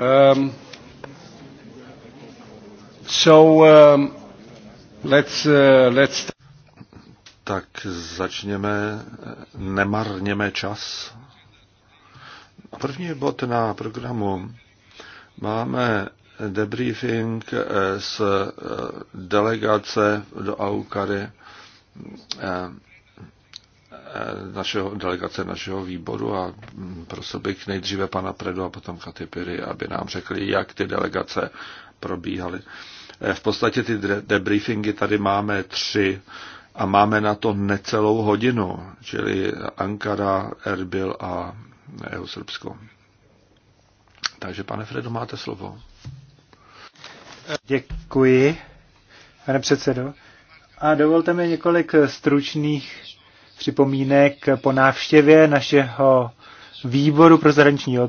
Um, so, um, let's, uh, let's... Tak začněme, nemarněme čas. První bod na programu máme debriefing z eh, eh, delegace do Aukary eh, Eh, našeho, delegace našeho výboru a mm, prosil bych nejdříve pana Predu a potom Katy Piry, aby nám řekli, jak ty delegace probíhaly. Eh, v podstatě ty debriefingy tady máme tři a máme na to necelou hodinu, čili Ankara, Erbil a EU eh, Srbsko. Takže pane Fredo, máte slovo. Děkuji, pane předsedo. A dovolte mi několik stručných připomínek po návštěvě našeho výboru pro zahraniční eh,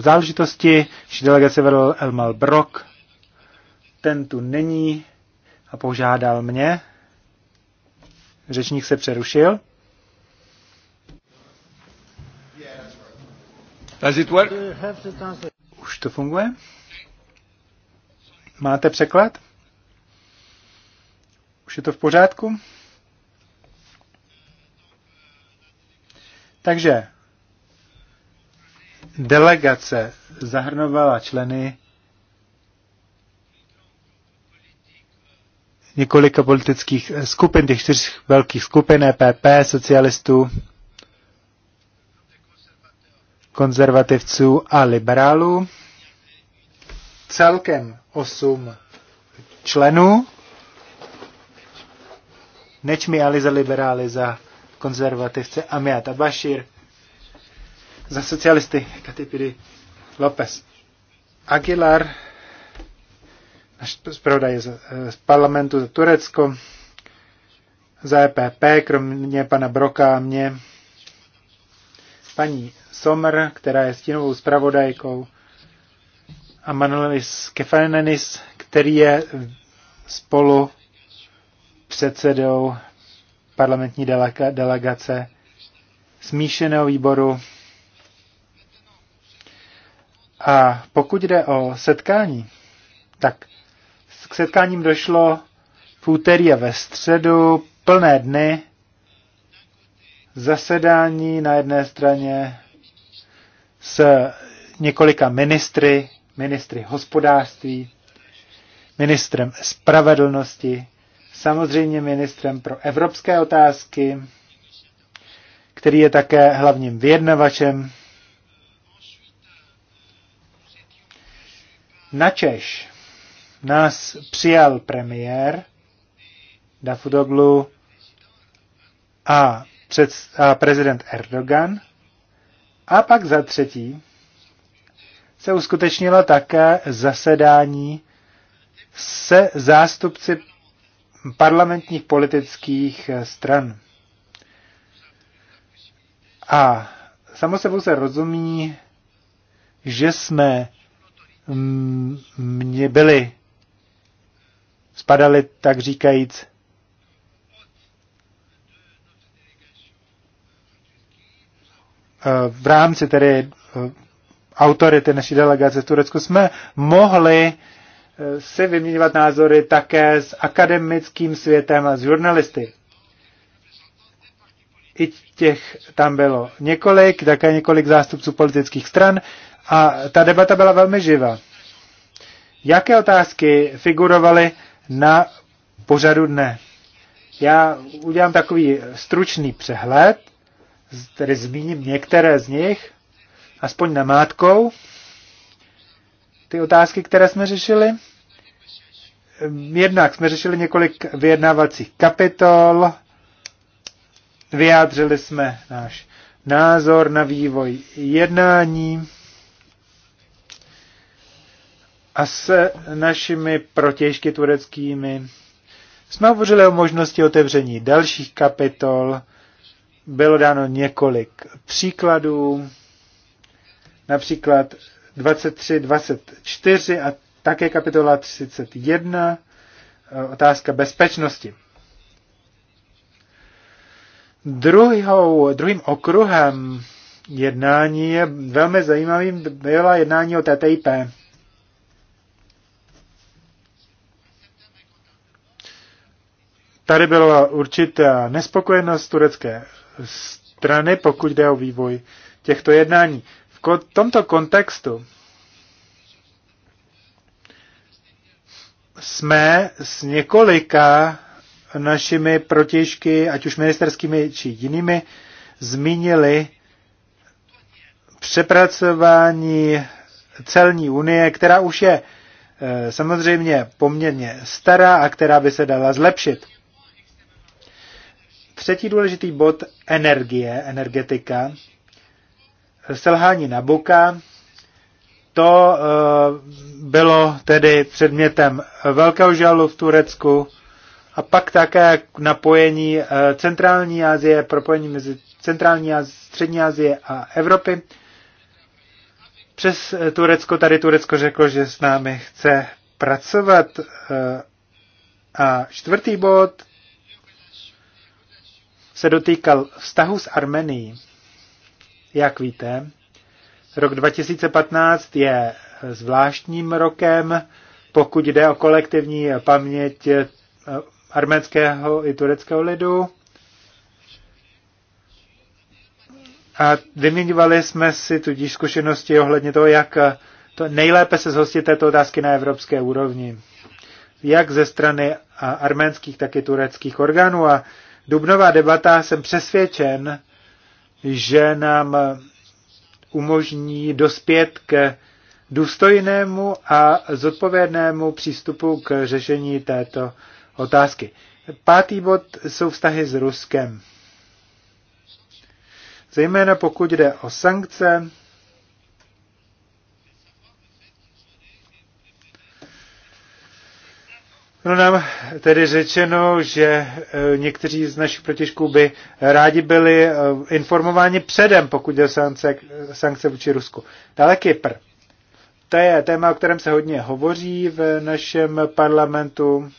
záležitosti. Naši delegace vedl Elmal Brock. Ten tu není a požádal mě. Řečník se přerušil. Does it work? Už to funguje? Máte překlad? Už je to v pořádku? Takže delegace zahrnovala členy několika politických skupin, těch čtyř velkých skupin EPP, socialistů, konzervativců a liberálů. Celkem osm členů. Nečmi Ali za liberály za konzervativce Amiata Bashir, za socialisty Katipidy López Aguilar, náš zpravodaj z, eh, z parlamentu za Turecko, za EPP, kromě pana Broka a mě, paní Sommer, která je stínovou zpravodajkou, a Manolis Kefanenis, který je spolu předsedou parlamentní delegace smíšeného výboru. A pokud jde o setkání, tak k setkáním došlo v úterý a ve středu plné dny zasedání na jedné straně s několika ministry, ministry hospodářství, ministrem spravedlnosti, samozřejmě ministrem pro evropské otázky, který je také hlavním vyjednavačem. Na Češ nás přijal premiér Dafudoglu a, před, a prezident Erdogan. A pak za třetí se uskutečnilo také zasedání se zástupci parlamentních politických eh, stran. A samo sebou se rozumí, že jsme mm, mě byli, spadali tak říkajíc eh, v rámci tedy eh, autority naší delegace v Turecku jsme mohli Eh, si vyměňovat názory také s akademickým světem a s žurnalisty. I těch tam bylo několik, také několik zástupců politických stran a ta debata byla velmi živá. Jaké otázky figurovaly na pořadu dne? Já udělám takový stručný přehled, tedy zmíním některé z nich, aspoň na mátkou ty otázky, které jsme řešili. Ehm, jednak jsme řešili několik vyjednávacích kapitol, vyjádřili jsme náš názor na vývoj jednání a s našimi protěžky tureckými jsme hovořili o možnosti otevření dalších kapitol, bylo dáno několik příkladů, například 23, 24 a také kapitola 31, e, otázka bezpečnosti. Druhou, druhým okruhem jednání je velmi zajímavým byla jednání o TTIP. Tady byla určitá nespokojenost turecké strany, pokud jde o vývoj těchto jednání tomto kontextu jsme s několika našimi protěžky, ať už ministerskými či jinými, zmínili přepracování celní unie, která už je eh, samozřejmě poměrně stará a která by se dala zlepšit. Třetí důležitý bod energie, energetika selhání boka, to eh, bylo tedy předmětem velkého žalu v Turecku a pak také napojení eh, centrální Asie, propojení mezi centrální a střední Asie a Evropy. Přes eh, Turecko, tady Turecko řeklo, že s námi chce pracovat. A čtvrtý bod se dotýkal vztahu s Armenií jak víte, rok 2015 je zvláštním rokem, pokud jde o kolektivní paměť eh, arménského i tureckého lidu. A vyměňovali jsme si tudíž zkušenosti ohledně toho, jak to nejlépe se zhostit této otázky na evropské úrovni. Jak ze strany arménských, tak i tureckých orgánů. A dubnová debata jsem přesvědčen, že nám umožní dospět k důstojnému a zodpovědnému přístupu k řešení této otázky. Pátý bod jsou vztahy s Ruskem. Zejména pokud jde o sankce, No nám tedy řečeno, že e, někteří z našich protěžků by rádi byli e, informováni předem, pokud je sankce, sankce vůči Rusku. Dále Kypr. To je téma, o kterém se hodně hovoří v našem parlamentu,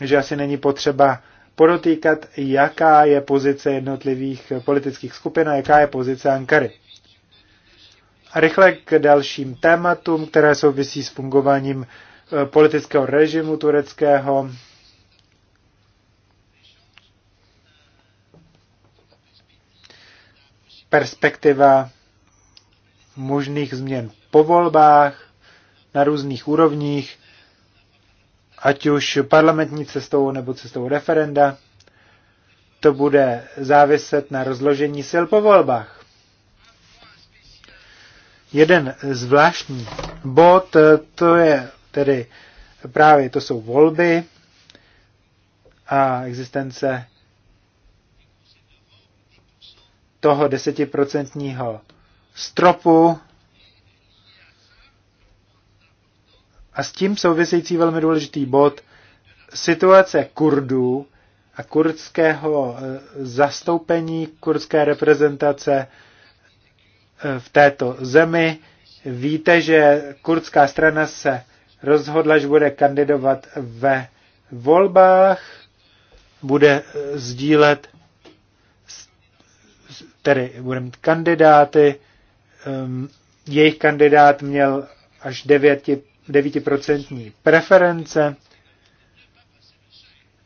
že asi není potřeba podotýkat, jaká je pozice jednotlivých politických skupin a jaká je pozice Ankary. A rychle k dalším tématům, které souvisí s fungováním Eh, politického režimu tureckého. Perspektiva možných změn po volbách na různých úrovních, ať už parlamentní cestou nebo cestou referenda. To bude záviset na rozložení sil po volbách. Jeden zvláštní bod, eh, to je Tedy právě to jsou volby a existence toho desetiprocentního stropu a s tím související velmi důležitý bod situace Kurdů a kurdského eh, zastoupení, kurdské reprezentace eh, v této zemi. Víte, že kurdská strana se rozhodla, že bude kandidovat ve volbách, bude eh, sdílet, tedy bude mít kandidáty, ehm, jejich kandidát měl až 9, 9% preference,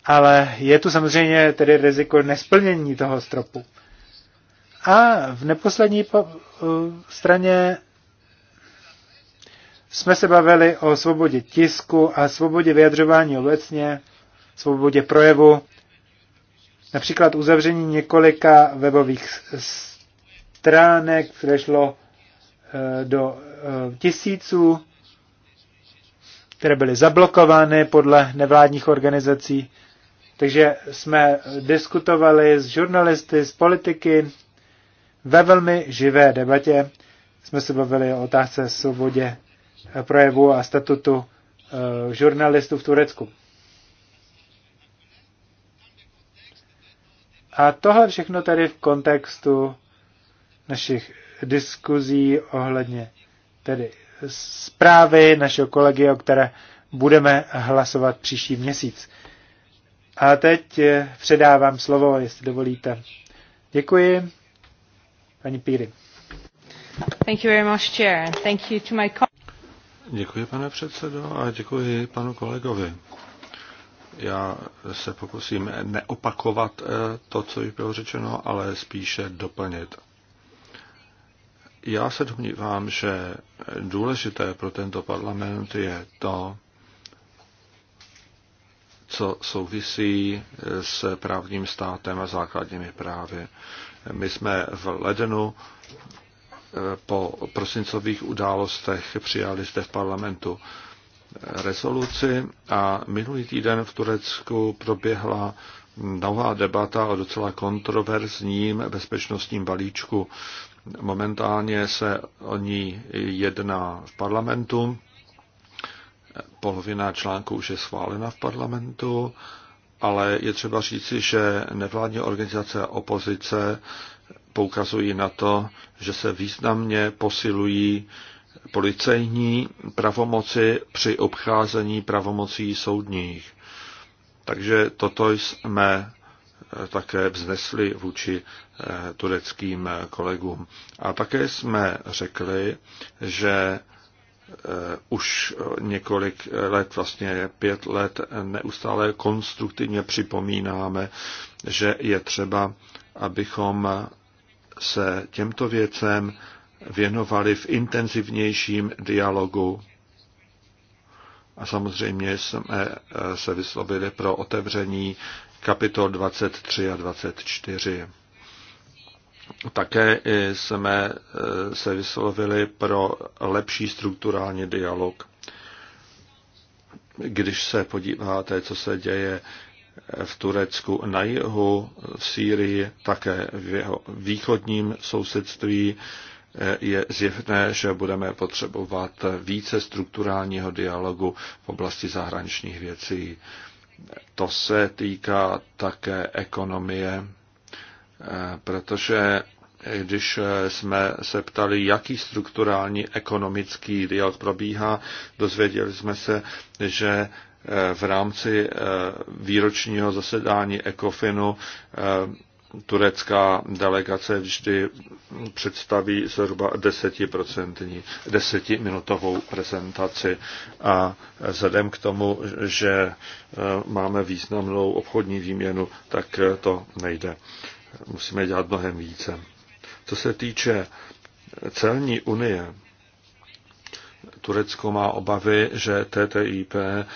ale je tu samozřejmě tedy riziko nesplnění toho stropu. A v neposlední eh, straně jsme se bavili o svobodě tisku a svobodě vyjadřování obecně, svobodě projevu, například uzavření několika webových stránek, které šlo eh, do eh, tisíců, které byly zablokovány podle nevládních organizací. Takže jsme diskutovali s žurnalisty, s politiky ve velmi živé debatě. Jsme se bavili o otázce svobodě projevu a statutu eh, žurnalistů v Turecku. A tohle všechno tady v kontextu našich diskuzí ohledně tedy zprávy našeho kolegy, o které budeme hlasovat příští měsíc. A teď eh, předávám slovo, jestli dovolíte. Děkuji, paní Píry. Thank you very much, Chair. Thank you to my Děkuji, pane předsedo, a děkuji panu kolegovi. Já se pokusím neopakovat eh, to, co již bylo řečeno, ale spíše doplnit. Já se domnívám, že důležité pro tento parlament je to, co souvisí s právním státem a základními právy. My jsme v lednu po prosincových událostech přijali zde v parlamentu rezoluci a minulý týden v Turecku proběhla nová debata o docela kontroverzním bezpečnostním balíčku. Momentálně se o ní jedná v parlamentu. Polovina článků už je schválena v parlamentu, ale je třeba říci, že nevládní organizace a opozice poukazují na to, že se významně posilují policejní pravomoci při obcházení pravomocí soudních. Takže toto jsme také vznesli vůči eh, tureckým kolegům. A také jsme řekli, že eh, už několik let, vlastně pět let, neustále konstruktivně připomínáme, že je třeba, abychom se těmto věcem věnovali v intenzivnějším dialogu. A samozřejmě jsme eh, se vyslovili pro otevření kapitol 23 a 24. Také eh, jsme eh, se vyslovili pro lepší strukturální dialog. Když se podíváte, co se děje v Turecku, na jihu, v Sýrii, také v jeho východním sousedství eh, je zjevné, že budeme potřebovat více strukturálního dialogu v oblasti zahraničních věcí. To se týká také ekonomie, eh, protože když eh, jsme se ptali, jaký strukturální ekonomický dialog probíhá, dozvěděli jsme se, že v rámci eh, výročního zasedání ECOFINu eh, turecká delegace vždy představí zhruba desetiminutovou prezentaci a vzhledem k tomu, že eh, máme významnou obchodní výměnu, tak to nejde. Musíme dělat mnohem více. Co se týče celní unie, Turecko má obavy, že TTIP eh,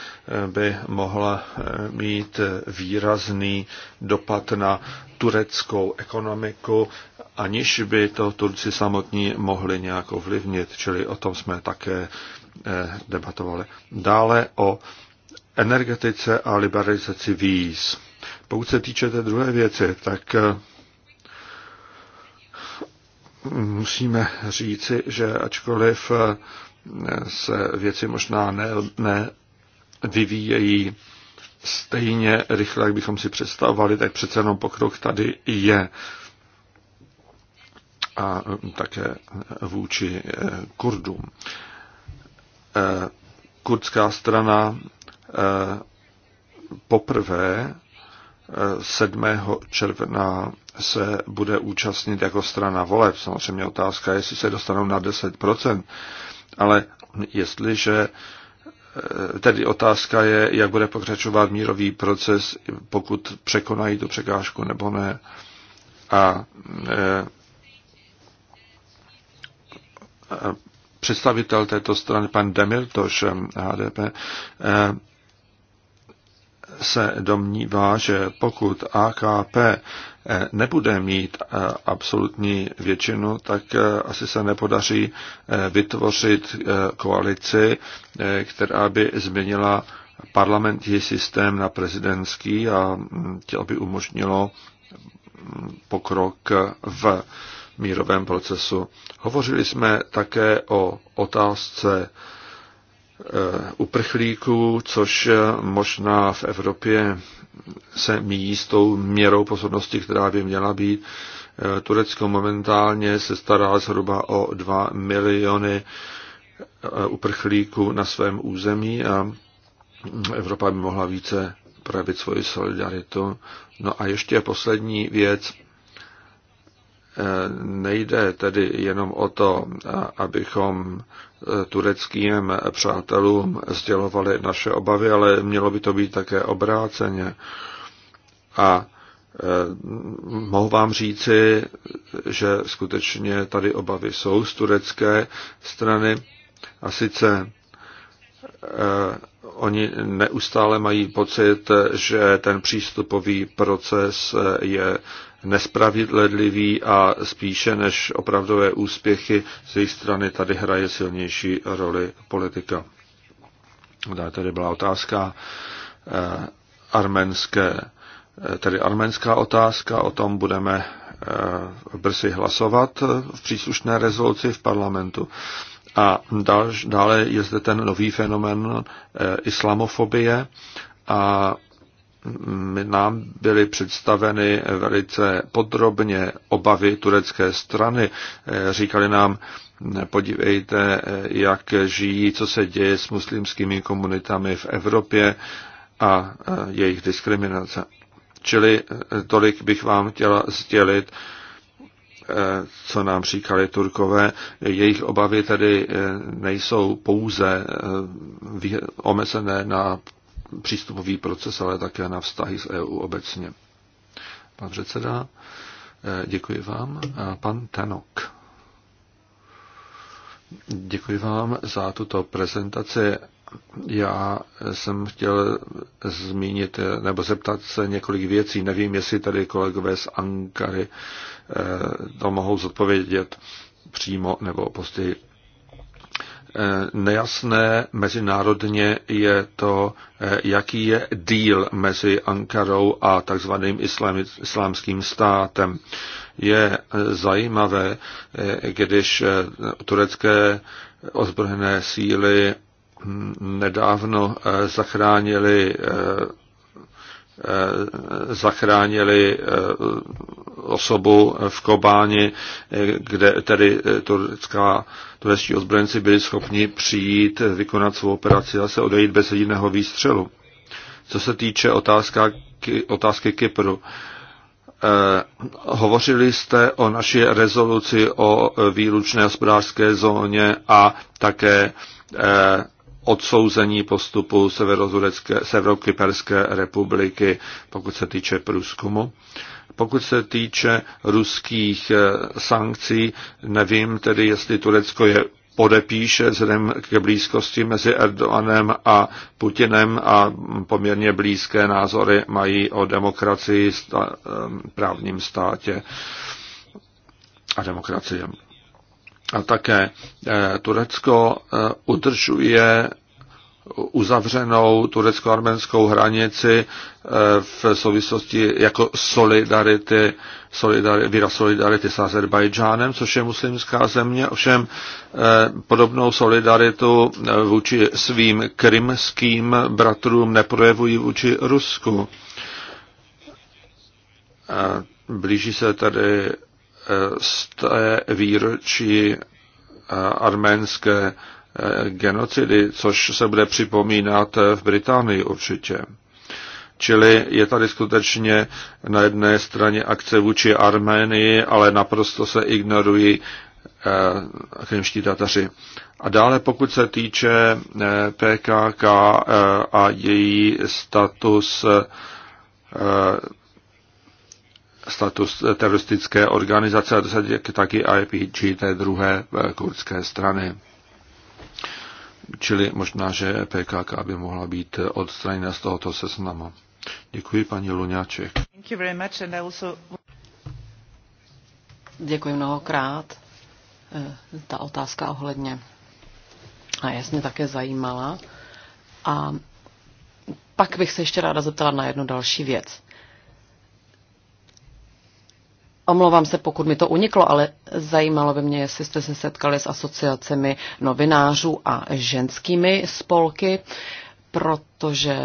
by mohla eh, mít eh, výrazný dopad na tureckou ekonomiku, aniž by to Turci samotní mohli nějak ovlivnit, čili o tom jsme také debatovali. Dále o energetice a liberalizaci víz. Pokud se týče té druhé věci, tak musíme říci, že ačkoliv se věci možná ne, ne vyvíjejí stejně rychle, jak bychom si představovali, tak přece jenom pokrok tady je. A také vůči eh, Kurdům. Eh, kurdská strana eh, poprvé 7. června se bude účastnit jako strana voleb. Samozřejmě otázka jestli se dostanou na 10%. Ale jestliže eh, Tedy otázka je, jak bude pokračovat mírový proces, pokud překonají tu překážku nebo ne. A eh, představitel této strany, pan Demirtoš, HDP, eh, se domnívá, že pokud AKP nebude mít eh, absolutní většinu, tak eh, asi se nepodaří eh, vytvořit koalici, která by změnila parlamentní systém na prezidentský a hm, tělo by umožnilo hm, pokrok v mírovém procesu. Hovořili jsme také o otázce Eh, uprchlíků, což možná v Evropě se míjí s tou měrou pozornosti, která by měla být. Eh, Turecko momentálně se stará zhruba o 2 miliony eh, uprchlíků na svém území a Evropa by mohla více projevit svoji solidaritu. No a ještě poslední věc. Nejde tedy jenom o to, abychom e, tureckým přátelům sdělovali naše obavy, ale mělo by to být také obráceně. A e, mohu vám říci, že skutečně tady obavy jsou z turecké strany a sice e, oni neustále mají pocit, že ten přístupový proces je nespravedlivý a spíše než opravdové úspěchy z jejich strany tady hraje silnější roli politika. Tady byla otázka eh, arménské, eh, tedy arménská otázka, o tom budeme eh, brzy hlasovat v příslušné rezoluci v parlamentu. A dále je zde ten nový fenomen islamofobie a nám byly představeny velice podrobně obavy turecké strany. Eh, říkali nám, podívejte, eh, jak žijí, co se děje s muslimskými komunitami v Evropě a eh, jejich diskriminace. Čili tolik bych vám chtěla sdělit, co nám říkali Turkové. Jejich obavy tedy nejsou pouze omezené na přístupový proces, ale také na vztahy s EU obecně. Pan předseda, eh, děkuji vám. Pan Tenok, Děkuji vám za tuto prezentaci. Já jsem chtěl zmínit eh, nebo zeptat se několik věcí. Nevím, jestli tady kolegové z Ankary eh, to mohou zodpovědět přímo nebo později. Eh, nejasné mezinárodně je to, eh, jaký je díl mezi Ankarou a takzvaným islámským státem. Je eh, zajímavé, když turecké ozbrojené síly hm, nedávno zachránili zachránili osobu v Kobáni, kde tedy turecká turečtí ozbrojenci byli schopni přijít, vykonat svou operaci a se odejít bez jediného výstřelu. Co se týče otázka, otázky Kypru, eh, hovořili jste o naší rezoluci o výlučné hospodářské zóně a také eh, odsouzení postupu Severokyperské republiky, pokud se týče průzkumu. Eh, pokud se týče ruských eh, sankcí, nevím tedy, jestli Turecko je podepíše vzhledem k blízkosti mezi Erdoganem a Putinem a poměrně blízké názory mají o demokracii, stá, eh, právním státě a demokracii. A také eh, Turecko udržuje uzavřenou turecko-arménskou hranici eh, v souvislosti jako solidarity, solidarity víra solidarity s Azerbajdžánem, což je muslimská země, ovšem eh, podobnou solidaritu eh, vůči svým krymským bratrům neprojevují vůči Rusku. Blíží se tedy z té výročí arménské genocidy, což se bude připomínat v Británii určitě. Čili je tady skutečně na jedné straně akce vůči Arménii, ale naprosto se ignorují eh, krimští Tataři. A dále pokud se týče eh, PKK eh, a její status eh, status teroristické organizace, a to se taky IPG té druhé eh, kurdské strany. Čili možná, že PKK by mohla být odstraněna z tohoto seznamu. Děkuji, paní Luňáček. Děkuji mnohokrát. Eh, ta otázka ohledně a jasně také zajímala. A pak bych se ještě ráda zeptala na jednu další věc. Omlouvám se, pokud mi to uniklo, ale zajímalo by mě, jestli jste se setkali s asociacemi novinářů a ženskými spolky, protože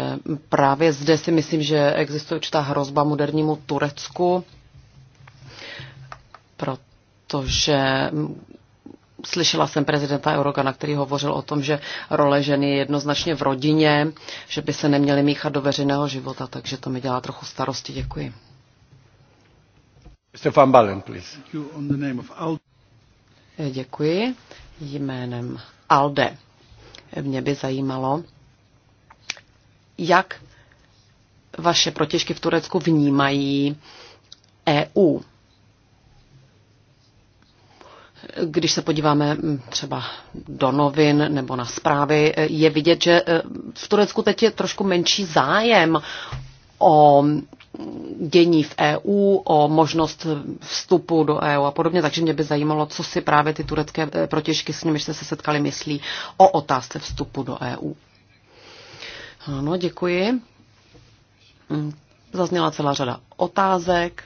právě zde si myslím, že existuje určitá hrozba modernímu Turecku, protože slyšela jsem prezidenta Eurogana, který hovořil o tom, že role ženy je jednoznačně v rodině, že by se neměly míchat do veřejného života, takže to mi dělá trochu starosti. Děkuji. Mr. Van Balen, please. Eh, děkuji. Jménem Alde. Eh, mě by zajímalo, jak vaše protěžky v Turecku vnímají EU. Když se podíváme hm, třeba do novin nebo na zprávy, eh, je vidět, že v Turecku teď je trošku menší zájem o hm, dění v EU, o možnost vstupu do EU a podobně, takže mě by zajímalo, co si právě ty turecké eh, protěžky, s nimiž jste se setkali, myslí o otázce vstupu do EU. Ano, děkuji. Hm, zazněla celá řada otázek.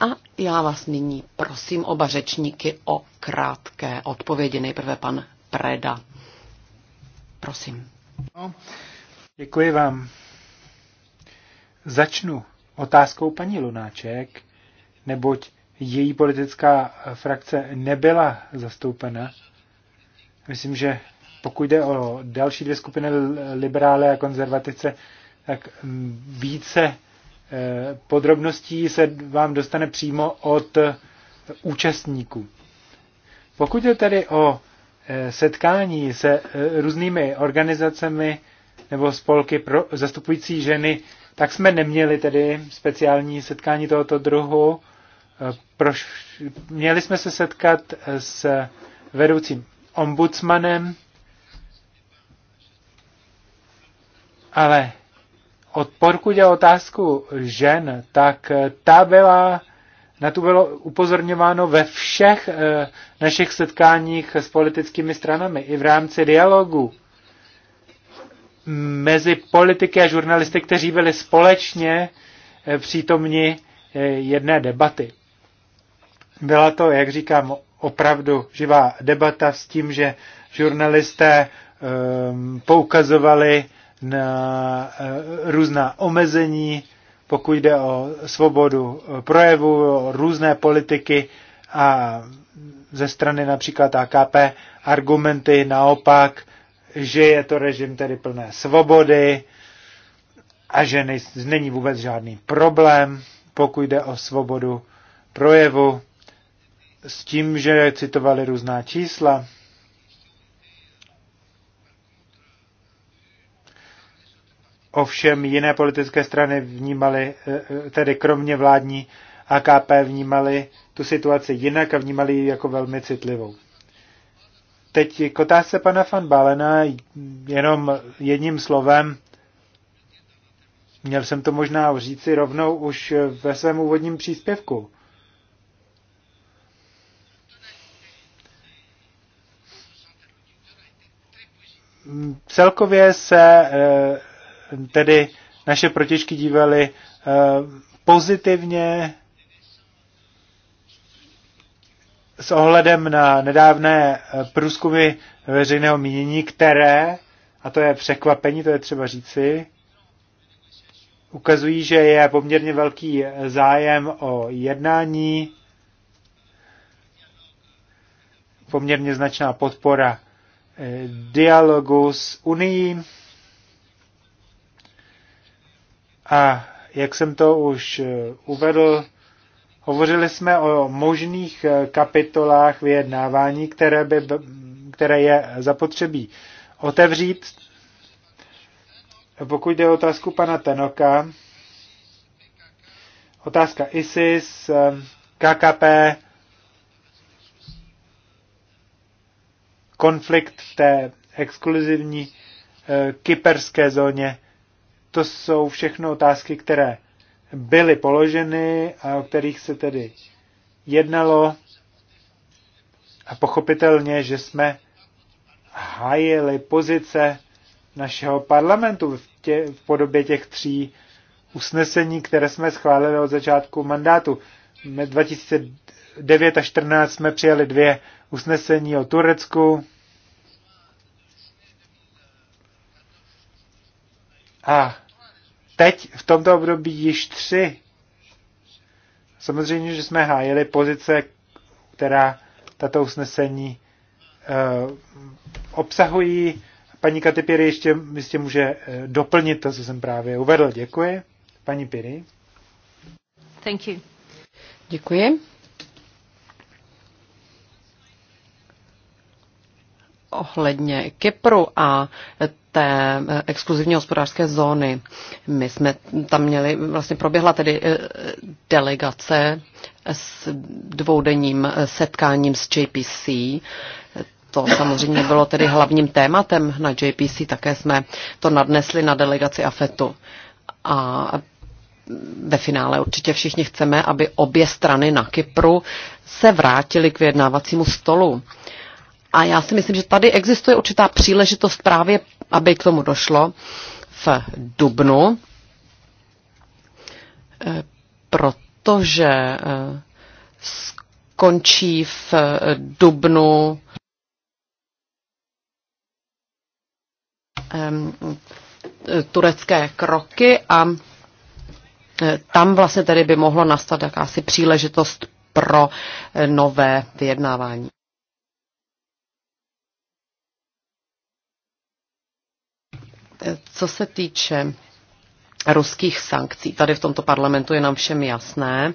A já vás nyní prosím oba řečníky o krátké odpovědi. Nejprve pan Preda. Prosím. No, děkuji vám. Začnu otázkou paní Lunáček, neboť její politická frakce nebyla zastoupena. Myslím, že pokud jde o další dvě skupiny liberále a konzervatice, tak více e, podrobností se vám dostane přímo od účastníků. Pokud je tedy o e, setkání se e, různými organizacemi nebo spolky pro, zastupující ženy tak jsme neměli tedy speciální setkání tohoto druhu. E, proš... Měli jsme se setkat e, s vedoucím ombudsmanem, ale od porku dělal otázku žen, tak e, ta byla, na tu bylo upozorňováno ve všech našich setkáních s politickými stranami i v rámci dialogu mezi politiky a žurnalisty, kteří byli společně eh, přítomni eh, jedné debaty. Byla to, jak říkám, opravdu živá debata s tím, že žurnalisté ehm, poukazovali na eh, různá omezení, pokud jde o svobodu projevu, o různé politiky a ze strany například AKP argumenty naopak že je to režim tedy plné svobody a že není vůbec žádný problém, pokud jde o svobodu projevu, s tím, že citovali různá čísla. Ovšem jiné politické strany vnímaly, eh, eh, tedy kromě vládní AKP vnímali tu situaci jinak a vnímali ji jako velmi citlivou. Teď k otázce pana van Balena jenom jedním slovem. Měl jsem to možná říci rovnou už ve svém úvodním příspěvku. Celkově se eh, tedy naše protižky dívaly eh, pozitivně s ohledem na nedávné eh, průzkumy veřejného mínění, které, a to je překvapení, to je třeba říci, ukazují, že je poměrně velký eh, zájem o jednání, poměrně značná podpora eh, dialogu s Unii. A jak jsem to už uvedl, Hovořili jsme o možných eh, kapitolách vyjednávání, které, by, které je zapotřebí otevřít. Pokud jde o otázku pana Tenoka, otázka ISIS, eh, KKP, konflikt v té exkluzivní eh, kyperské zóně, to jsou všechno otázky, které byly položeny a o kterých se tedy jednalo. A pochopitelně, že jsme hájili pozice našeho parlamentu v, tě, v podobě těch tří usnesení, které jsme schválili od začátku mandátu. 2009 a 2014 jsme přijali dvě usnesení o Turecku a teď v tomto období již tři. Samozřejmě, že jsme hájili pozice, která tato usnesení uh, obsahují. Paní Katy Piri ještě jistě může eh, doplnit to, co jsem právě uvedl. Děkuji. Paní Piri. Thank you. Děkuji. ohledně Kypru a té eh, exkluzivní hospodářské zóny. My jsme tam měli, vlastně proběhla tedy eh, delegace s dvoudenním eh, setkáním s JPC. To samozřejmě bylo tedy hlavním tématem na JPC, také jsme to nadnesli na delegaci AFETu. A ve finále určitě všichni chceme, aby obě strany na Kypru se vrátili k vyjednávacímu stolu. A já si myslím, že tady existuje určitá příležitost právě, aby k tomu došlo v Dubnu, eh, protože eh, skončí v eh, Dubnu turecké kroky a tam vlastně tedy by mohlo nastat jakási příležitost pro nové vyjednávání. Co se týče ruských sankcí, tady v tomto parlamentu je nám všem jasné,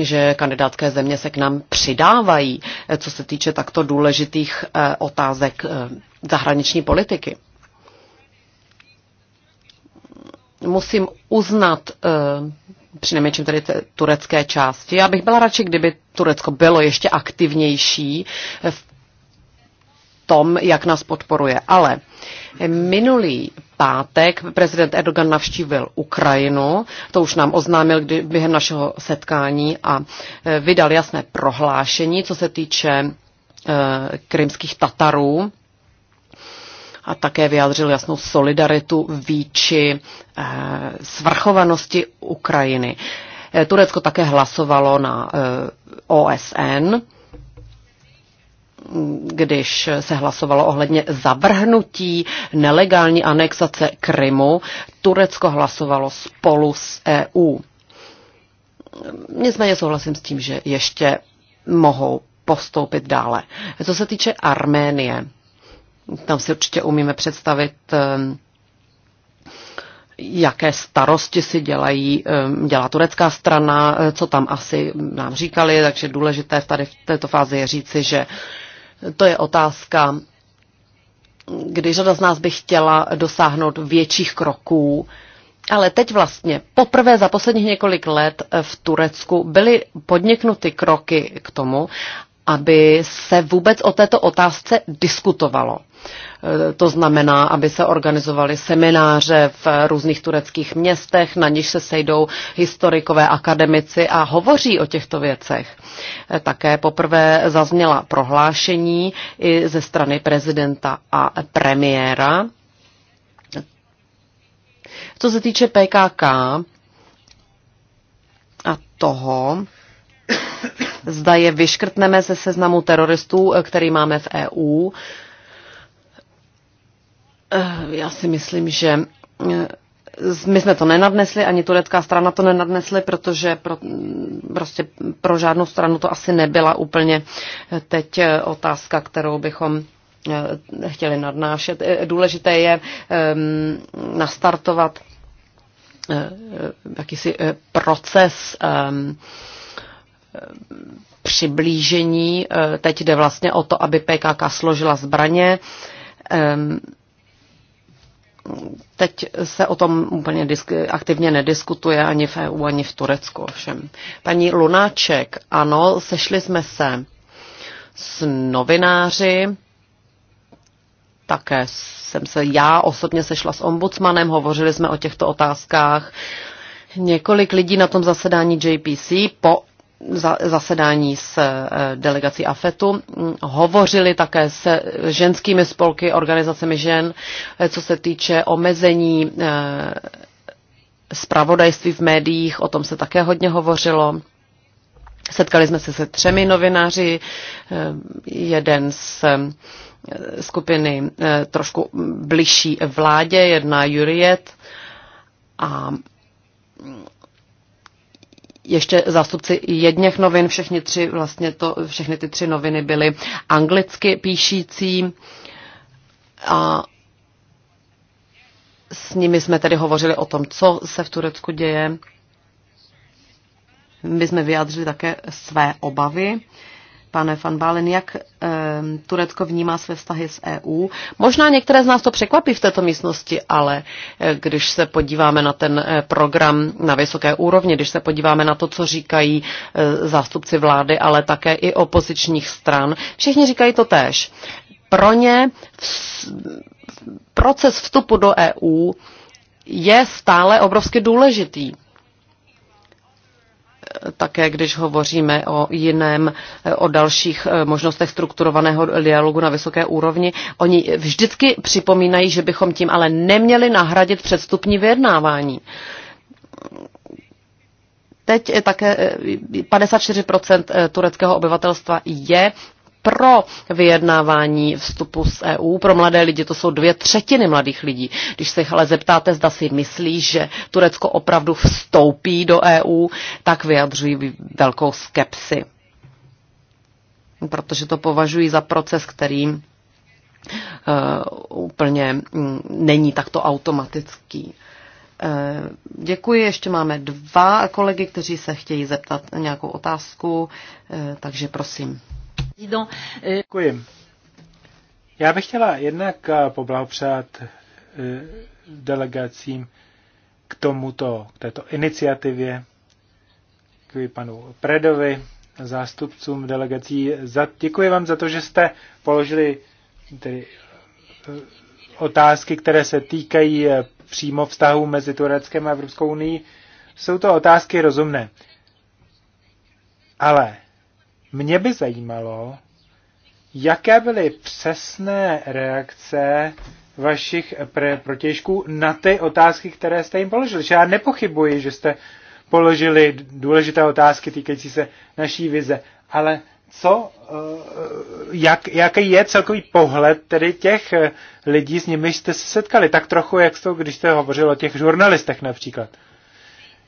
že kandidátské země se k nám přidávají, co se týče takto důležitých eh, otázek eh, zahraniční politiky. Musím uznat eh, přinejmenším tedy tady turecké části. Já bych byla radši, kdyby Turecko bylo ještě aktivnější v tom, jak nás podporuje. Ale minulý pátek prezident Erdogan navštívil Ukrajinu, to už nám oznámil kdy, během našeho setkání a e, vydal jasné prohlášení, co se týče e, krymských Tatarů a také vyjádřil jasnou solidaritu výči e, svrchovanosti Ukrajiny. Turecko také hlasovalo na OSN když se hlasovalo ohledně zavrhnutí nelegální anexace Krymu, Turecko hlasovalo spolu s EU. Nicméně souhlasím s tím, že ještě mohou postoupit dále. Co se týče Arménie, tam si určitě umíme představit, um, jaké starosti si dělají, um, dělá turecká strana, co tam asi nám říkali, takže důležité tady v této fázi je říci, že to je otázka, kdy řada z nás by chtěla dosáhnout větších kroků, ale teď vlastně poprvé za posledních několik let v Turecku byly podniknuty kroky k tomu, aby se vůbec o této otázce diskutovalo. E, to znamená, aby se organizovaly semináře v různých tureckých městech, na nich se sejdou historikové akademici a hovoří o těchto věcech. E, také poprvé zazněla prohlášení i ze strany prezidenta a premiéra. Co se týče PKK a toho, zda je vyškrtneme ze seznamu teroristů, eh, který máme v EU. Eh, já si myslím, že eh, my jsme to nenadnesli, ani turecká strana to nenadnesli, protože pro, mm, prostě pro žádnou stranu to asi nebyla úplně teď otázka, kterou bychom chtěli nadnášet. Důležité je ehm, nastartovat jakýsi proces ehm, přiblížení. Eh, teď jde vlastně o to, aby PKK složila zbraně. Ehm, teď se o tom úplně aktivně nediskutuje ani v EU, ani v Turecku ovšem. Paní Lunáček, ano, sešli jsme se s novináři, také jsem se já osobně sešla s ombudsmanem, hovořili jsme o těchto otázkách. Několik lidí na tom zasedání JPC po zasedání s eh, delegací AFETu. Hovořili také se ženskými spolky, organizacemi žen, eh, co se týče omezení eh, zpravodajství v médiích, o tom se také hodně hovořilo. Setkali jsme se se třemi novináři, jeden z skupiny trošku bližší vládě, jedna Juriet a ještě zástupci jedněch novin, všechny tři, vlastně to, všechny ty tři noviny byly anglicky píšící a s nimi jsme tedy hovořili o tom, co se v Turecku děje. My jsme vyjádřili také své obavy pane Van Balen, jak ehm, Turecko vnímá své vztahy s EU. Možná některé z nás to překvapí v této místnosti, ale eh, když se podíváme na ten eh, program na vysoké úrovni, když se podíváme na to, co říkají eh, zástupci vlády, ale také i opozičních stran, všichni říkají to též. Pro ně proces vstupu do EU je stále obrovsky důležitý také když hovoříme o jiném, eh, o dalších eh, možnostech strukturovaného dialogu na vysoké úrovni. Oni vždycky připomínají, že bychom tím ale neměli nahradit předstupní vyjednávání. Teď také 54% eh, tureckého obyvatelstva je pro vyjednávání vstupu z EU. Pro mladé lidi to jsou dvě třetiny mladých lidí. Když se jich ale zeptáte, zda si myslí, že Turecko opravdu vstoupí do EU, tak vyjadřují velkou skepsi. Protože to považují za proces, který uh, úplně mm, není takto automatický. Eh, děkuji, ještě máme dva kolegy, kteří se chtějí zeptat nějakou otázku, eh, takže prosím. Eh, děkuji. Já bych chtěla jednak eh, poblahopřát eh, delegacím k tomuto, k této iniciativě, k panu Predovi, zástupcům delegací. děkuji vám za to, že jste položili tedy, otázky, které se týkají přímo vztahu mezi Tureckem a Evropskou unii. Jsou to otázky rozumné. Ale mě by zajímalo, jaké byly přesné reakce vašich protěžků na ty otázky, které jste jim položili. Že já nepochybuji, že jste položili důležité otázky týkající se naší vize, ale co, eh, jak, jaký je celkový pohled tedy těch eh, lidí, s nimiž jste se setkali? Tak trochu, jak to, když jste hovořil o těch žurnalistech například.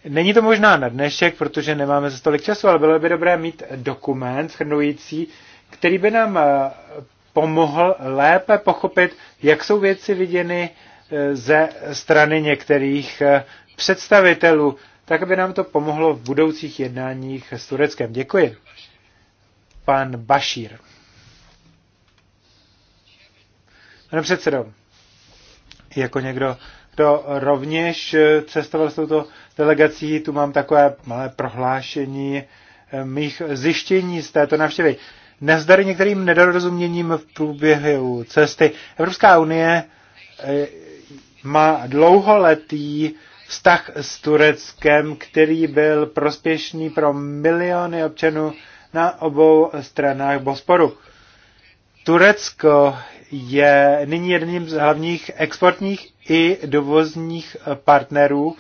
Není to možná na dnešek, protože nemáme za tolik času, ale bylo by dobré mít dokument shrnující, který by nám eh, pomohl lépe pochopit, jak jsou věci viděny eh, ze strany některých eh, představitelů, tak aby nám to pomohlo v budoucích jednáních s Tureckem. Děkuji. Pan Bašír. Pane předsedo, jako někdo, kdo rovněž eh, cestoval s touto delegací. Tu mám takové malé prohlášení eh, mých zjištění z této návštěvy. Nezdary některým nedorozuměním v průběhu cesty. Evropská unie eh, má dlouholetý vztah s Tureckem, který byl prospěšný pro miliony občanů na obou stranách Bosporu. Turecko je nyní jedním z hlavních exportních i dovozních eh, partnerů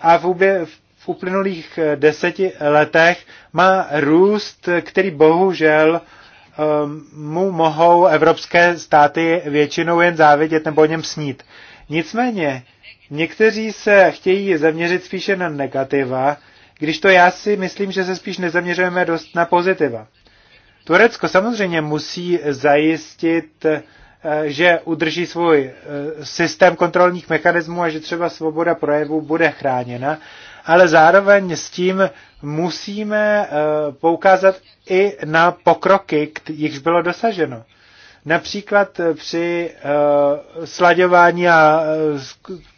a v, obě, v uplynulých eh, deseti letech má růst, eh, který bohužel ehm, mu mohou evropské státy většinou jen závidět nebo o něm snít. Nicméně, někteří se chtějí zaměřit spíše na negativa, když to já si myslím, že se spíš nezaměřujeme dost na pozitiva. Turecko samozřejmě musí zajistit, eh, že udrží svůj eh, systém kontrolních mechanismů a že třeba svoboda projevu bude chráněna, ale zároveň s tím musíme eh, poukázat i na pokroky, jichž bylo dosaženo. Například při slaďování a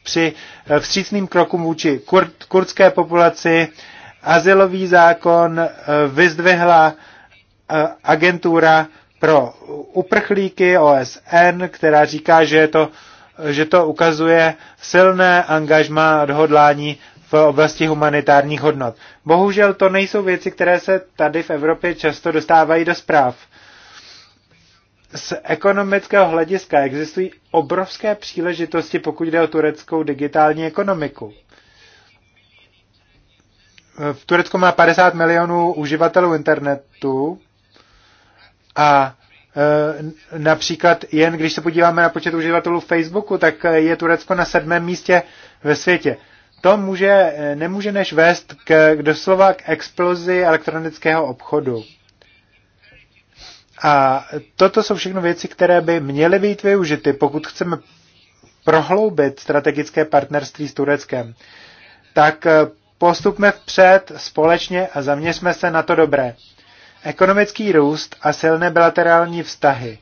při vstřícným krokům vůči kur, kurdské populaci azylový zákon vyzdvihla Eh, agentura pro uprchlíky OSN, která říká, že to, že to ukazuje silné angažma a odhodlání v oblasti humanitárních hodnot. Bohužel to nejsou věci, které se tady v Evropě často dostávají do zpráv. Z ekonomického hlediska existují obrovské příležitosti, pokud jde o tureckou digitální ekonomiku. V Turecku má 50 milionů uživatelů internetu a e, například jen když se podíváme na počet uživatelů Facebooku, tak e, je Turecko na sedmém místě ve světě. To může, e, nemůže než vést k, k doslova k explozi elektronického obchodu. A toto jsou všechno věci, které by měly být využity, pokud chceme prohloubit strategické partnerství s Tureckem. Tak postupme vpřed společně a zaměřme se na to dobré. Ekonomický růst a silné bilaterální vztahy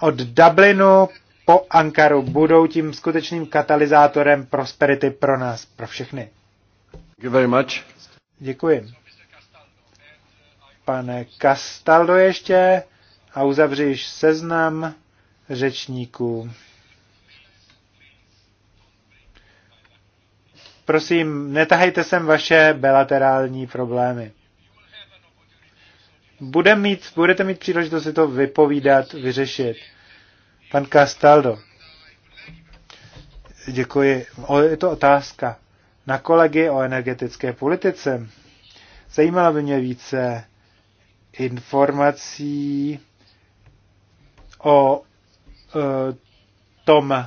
od Dublinu po Ankaru budou tím skutečným katalyzátorem prosperity pro nás, pro všechny. Děkuji. Pane Castaldo ještě a uzavříš seznam řečníků. Prosím, netahejte sem vaše bilaterální problémy bude mít, budete mít příležitost si to vypovídat, vyřešit. Pan Castaldo. Děkuji. O, je to otázka na kolegy o energetické politice. Zajímalo by mě více informací o e, tom e,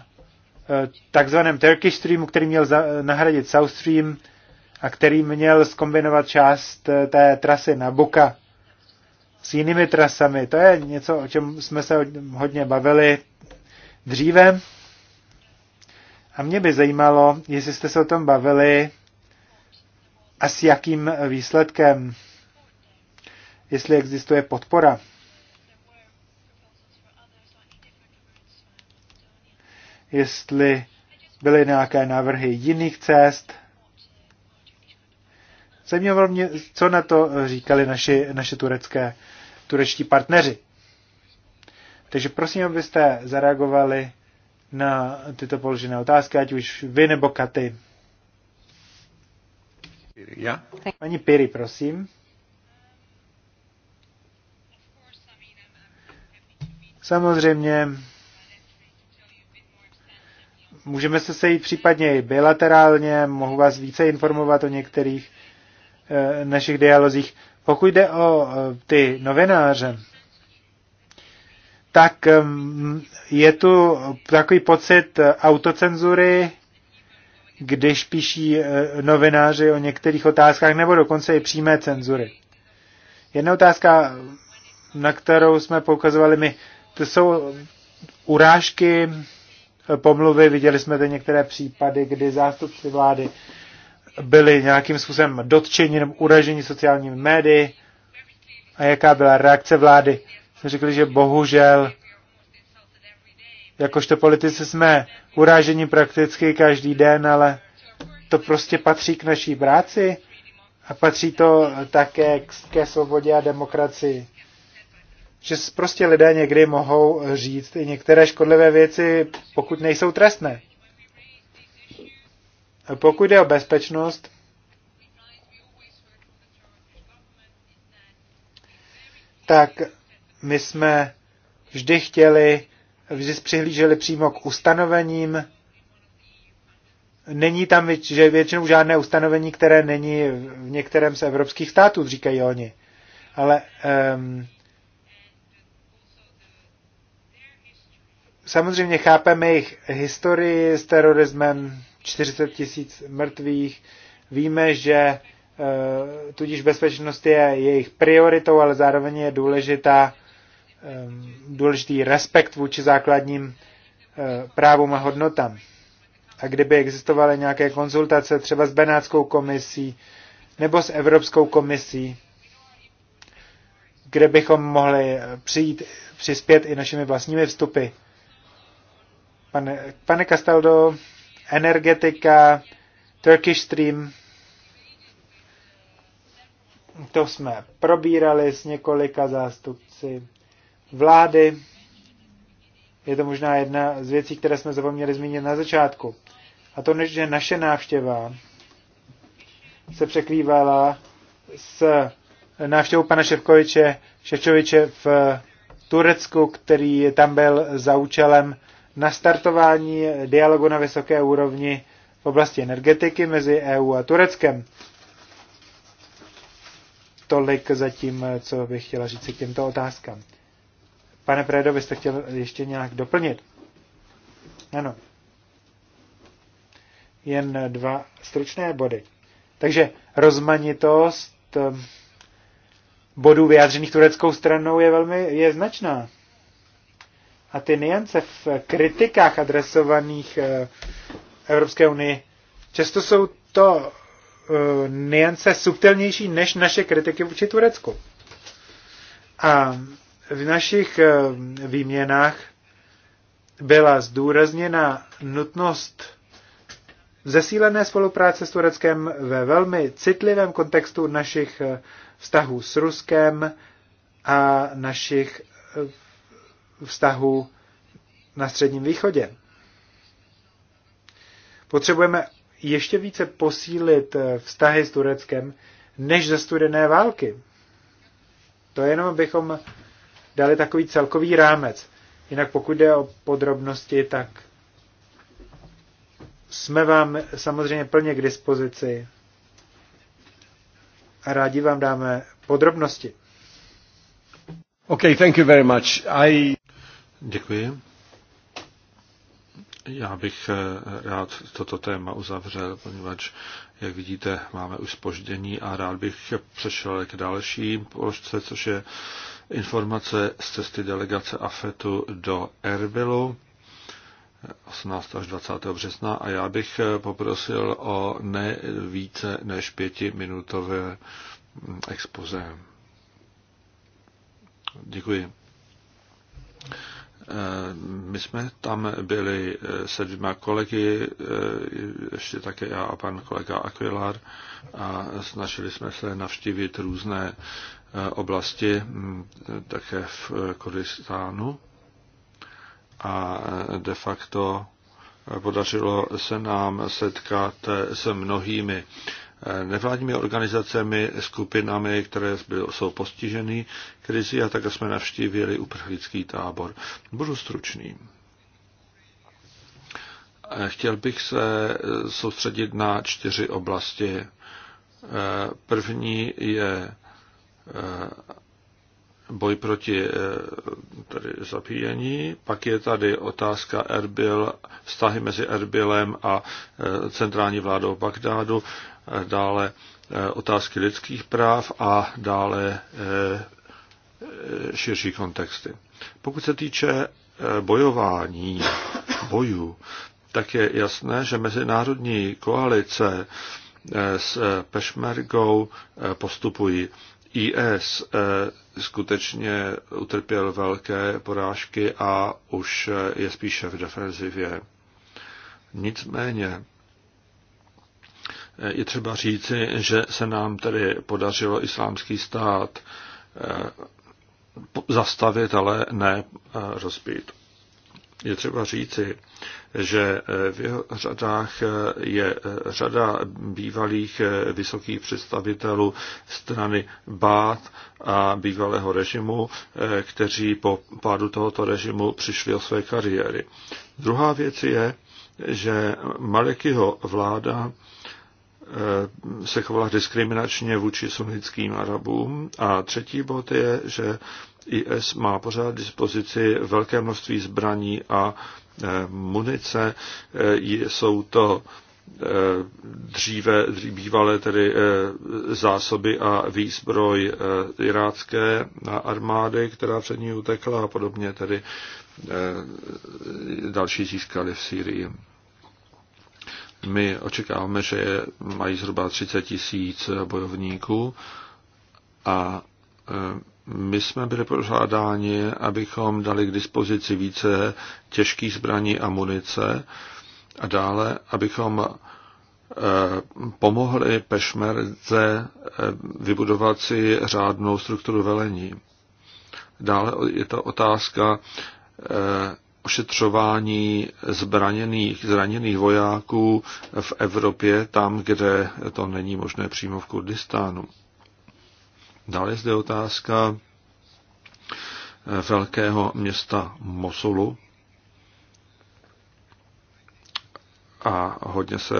takzvaném Turkish Streamu, který měl za, nahradit South Stream a který měl skombinovat část e, té trasy Nabuka s jinými trasami. To je něco, o čem jsme se hodně bavili dříve. A mě by zajímalo, jestli jste se o tom bavili a s jakým výsledkem, jestli existuje podpora. Jestli byly nějaké návrhy jiných cest. Zajímalo mě, co na to říkali naši, naše turecké turečtí partneři. Takže prosím, abyste zareagovali na tyto položené otázky, ať už vy nebo Katy. Já? Paní Piri, prosím. Samozřejmě můžeme se sejít případně i bilaterálně, mohu vás více informovat o některých e, našich dialozích. Pokud jde o eh, ty novináře, tak je tu takový pocit eh, autocenzury, když píší eh, novináři o některých otázkách, nebo dokonce i přímé cenzury. Jedna otázka, na kterou jsme poukazovali my, to jsou urážky, pomluvy, viděli jsme ty některé případy, kdy zástupci vlády byli nějakým způsobem dotčeni nebo uraženi sociálními médii a jaká byla reakce vlády. Jsme řekli, že bohužel, jakožto politici jsme uraženi prakticky každý den, ale to prostě patří k naší práci a patří to také ke svobodě a demokracii. Že prostě lidé někdy mohou říct i některé škodlivé věci, pokud nejsou trestné. Pokud je o bezpečnost, tak my jsme vždy chtěli, vždy přihlíželi přímo k ustanovením. Není tam že většinou žádné ustanovení, které není v některém z evropských států, říkají oni. Ale um, samozřejmě chápeme jejich historii s terorismem, 40 tisíc mrtvých. Víme, že e, tudíž bezpečnost je jejich prioritou, ale zároveň je důležitá, e, důležitý respekt vůči základním e, právům a hodnotám. A kdyby existovaly nějaké konzultace třeba s Benátskou komisí nebo s Evropskou komisí, kde bychom mohli přijít, přispět i našimi vlastními vstupy. Pane, pane Castaldo, energetika, Turkish Stream, to jsme probírali s několika zástupci vlády. Je to možná jedna z věcí, které jsme zapomněli zmínit na začátku. A to, že naše návštěva se překrývala s návštěvou pana Ševkoviče, Ševčoviče v Turecku, který tam byl za účelem nastartování dialogu na vysoké úrovni v oblasti energetiky mezi EU a Tureckem. Tolik zatím, co bych chtěla říct k těmto otázkám. Pane Predo, byste chtěl ještě nějak doplnit? Ano. Jen dva stručné body. Takže rozmanitost ehm, bodů vyjádřených tureckou stranou je velmi je značná a ty niance v kritikách adresovaných eh, Evropské unii, často jsou to eh, niance subtilnější než naše kritiky vůči Turecku. A v našich eh, výměnách byla zdůrazněna nutnost zesílené spolupráce s Tureckem ve velmi citlivém kontextu našich vztahů s Ruskem a našich vztahu na Středním východě. Potřebujeme ještě více posílit eh, vztahy s Tureckem než ze studené války. To jenom bychom dali takový celkový rámec. Jinak pokud jde o podrobnosti, tak jsme vám samozřejmě plně k dispozici a rádi vám dáme podrobnosti. Okay, thank you very much. I... Děkuji. Já bych eh, rád toto téma uzavřel, poněvadž, jak vidíte, máme už spoždění a rád bych přešel k další položce, což je informace z cesty delegace AFETu do Erbilu 18. až 20. března a já bych eh, poprosil o ne více než pětiminutové hm, expoze. Děkuji. Eh, my jsme tam byli eh, se dvěma kolegy, eh, ještě také já a pan kolega Aquilar, a snažili jsme se navštívit různé oblasti, hm, také v Kurdistánu. A de facto podařilo se nám setkat se mnohými nevládními organizacemi, skupinami, které jsou postiženy krizi a také jsme navštívili uprchlický tábor. Budu stručný. Chtěl bych se soustředit na čtyři oblasti. První je eh, boj proti eh, tady zapíjení, pak je tady otázka Erbil, vztahy mezi Erbilem a eh, centrální vládou Bagdádu, dále eh, otázky lidských práv a dále eh, eh, širší kontexty. Pokud se týče bojování, bojů, tak je jasné, že mezinárodní koalice s Pešmergou postupují. IS skutečně utrpěl velké porážky a už je spíše v defenzivě. Nicméně je třeba říci, že se nám tedy podařilo islámský stát eh, zastavit, ale ne eh, rozbít. Je třeba říci, že eh, v jeho řadách je řada bývalých vysokých představitelů strany Bát a bývalého režimu, kteří po pádu tohoto režimu přišli o své kariéry. Druhá věc je, že Malekyho vláda Eh, se chovala diskriminačně vůči sunnickým Arabům. A třetí bod je, že IS má pořád dispozici velké množství zbraní a eh, munice. Eh, jsou to dříve, bývalé tedy zásoby a výzbroj irácké armády, která před ní utekla a podobně tedy další získali v Sýrii. My očekáváme, že mají zhruba 30 tisíc bojovníků a e, my jsme byli požádáni, abychom dali k dispozici více těžkých zbraní a munice a dále, abychom e, pomohli pešmerze e, vybudovat si řádnou strukturu velení. Dále je to otázka ošetřování zbraněných, zraněných vojáků v Evropě, tam, kde to není možné přímo v Kurdistánu. Dále je zde otázka eh, velkého města Mosulu. A hodně se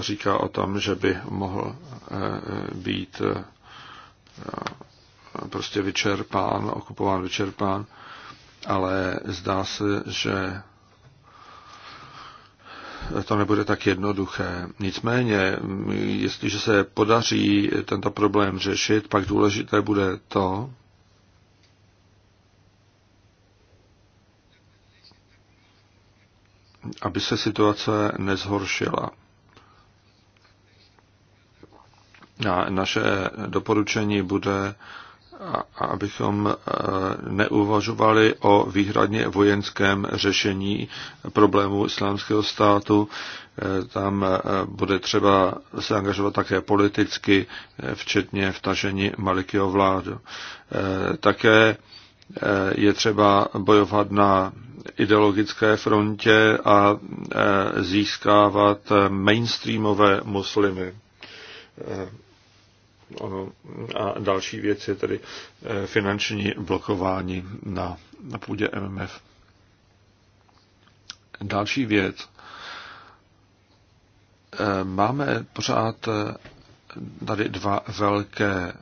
říká o tom, že by mohl eh, být eh, prostě vyčerpán, okupován, vyčerpán ale zdá se, že to nebude tak jednoduché. Nicméně, jestliže se podaří tento problém řešit, pak důležité bude to, aby se situace nezhoršila. A naše doporučení bude abychom e, neuvažovali o výhradně vojenském řešení problému islámského státu. E, tam e, bude třeba se angažovat také politicky, včetně vtažení Malikio vládu. Také je třeba bojovat na ideologické frontě a získávat mainstreamové muslimy a další věci tedy eh, finanční blokování na, na půdě MMF. Další věc. Eh, máme pořád eh, tady dva velké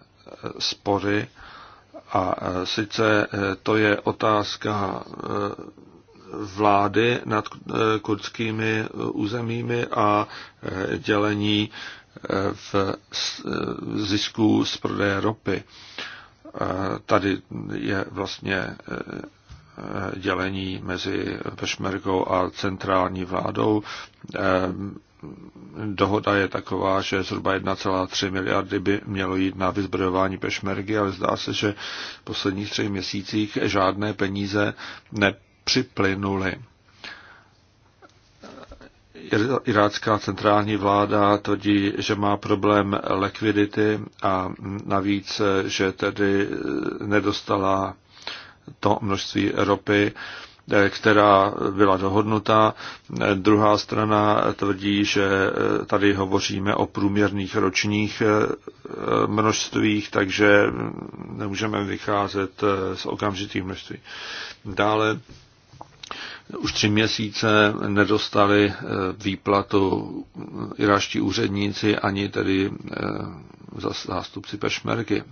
spory a sice to je otázka vlády nad kurdskými územími a dělení v zisku z prodeje ropy. Tady je vlastně e, e, dělení mezi Pešmergou a centrální vládou. E, dohoda je taková, že zhruba 1,3 miliardy by mělo jít na vyzbrojování Pešmergy, ale zdá se, že v posledních třech měsících žádné peníze nepřiplynuly irácká centrální vláda tvrdí, že má problém likvidity a navíc, že tedy nedostala to množství ropy, která byla dohodnuta. Druhá strana tvrdí, že tady hovoříme o průměrných ročních eh, množstvích, takže nemůžeme vycházet eh, z okamžitých množství. Dále už tři měsíce nedostali eh, výplatu iráští úředníci ani tedy eh, zástupci pešmerky.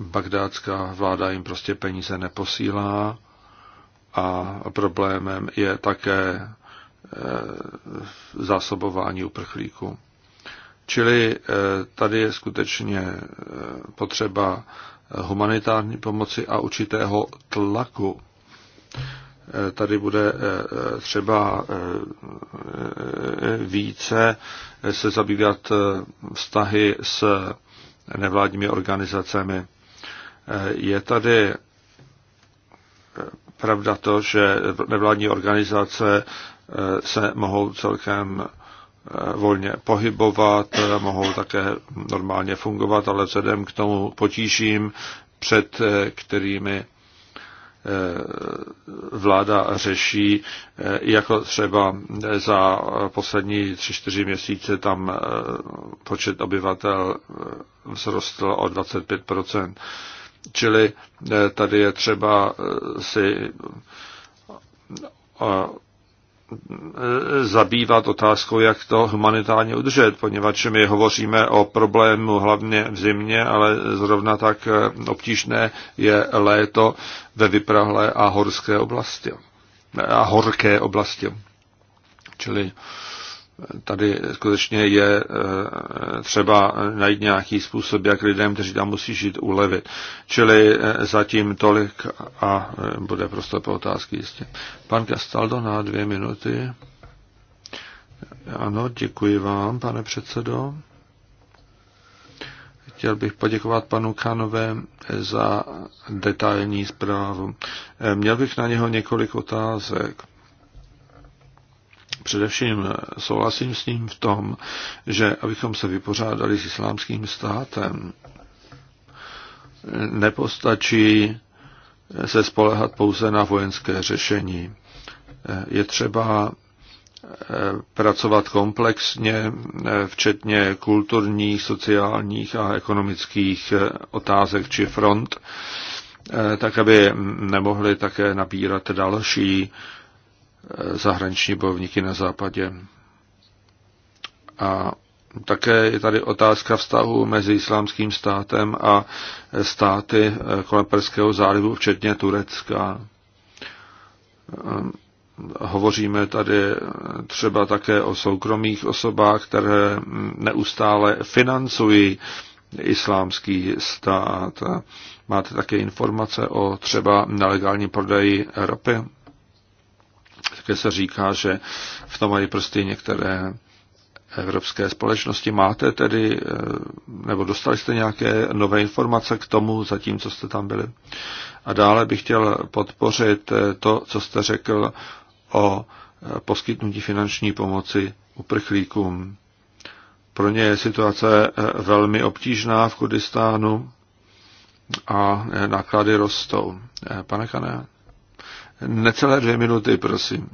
Bagdátská vláda jim prostě peníze neposílá a problémem je také eh, zásobování uprchlíků. Čili tady je skutečně potřeba humanitární pomoci a určitého tlaku Eh, tady bude eh, eh, třeba více se zabývat vztahy s nevládními organizacemi. Je tady pravda to, že nevládní organizace se mohou celkem volně pohybovat, mohou také normálně fungovat, ale vzhledem k tomu potížím, před kterými Eh, vláda řeší, eh, jako třeba eh, za poslední 3-4 měsíce tam počet obyvatel vzrostl o 25 Čili tady je třeba si zabývat otázkou, jak to humanitárně udržet, poněvadž my hovoříme o problému hlavně v zimě, ale zrovna tak obtížné je léto ve vyprahlé a horské oblasti. A horké oblasti. Čili tady skutečně je eh, třeba najít nějaký způsob, jak lidem, kteří tam musí žít, ulevit. Čili eh, zatím tolik a eh, bude prostě pro otázky jistě. Pan Castaldo na dvě minuty. Ano, děkuji vám, pane předsedo. Chtěl bych poděkovat panu Kanové za detailní zprávu. Měl bych na něho několik otázek. Především eh, souhlasím s ním v tom, že abychom se vypořádali s islámským státem, eh, nepostačí eh, se spolehat pouze na vojenské řešení. Je třeba pracovat komplexně, včetně kulturních, sociálních a ekonomických otázek či front, tak aby nemohli také nabírat další Eh, zahraniční bojovníky na západě. A také je tady otázka vztahu mezi islámským státem a státy eh, kolem Perského zálivu, včetně Turecka. Eh, hovoříme tady třeba také o soukromých osobách, které mm, neustále financují islámský stát. Máte také informace o třeba nelegálním prodeji ropy? také se říká, že v tom mají prostě některé evropské společnosti. Máte tedy, eh, nebo dostali jste nějaké nové informace k tomu, co jste tam byli? A dále bych chtěl podpořit eh, to, co jste řekl o eh, poskytnutí finanční pomoci uprchlíkům. Pro ně je situace velmi obtížná v Kurdistánu a náklady rostou. Pane Kané? Necelé dvě minuty, prosím.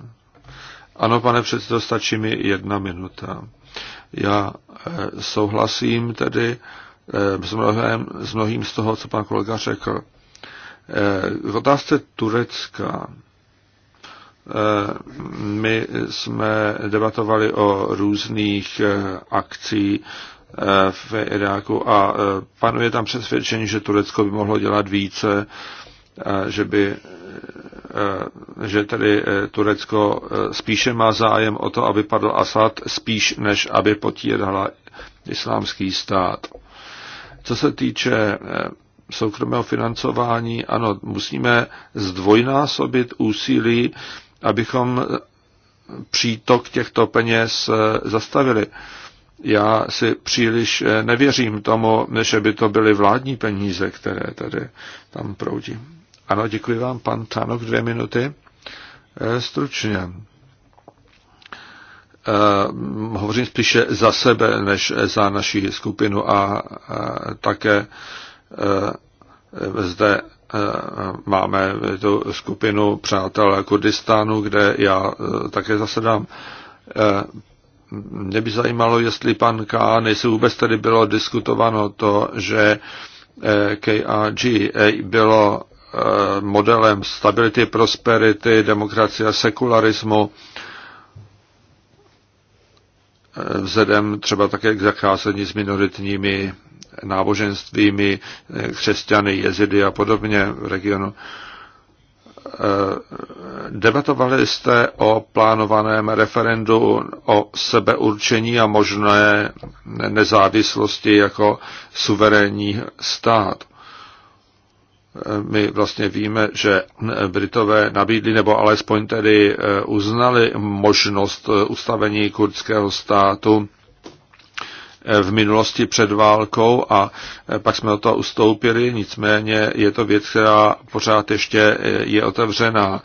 Ano, pane předsedo, stačí mi jedna minuta. Já eh, souhlasím tedy eh, s mnohem, s mnohým z toho, co pan kolega řekl. Eh, v otázce Turecka my jsme debatovali o různých akcí v Iráku a panuje tam přesvědčení, že Turecko by mohlo dělat více, že by Eh, že tedy eh, Turecko eh, spíše má zájem o to, aby padl Asad, spíš než aby potírala islámský stát. Co se týče soukromého financování, ano, musíme zdvojnásobit úsilí, abychom přítok těchto peněz zastavili. Já si příliš nevěřím tomu, než by to byly vládní peníze, které tady tam proudí. Ano, děkuji vám, pan Tanok, dvě minuty. Eh, stručně. Uh, hovořím spíše za sebe, než za naši skupinu a také uh, zde máme tu skupinu přátel Kurdistánu, kde já také zasedám. Mě by zajímalo, jestli pan K, jestli vůbec tady bylo diskutováno to, že KRG bylo Eh, modelem stability, prosperity, demokracie a sekularismu, eh, vzhledem třeba také k zacházení s minoritními náboženstvími, eh, křesťany, jezidy a podobně v regionu. Debatovali jste o plánovaném referendu o sebeurčení a možné nezávislosti jako suverénní stát my vlastně víme, že Britové nabídli nebo alespoň tedy eh, uznali možnost eh, ustavení kurdského státu eh, v minulosti před válkou a pak jsme od toho ustoupili, nicméně je to věc, která pořád ještě je otevřená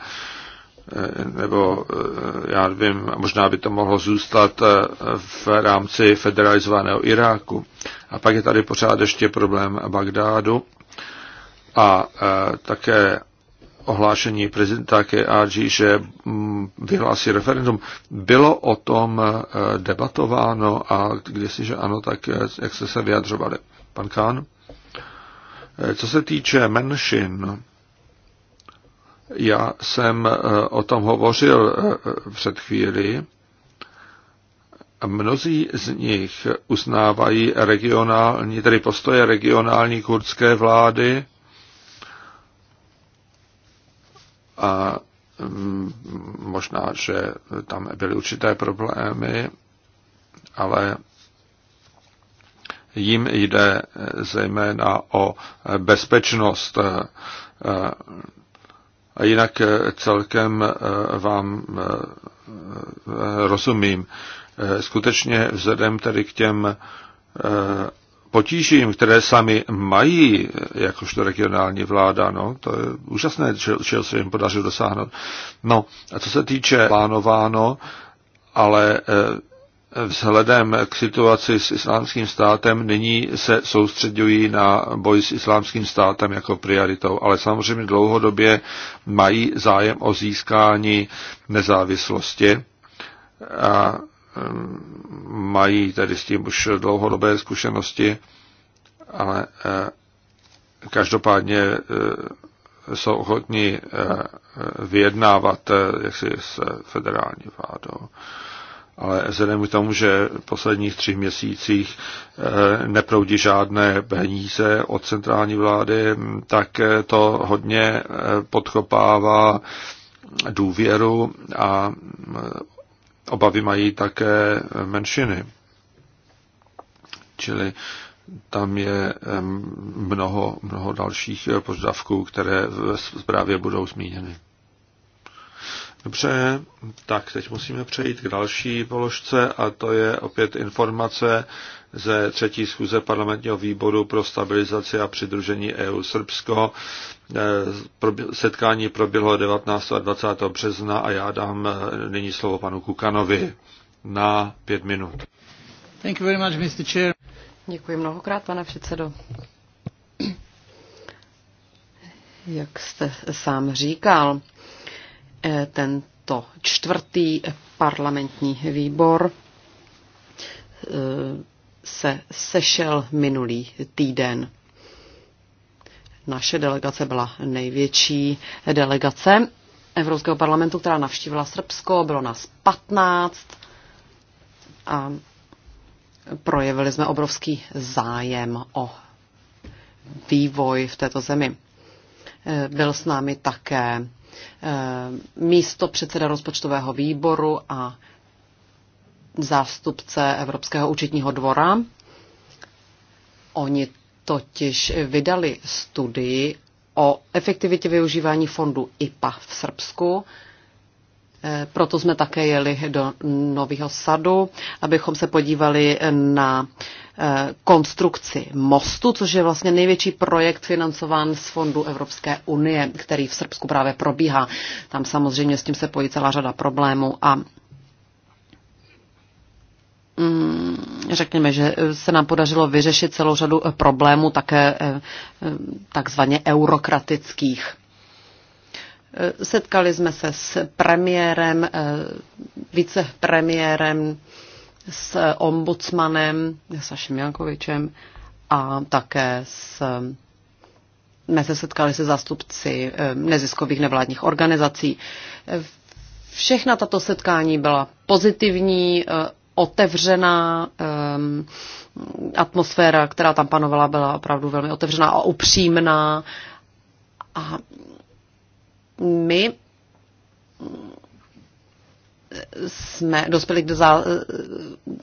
nebo já nevím, možná by to mohlo zůstat v rámci federalizovaného Iráku. A pak je tady pořád ještě problém Bagdádu a e, také ohlášení prezidenta KRG, že mm, vyhlásí referendum. Bylo o tom e, debatováno a když ano, tak e, jak jste se vyjadřovali? Pan Kán? Co se týče menšin, já jsem o tom hovořil před chvíli. Mnozí z nich uznávají regionální, tedy postoje regionální kurdské vlády, a mm, možná, že tam byly určité problémy, ale jim jde zejména o bezpečnost. A jinak celkem e, vám e, rozumím. E, skutečně vzhledem tedy k těm potížím, které sami mají, jakožto regionální vláda, no, to je úžasné, čeho se jim podařilo dosáhnout. No, a co se týče plánováno, ale eh, vzhledem k situaci s islámským státem nyní se soustředují na boj s islámským státem jako prioritou, ale samozřejmě dlouhodobě mají zájem o získání nezávislosti. A mají tady s tím už dlouhodobé zkušenosti, ale eh, každopádně eh, jsou ochotní eh, vyjednávat jaksi s federální vládou. Ale vzhledem k tomu, že v posledních třech měsících neproudí žádné peníze od centrální vlády, tak to hodně podchopává důvěru a obavy mají také menšiny. Čili tam je mnoho, mnoho dalších požadavků, které v zprávě budou zmíněny. Dobře, tak teď musíme přejít k další položce a to je opět informace ze třetí schůze parlamentního výboru pro stabilizaci a přidružení EU Srbsko. Eh, setkání proběhlo 19. a 20. března a já dám eh, nyní slovo panu Kukanovi na pět minut. Thank you very much, Mr. Chair. Děkuji mnohokrát, pane předsedo. Jak jste sám říkal, eh, tento čtvrtý parlamentní výbor se sešel minulý týden. Naše delegace byla největší delegace Evropského parlamentu, která navštívila Srbsko. Bylo nás 15 a projevili jsme obrovský zájem o vývoj v této zemi. Byl s námi také eh, místo předseda rozpočtového výboru a zástupce Evropského účetního dvora. Oni totiž vydali studii o efektivitě využívání fondu IPA v Srbsku. E, proto jsme také jeli do Nového sadu, abychom se podívali na e, konstrukci mostu, což je vlastně největší projekt financován z fondu Evropské unie, který v Srbsku právě probíhá. Tam samozřejmě s tím se pojí celá řada problémů a Mm, řekněme, že se nám podařilo vyřešit celou řadu eh, problémů, také eh, eh, takzvaně eurokratických. Setkali jsme se s premiérem, vicepremiérem, s ombudsmanem Sašem Jankovičem a také s jsme se setkali se zástupci neziskových nevládních organizací. Všechna tato setkání byla pozitivní, otevřená um, atmosféra, která tam panovala, byla opravdu velmi otevřená a upřímná. A my jsme dospěli k, zá,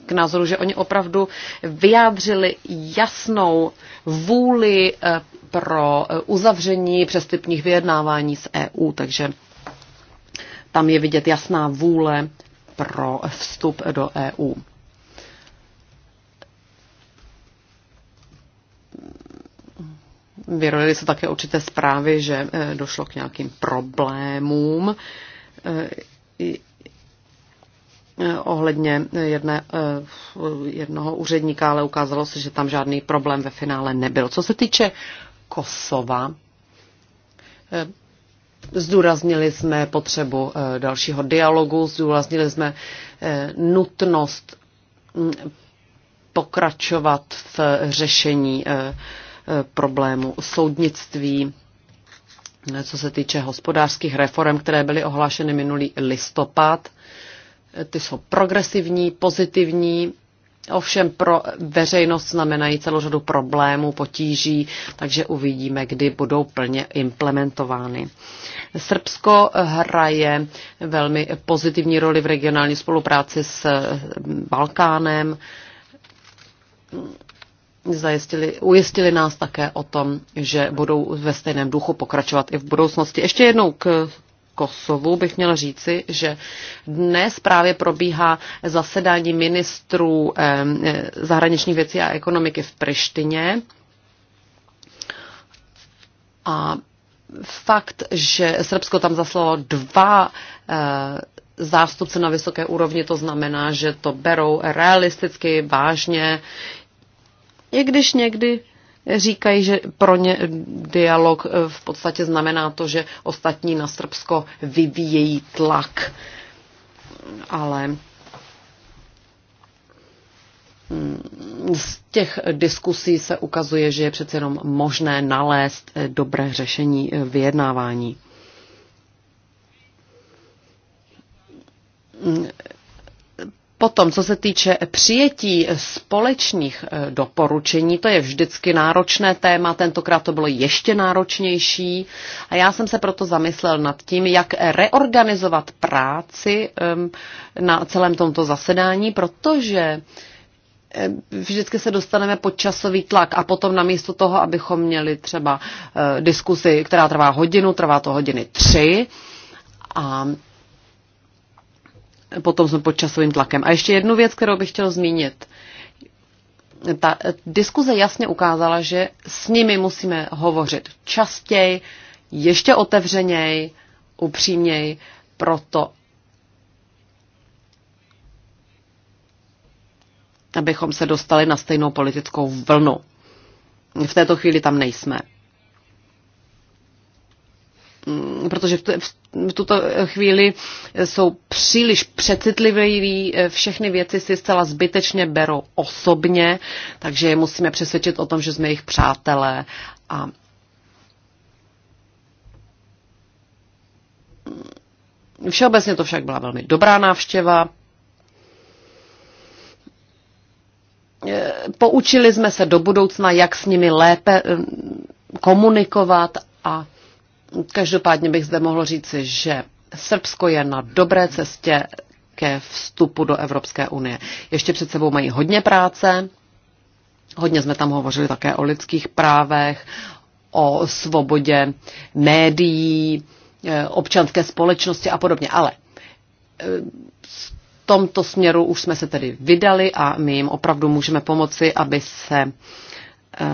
k názoru, že oni opravdu vyjádřili jasnou vůli eh, pro eh, uzavření přestupních vyjednávání s EU, takže tam je vidět jasná vůle pro vstup do EU. Vyrojily se také určité zprávy, že e, došlo k nějakým problémům e, e, ohledně jedné, jednoho úředníka, ale ukázalo se, že tam žádný problém ve finále nebyl. Co se týče Kosova, Zdůraznili jsme potřebu eh, dalšího dialogu, zdůraznili jsme eh, nutnost mm, pokračovat v řešení eh, problému soudnictví, co se týče hospodářských reform, které byly ohlášeny minulý listopad. Ty jsou progresivní, pozitivní, ovšem pro veřejnost znamenají celou řadu problémů, potíží, takže uvidíme, kdy budou plně implementovány. Srbsko hraje velmi pozitivní roli v regionální spolupráci s eh, Balkánem. Zajistili, ujistili nás také o tom, že budou ve stejném duchu pokračovat i v budoucnosti. Ještě jednou k Kosovu bych měla říci, že dnes právě probíhá zasedání ministrů e, zahraničních věcí a ekonomiky v Prištině. A fakt, že Srbsko tam zaslalo dva e, zástupce na vysoké úrovni, to znamená, že to berou realisticky, vážně, i když někdy říkají, že pro ně dialog eh, v podstatě znamená to, že ostatní na Srbsko vyvíjejí tlak. Ale mm, z těch diskusí se ukazuje, že je přece jenom možné nalézt eh, dobré řešení eh, vyjednávání mm, Potom, co se týče přijetí společných e, doporučení, to je vždycky náročné téma, tentokrát to bylo ještě náročnější a já jsem se proto zamyslel nad tím, jak reorganizovat práci na celém tomto zasedání, protože vždycky se dostaneme pod časový tlak a potom namísto toho, abychom měli třeba e, diskusi, která trvá hodinu, trvá to hodiny tři a potom jsme pod časovým tlakem. A ještě jednu věc, kterou bych chtěl zmínit. Ta diskuze jasně ukázala, že s nimi musíme hovořit častěji, ještě otevřeněji, upřímněji, proto abychom se dostali na stejnou politickou vlnu. V této chvíli tam nejsme. Mm, protože v tuto chvíli jsou příliš přecitlivý, eh, všechny věci si zcela zbytečně berou osobně, takže je musíme přesvědčit o tom, že jsme jejich přátelé a Všeobecně to však byla velmi dobrá návštěva. Eh, poučili jsme se do budoucna, jak s nimi lépe eh, komunikovat a Každopádně bych zde mohl říci, že Srbsko je na dobré cestě ke vstupu do Evropské unie. Ještě před sebou mají hodně práce, hodně jsme tam hovořili také o lidských právech, o svobodě médií, eh, občanské společnosti a podobně. Ale eh, v tomto směru už jsme se tedy vydali a my jim opravdu můžeme pomoci, aby se eh,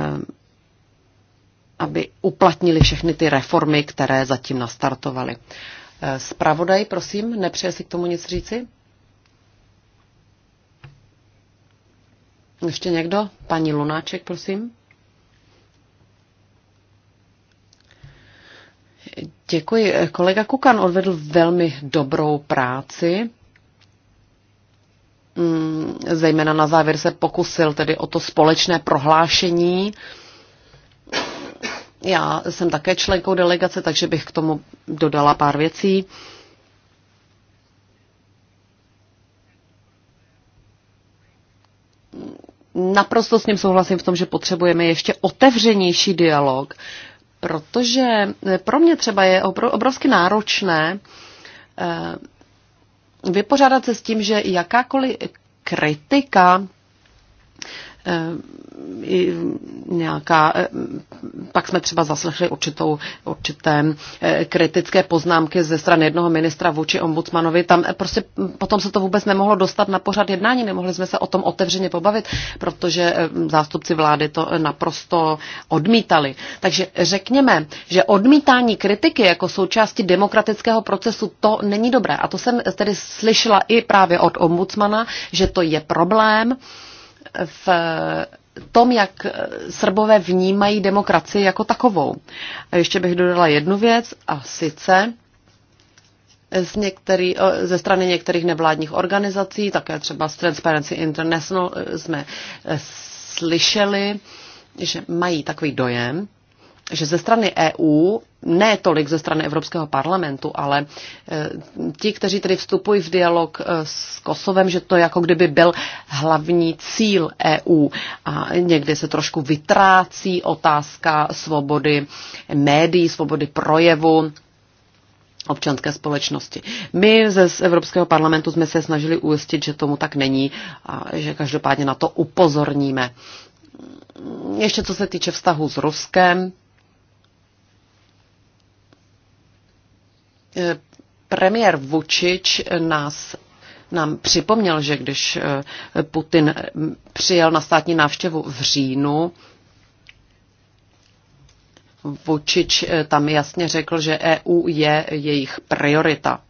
aby uplatnili všechny ty reformy, které zatím nastartovaly. Spravodaj, eh, prosím, nepřeje si k tomu nic říci? Ještě někdo? Paní Lunáček, prosím. Děkuji. Eh, kolega Kukan odvedl velmi dobrou práci. Mm, zejména na závěr se pokusil tedy o to společné prohlášení, já jsem také členkou delegace, takže bych k tomu dodala pár věcí. Naprosto s ním souhlasím v tom, že potřebujeme ještě otevřenější dialog, protože pro mě třeba je obrovsky náročné eh, vypořádat se s tím, že jakákoliv kritika Eh, nějaká, eh, pak jsme třeba zaslechli určitou, určité eh, kritické poznámky ze strany jednoho ministra vůči ombudsmanovi. Tam prostě hm, potom se to vůbec nemohlo dostat na pořad jednání, nemohli jsme se o tom otevřeně pobavit, protože zástupci vlády to naprosto odmítali. Takže řekněme, že odmítání kritiky jako součásti demokratického procesu to není dobré. A to jsem tedy slyšela i právě od ombudsmana, že to je problém v tom, jak Srbové vnímají demokracii jako takovou. A ještě bych dodala jednu věc, a sice z některý, ze strany některých nevládních organizací, také třeba z Transparency International eh, jsme eh, slyšeli, že mají takový dojem, že ze strany EU, ne tolik ze strany Evropského parlamentu, ale e, ti, kteří tedy vstupují v dialog e, s Kosovem, že to jako kdyby byl hlavní cíl EU. A někdy se trošku vytrácí otázka svobody médií, svobody projevu občanské společnosti. My ze z Evropského parlamentu jsme se snažili ujistit, že tomu tak není a že každopádně na to upozorníme. Ještě co se týče vztahu s Ruskem, Eh, premiér Vučič nás nám připomněl, že když eh, Putin eh, přijel na státní návštěvu v říjnu, Vučič tam jasně řekl, že EU je jejich priorita.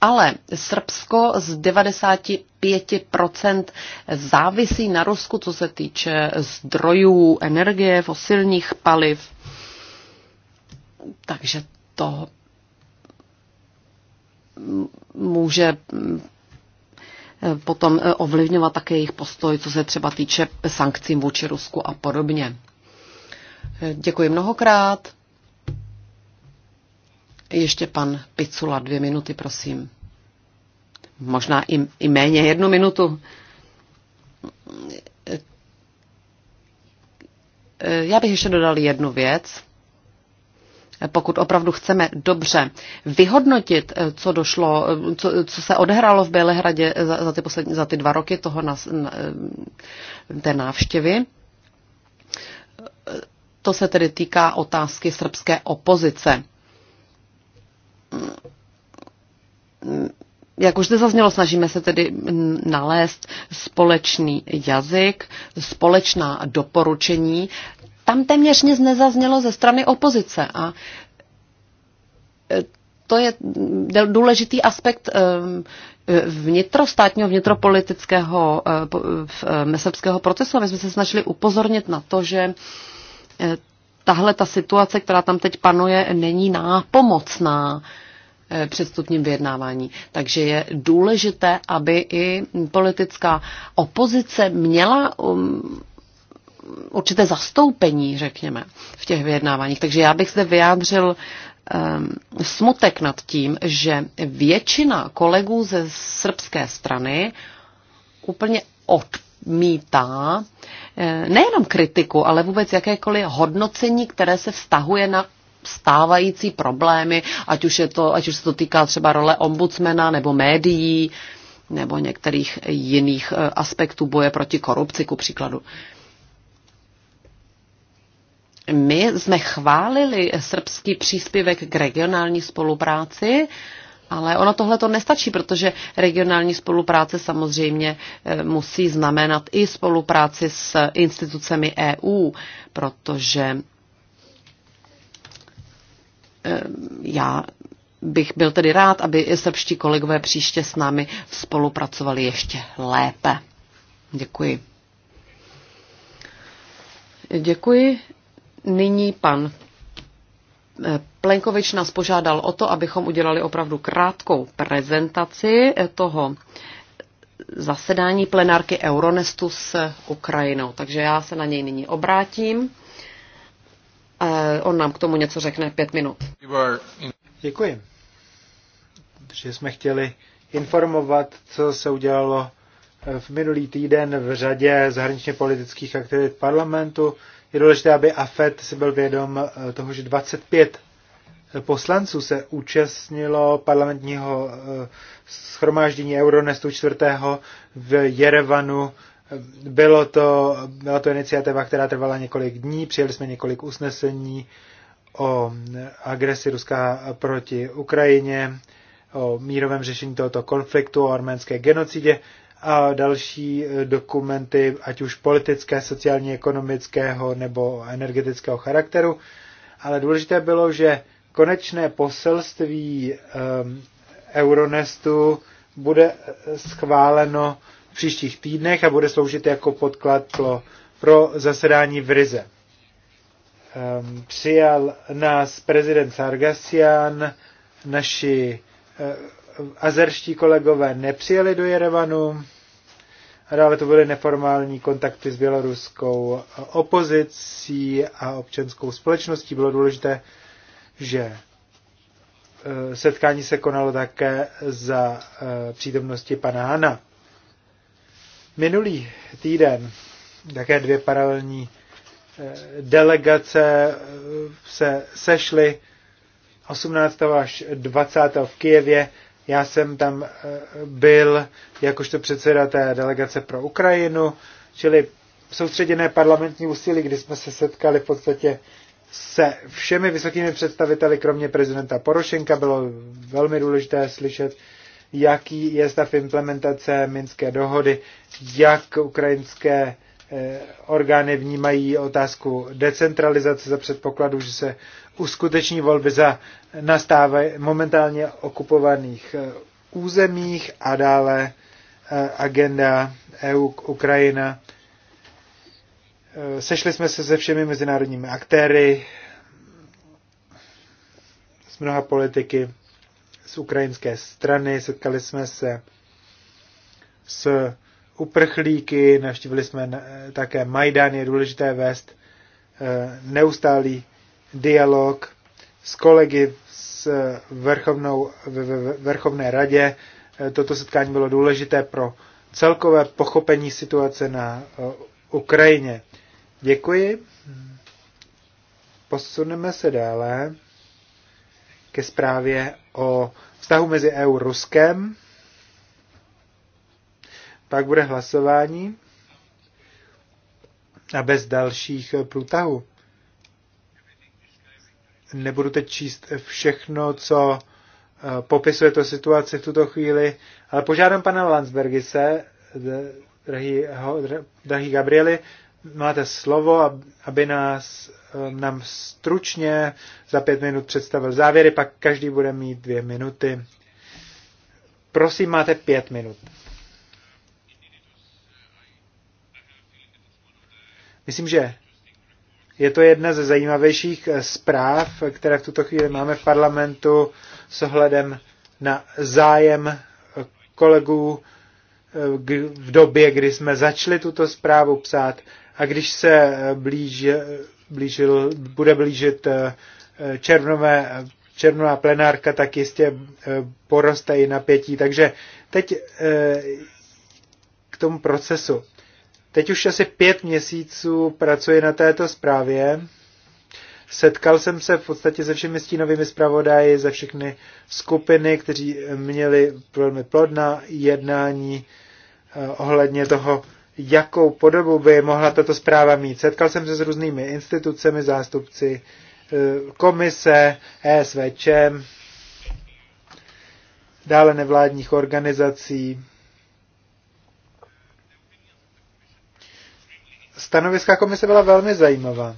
ale Srbsko z 95% závisí na Rusku, co se týče zdrojů energie, fosilních paliv. Takže to může potom ovlivňovat také jejich postoj, co se třeba týče sankcím vůči Rusku a podobně. Děkuji mnohokrát. Ještě pan Picula, dvě minuty, prosím. Možná i, i méně, jednu minutu. Já bych ještě dodal jednu věc. Pokud opravdu chceme dobře vyhodnotit, co došlo, co, co se odehrálo v Bělehradě za, za, ty, poslední, za ty dva roky toho na, na, té návštěvy, to se tedy týká otázky srbské opozice jak už zde zaznělo, snažíme se tedy nalézt společný jazyk, společná doporučení. Tam téměř nic nezaznělo ze strany opozice a e, to je důležitý aspekt e, vnitrostátního, vnitropolitického e, mesebského procesu. My jsme se snažili upozornit na to, že tahle ta situace, která tam teď panuje, není nápomocná eh, předstupním vyjednávání. Takže je důležité, aby i politická opozice měla um, určité zastoupení, řekněme, v těch vyjednáváních. Takže já bych zde vyjádřil ehm, smutek nad tím, že většina kolegů ze srbské strany úplně odpovědí odmítá eh, nejenom kritiku, ale vůbec jakékoliv hodnocení, které se vztahuje na stávající problémy, ať už, je to, ať už se to týká třeba role ombudsmana nebo médií nebo některých jiných eh, aspektů boje proti korupci, ku příkladu. My jsme chválili srbský příspěvek k regionální spolupráci, ale ono tohle to nestačí, protože regionální spolupráce samozřejmě e, musí znamenat i spolupráci s institucemi EU, protože e, já bych byl tedy rád, aby i srbští kolegové příště s námi spolupracovali ještě lépe. Děkuji. Děkuji. Nyní pan Plenkovič nás požádal o to, abychom udělali opravdu krátkou prezentaci toho zasedání plenárky Euronestu s Ukrajinou. Takže já se na něj nyní obrátím. On nám k tomu něco řekne pět minut. Děkuji. Že jsme chtěli informovat, co se udělalo v minulý týden v řadě zahraničně politických aktivit parlamentu je důležité, aby AFET si byl vědom eh, toho, že 25 eh, poslanců se účastnilo parlamentního eh, schromáždění Euronestu 4. v Jerevanu. Bylo to, byla to iniciativa, která trvala několik dní, přijeli jsme několik usnesení o agresi Ruska proti Ukrajině, o mírovém řešení tohoto konfliktu, o arménské genocidě a další eh, dokumenty, ať už politické, sociálně ekonomického nebo energetického charakteru. Ale důležité bylo, že konečné poselství um, Euronestu bude eh, schváleno v příštích týdnech a bude sloužit jako podklad pro, pro zasedání v Rize. Um, přijal nás prezident Sargasian, naši azerští kolegové nepřijeli do Jerevanu. A dále to byly neformální kontakty s běloruskou opozicí a občanskou společností. Bylo důležité, že e, setkání se konalo také za e, přítomnosti pana Hana. Minulý týden také dvě paralelní e, delegace se sešly 18. až 20. v Kijevě já jsem tam eh, byl jakožto předseda té delegace pro Ukrajinu, čili soustředěné parlamentní úsilí, kdy jsme se setkali v podstatě se všemi vysokými představiteli, kromě prezidenta Porošenka, bylo velmi důležité slyšet, jaký je stav implementace Minské dohody, jak ukrajinské Eh, orgány vnímají otázku decentralizace za předpokladu, že se uskuteční volby za nastávají momentálně okupovaných eh, územích a dále eh, agenda EU Ukrajina. Sešli jsme se se všemi mezinárodními aktéry, s mnoha politiky z ukrajinské strany, setkali jsme se s uprchlíky, navštívili jsme eh, také Majdan, je důležité vést eh, neustálý dialog s kolegy s eh, vrchovnou, v Vrchovné radě. Toto setkání bylo důležité pro celkové pochopení situace na Ukrajině. Děkuji. Posuneme se dále ke zprávě o vztahu mezi EU a Ruskem. Pak bude hlasování a bez dalších eh, průtahů. Nebudu teď číst všechno, co eh, popisuje to situaci v tuto chvíli, ale požádám pana Landsbergise, drahý, drahý Gabrieli, máte slovo, aby nás eh, nám stručně za pět minut představil závěry, pak každý bude mít dvě minuty. Prosím, máte pět minut. Myslím, že je to jedna ze zajímavějších eh, zpráv, které v tuto chvíli máme v parlamentu s ohledem na zájem eh, kolegů eh, v době, kdy jsme začali tuto zprávu psát a když se blíž, blížil, bude blížit červnové, červnová plenárka, tak jistě poroste i napětí. Takže teď k tomu procesu. Teď už asi pět měsíců pracuji na této zprávě. Setkal jsem se v podstatě se všemi stínovými zpravodaji, ze všechny skupiny, kteří měli velmi plodná jednání eh, ohledně toho, jakou podobu by mohla tato zpráva mít. Setkal jsem se s různými institucemi, zástupci eh, komise, ESVČ, dále nevládních organizací, stanoviska komise byla velmi zajímavá.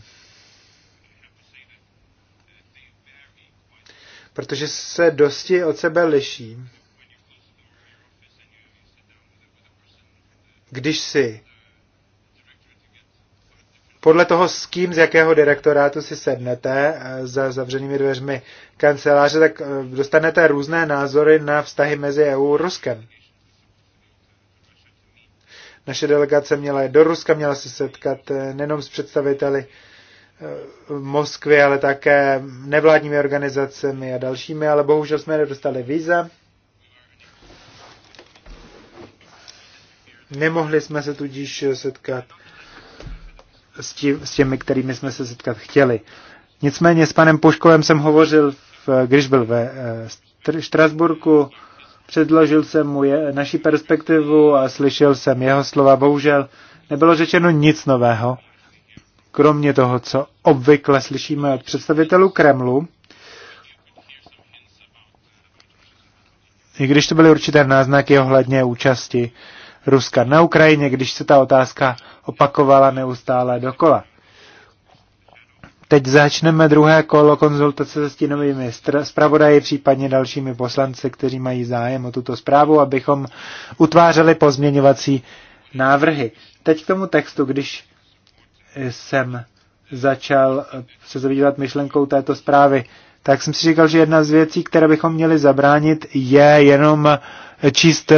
Protože se dosti od sebe liší. Když si podle toho, s kým, z jakého direktorátu si sednete eh, za zavřenými dveřmi kanceláře, tak eh, dostanete různé názory na vztahy mezi EU a Ruskem. Naše delegace měla do Ruska, měla se setkat eh, nejenom s představiteli eh, Moskvy, ale také nevládními organizacemi a dalšími, ale bohužel jsme nedostali víza. Nemohli jsme se tudíž setkat s, tí, s těmi, kterými jsme se setkat chtěli. Nicméně s panem Puškolem jsem hovořil, v, když byl ve eh, Štrasburku, Předložil jsem mu je, naši perspektivu a slyšel jsem jeho slova. Bohužel nebylo řečeno nic nového, kromě toho, co obvykle slyšíme od představitelů Kremlu. I když to byly určité náznaky ohledně účasti Ruska na Ukrajině, když se ta otázka opakovala neustále dokola. Teď začneme druhé kolo konzultace se stínovými zpravodaji, případně dalšími poslanci, kteří mají zájem o tuto zprávu, abychom utvářeli pozměňovací návrhy. Teď k tomu textu, když jsem začal se zabývat myšlenkou této zprávy, tak jsem si říkal, že jedna z věcí, které bychom měli zabránit, je jenom číst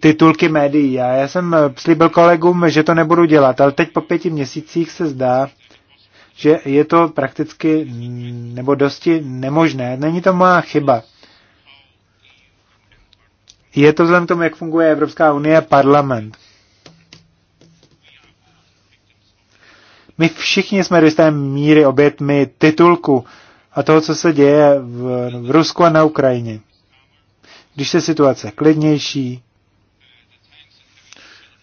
titulky médií. já jsem slíbil kolegům, že to nebudu dělat, ale teď po pěti měsících se zdá, že je to prakticky nebo dosti nemožné. Není to má chyba. Je to vzhledem k tomu, jak funguje Evropská unie parlament. My všichni jsme do jisté míry obětmi titulku a toho, co se děje v, v Rusku a na Ukrajině. Když se situace klidnější,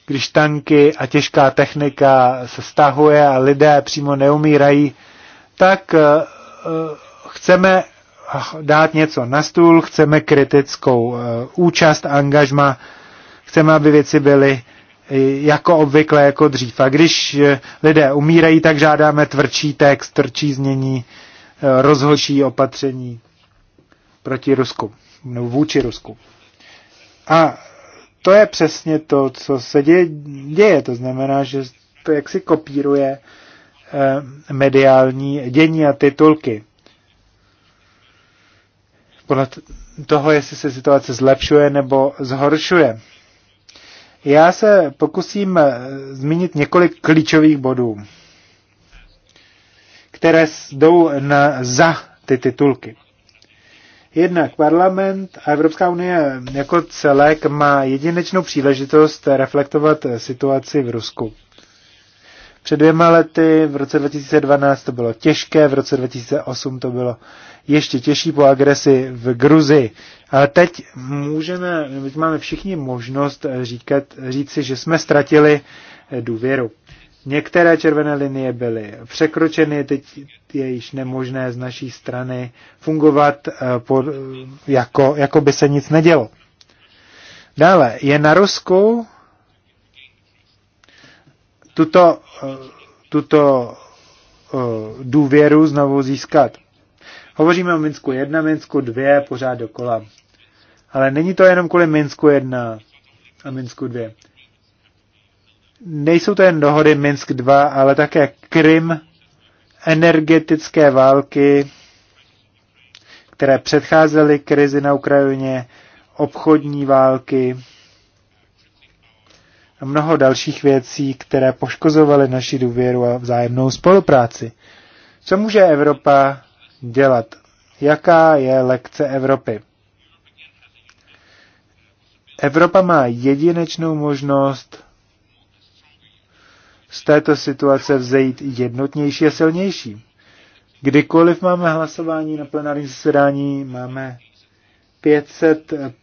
když tanky a těžká technika se stahuje a lidé přímo neumírají, tak eh, eh, chceme dát něco na stůl, chceme kritickou eh, účast, angažma, chceme, aby věci byly jako obvykle, jako dřív. A když lidé umírají, tak žádáme tvrdší text, tvrdší znění, rozhodčí opatření proti Rusku, nebo vůči Rusku. A to je přesně to, co se děje. děje. To znamená, že to jaksi kopíruje eh, mediální dění a titulky. Podle toho, jestli se situace zlepšuje nebo zhoršuje. Já se pokusím eh, zmínit několik klíčových bodů, které jdou na, za ty titulky. Jednak parlament a Evropská unie jako celek má jedinečnou příležitost reflektovat situaci v Rusku. Před dvěma lety, v roce 2012 to bylo těžké, v roce 2008 to bylo ještě těžší po agresi v Gruzii. Ale teď můžeme, teď máme všichni možnost říkat, si, že jsme ztratili důvěru. Některé červené linie byly překročeny, teď je již nemožné z naší strany fungovat, eh, pod, eh, jako, jako by se nic nedělo. Dále je na Rusku tuto, eh, tuto důvěru znovu získat. Hovoříme o Minsku 1, Minsku 2, pořád dokola. Ale není to jenom kvůli Minsku 1 a Minsku 2 nejsou to jen dohody Minsk 2, ale také Krym, energetické války, které předcházely krizi na Ukrajině, obchodní války a mnoho dalších věcí, které poškozovaly naši důvěru a vzájemnou spolupráci. Co může Evropa dělat? Jaká je lekce Evropy? Evropa má jedinečnou možnost z této situace vzejít jednotnější a silnější. Kdykoliv máme hlasování na plenárním zasedání, máme 500 eh,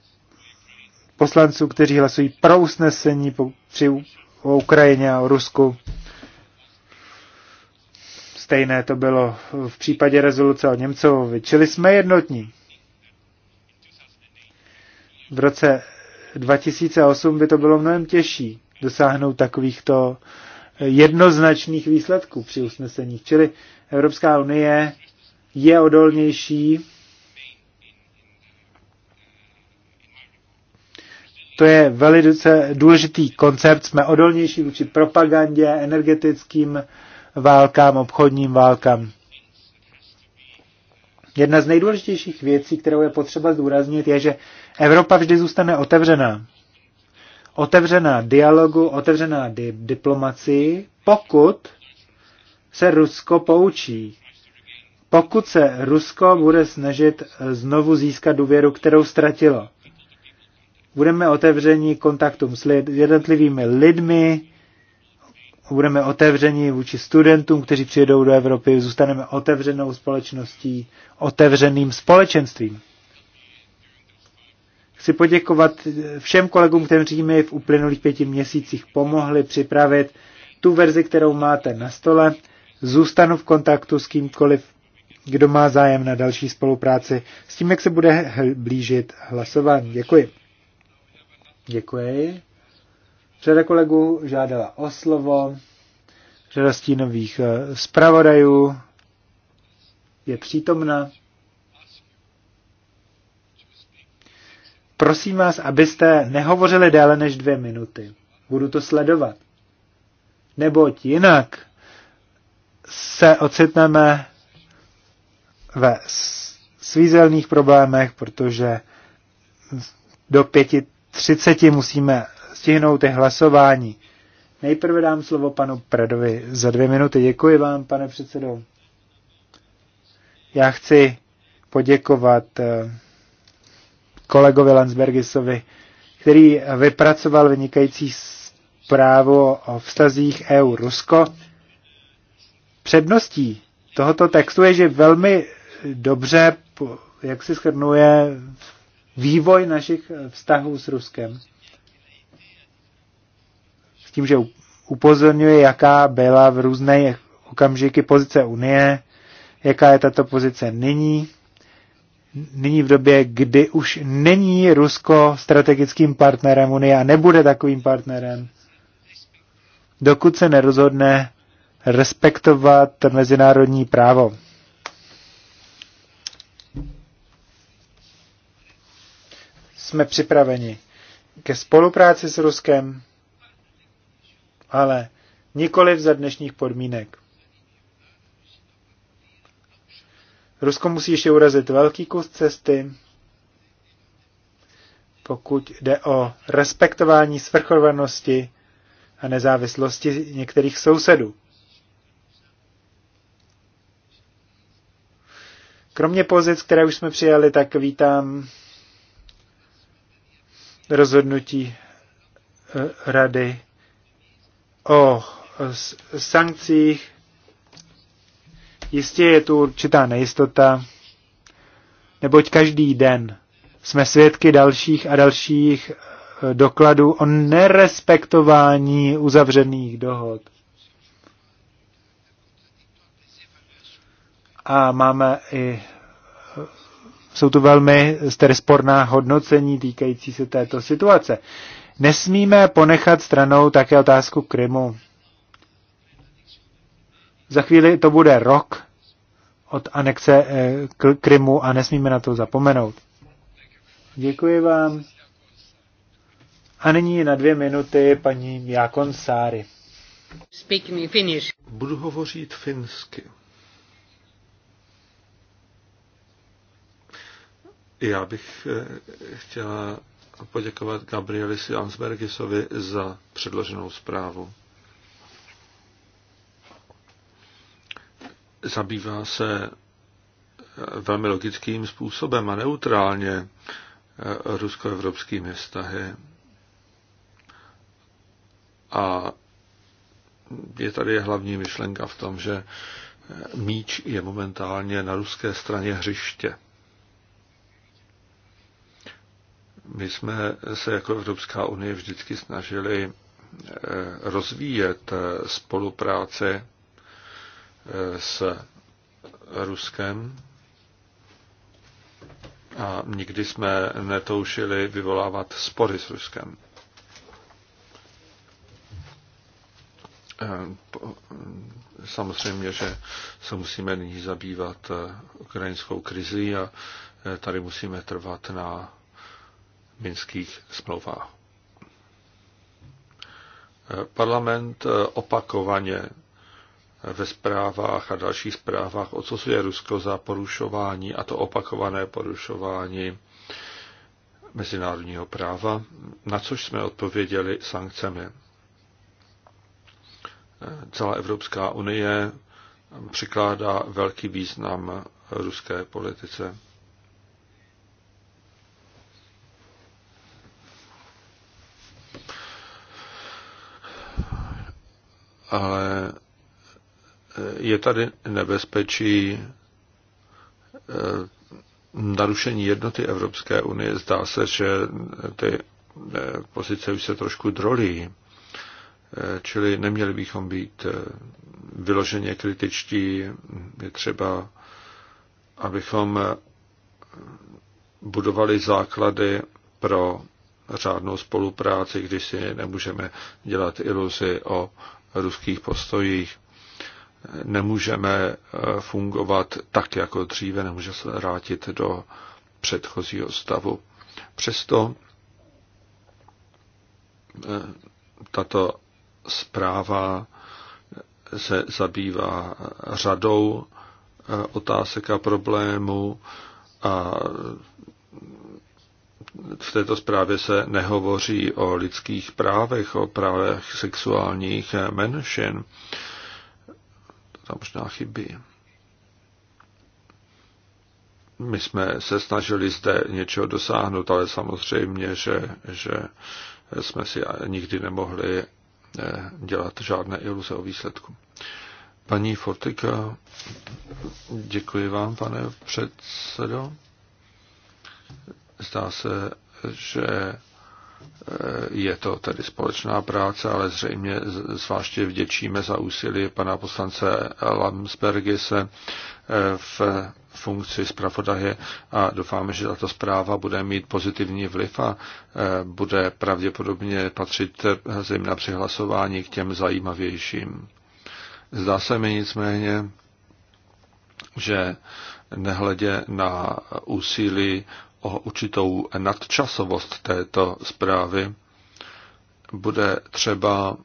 poslanců, kteří hlasují pro usnesení při o Ukrajině a o Rusku. Stejné to bylo v případě rezoluce o Němcovovi. Čili jsme jednotní. V roce 2008 by to bylo mnohem těžší dosáhnout takovýchto jednoznačných výsledků při usnesení. Čili Evropská unie je odolnější. To je velice důležitý koncept. Jsme odolnější vůči propagandě, energetickým válkám, obchodním válkám. Jedna z nejdůležitějších věcí, kterou je potřeba zdůraznit, je, že Evropa vždy zůstane otevřená otevřená dialogu, otevřená di- diplomacii, pokud se Rusko poučí. Pokud se Rusko bude snažit eh, znovu získat důvěru, kterou ztratilo. Budeme otevření kontaktům s lid, jednotlivými lidmi, budeme otevření vůči studentům, kteří přijedou do Evropy, zůstaneme otevřenou společností, otevřeným společenstvím. Chci poděkovat všem kolegům, kteří mi v uplynulých pěti měsících pomohli připravit tu verzi, kterou máte na stole. Zůstanu v kontaktu s kýmkoliv, kdo má zájem na další spolupráci s tím, jak se bude blížit hlasování. Děkuji. Děkuji. Řada kolegů žádala o slovo, řada stínových eh, zpravodajů je přítomna. Prosím vás, abyste nehovořili déle než dvě minuty. Budu to sledovat. Neboť jinak se ocitneme ve svízelných problémech, protože do třiceti musíme stihnout ty hlasování. Nejprve dám slovo panu Predovi za dvě minuty. Děkuji vám, pane předsedo. Já chci poděkovat eh, kolegovi Landsbergisovi, který vypracoval vynikající zprávu o vztazích EU-Rusko. Předností tohoto textu je, že velmi dobře, jak si schrnuje, vývoj našich vztahů s Ruskem. S tím, že upozorňuje, jaká byla v různých okamžiky pozice Unie, jaká je tato pozice nyní nyní v době, kdy už není Rusko strategickým partnerem Unie a nebude takovým partnerem, dokud se nerozhodne respektovat mezinárodní právo. Jsme připraveni ke spolupráci s Ruskem, ale nikoli za dnešních podmínek. Rusko musí ještě urazit velký kus cesty, pokud jde o respektování svrchovanosti a nezávislosti některých sousedů. Kromě pozic, které už jsme přijali, tak vítám rozhodnutí eh, rady o sankcích Jistě je tu určitá nejistota, neboť každý den jsme svědky dalších a dalších eh, dokladů o nerespektování uzavřených dohod. A máme i, eh, jsou tu velmi eh, sporná hodnocení týkající se této situace. Nesmíme ponechat stranou také otázku Krymu. Za chvíli to bude rok od anexe eh, Krymu a nesmíme na to zapomenout. Děkuji vám. A nyní na dvě minuty paní Jakon Sáry. Speak me Finnish. Budu hovořit finsky. Já bych eh, chtěla poděkovat Gabrieli Jansbergisovi za předloženou zprávu. zabývá se eh, velmi logickým způsobem a neutrálně eh, ruskoevropskými vztahy. A je tady hlavní myšlenka v tom, že eh, míč je momentálně na ruské straně hřiště. My jsme se jako Evropská unie vždycky snažili rozvíjet spolupráce s Ruskem a nikdy jsme netoušili vyvolávat spory s Ruskem. Eh, samozřejmě, že se musíme nyní zabývat eh, ukrajinskou krizí a eh, tady musíme trvat na minských smlouvách. Parlament opakovaně ve zprávách a dalších zprávách odsuzuje Rusko za porušování, a to opakované porušování mezinárodního práva, na což jsme odpověděli sankcemi. Celá Evropská unie přikládá velký význam ruské politice. Ale je tady nebezpečí eh, narušení jednoty Evropské unie. Zdá se, že ty eh, pozice už se trošku drolí, eh, čili neměli bychom být vyloženě kritičtí. Je třeba, abychom budovali základy pro řádnou spolupráci, když si nemůžeme dělat iluzi o ruských postojích nemůžeme eh, fungovat tak, jako dříve, nemůže se vrátit do předchozího stavu. Přesto eh, tato zpráva eh, se zabývá řadou otázek a problémů a v této zprávě se nehovoří o lidských právech, o právech sexuálních menšin tam možná chybí. My jsme se snažili zde něčeho dosáhnout, ale samozřejmě, že, že jsme si nikdy nemohli eh, dělat žádné iluze o výsledku. Paní Fortika, děkuji vám, pane předsedo. Zdá se, že Eh, je to tedy společná práce, ale zřejmě zvláště vděčíme za úsilí pana poslance se eh, v funkci zpravodaje a doufáme, že tato zpráva bude mít pozitivní vliv a eh, bude pravděpodobně patřit zejména při hlasování k těm zajímavějším. Zdá se mi nicméně, že nehledě na úsilí o určitou nadčasovost této zprávy, bude třeba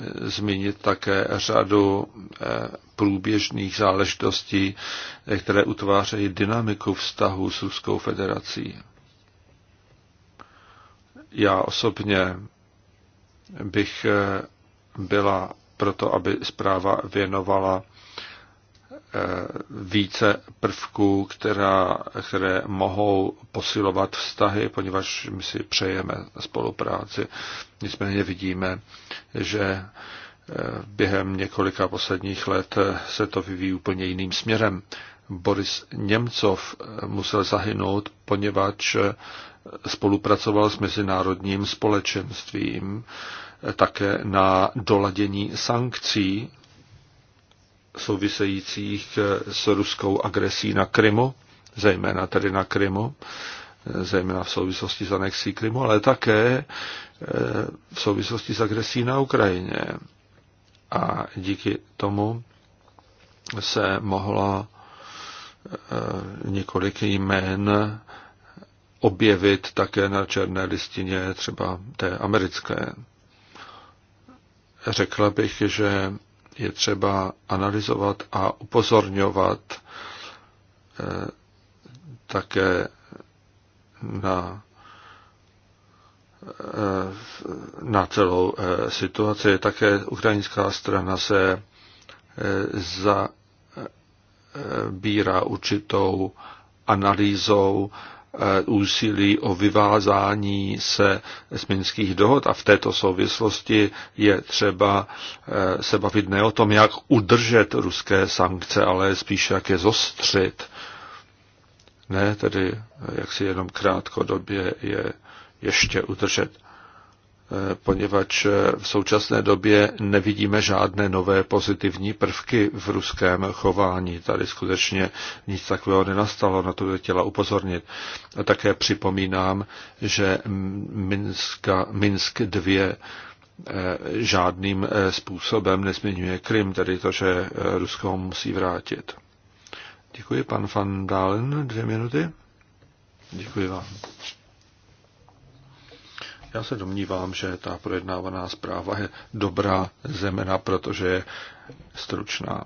eh, zmínit také řadu eh, průběžných záležitostí, eh, které utvářejí dynamiku vztahu s Ruskou federací. Já osobně bych byla proto, aby zpráva věnovala Eh, více prvků, která, které mohou posilovat vztahy, poněvadž my si přejeme spolupráci. Nicméně vidíme, že eh, během několika posledních let eh, se to vyvíjí úplně jiným směrem. Boris Němcov musel zahynout, poněvadž spolupracoval s mezinárodním společenstvím také na doladění sankcí souvisejících eh, s ruskou agresí na Krymu, zejména tedy na Krymu, eh, zejména v souvislosti s anexí Krymu, ale také eh, v souvislosti s agresí na Ukrajině. A díky tomu se mohla několik jmén objevit také na černé listině třeba té americké. Řekla bych, že je třeba analyzovat a upozorňovat eh, také na, eh, na celou eh, situaci. Také ukrajinská strana se zabírá určitou analýzou Eh, úsilí o vyvázání se z minských dohod a v této souvislosti je třeba eh, se bavit ne o tom, jak udržet ruské sankce, ale spíše jak je zostřit. Ne tedy, jak si jenom krátkodobě je ještě udržet poněvadž v současné době nevidíme žádné nové pozitivní prvky v ruském chování. Tady skutečně nic takového nenastalo, na to bych chtěla upozornit. A také připomínám, že Minska, Minsk 2 eh, žádným eh, způsobem nezměňuje Krym, tedy to, že eh, Rusko ho musí vrátit. Děkuji, pan Van Dalen, dvě minuty. Děkuji vám. Já se domnívám, že ta projednávaná zpráva je dobrá, zemena, protože je stručná.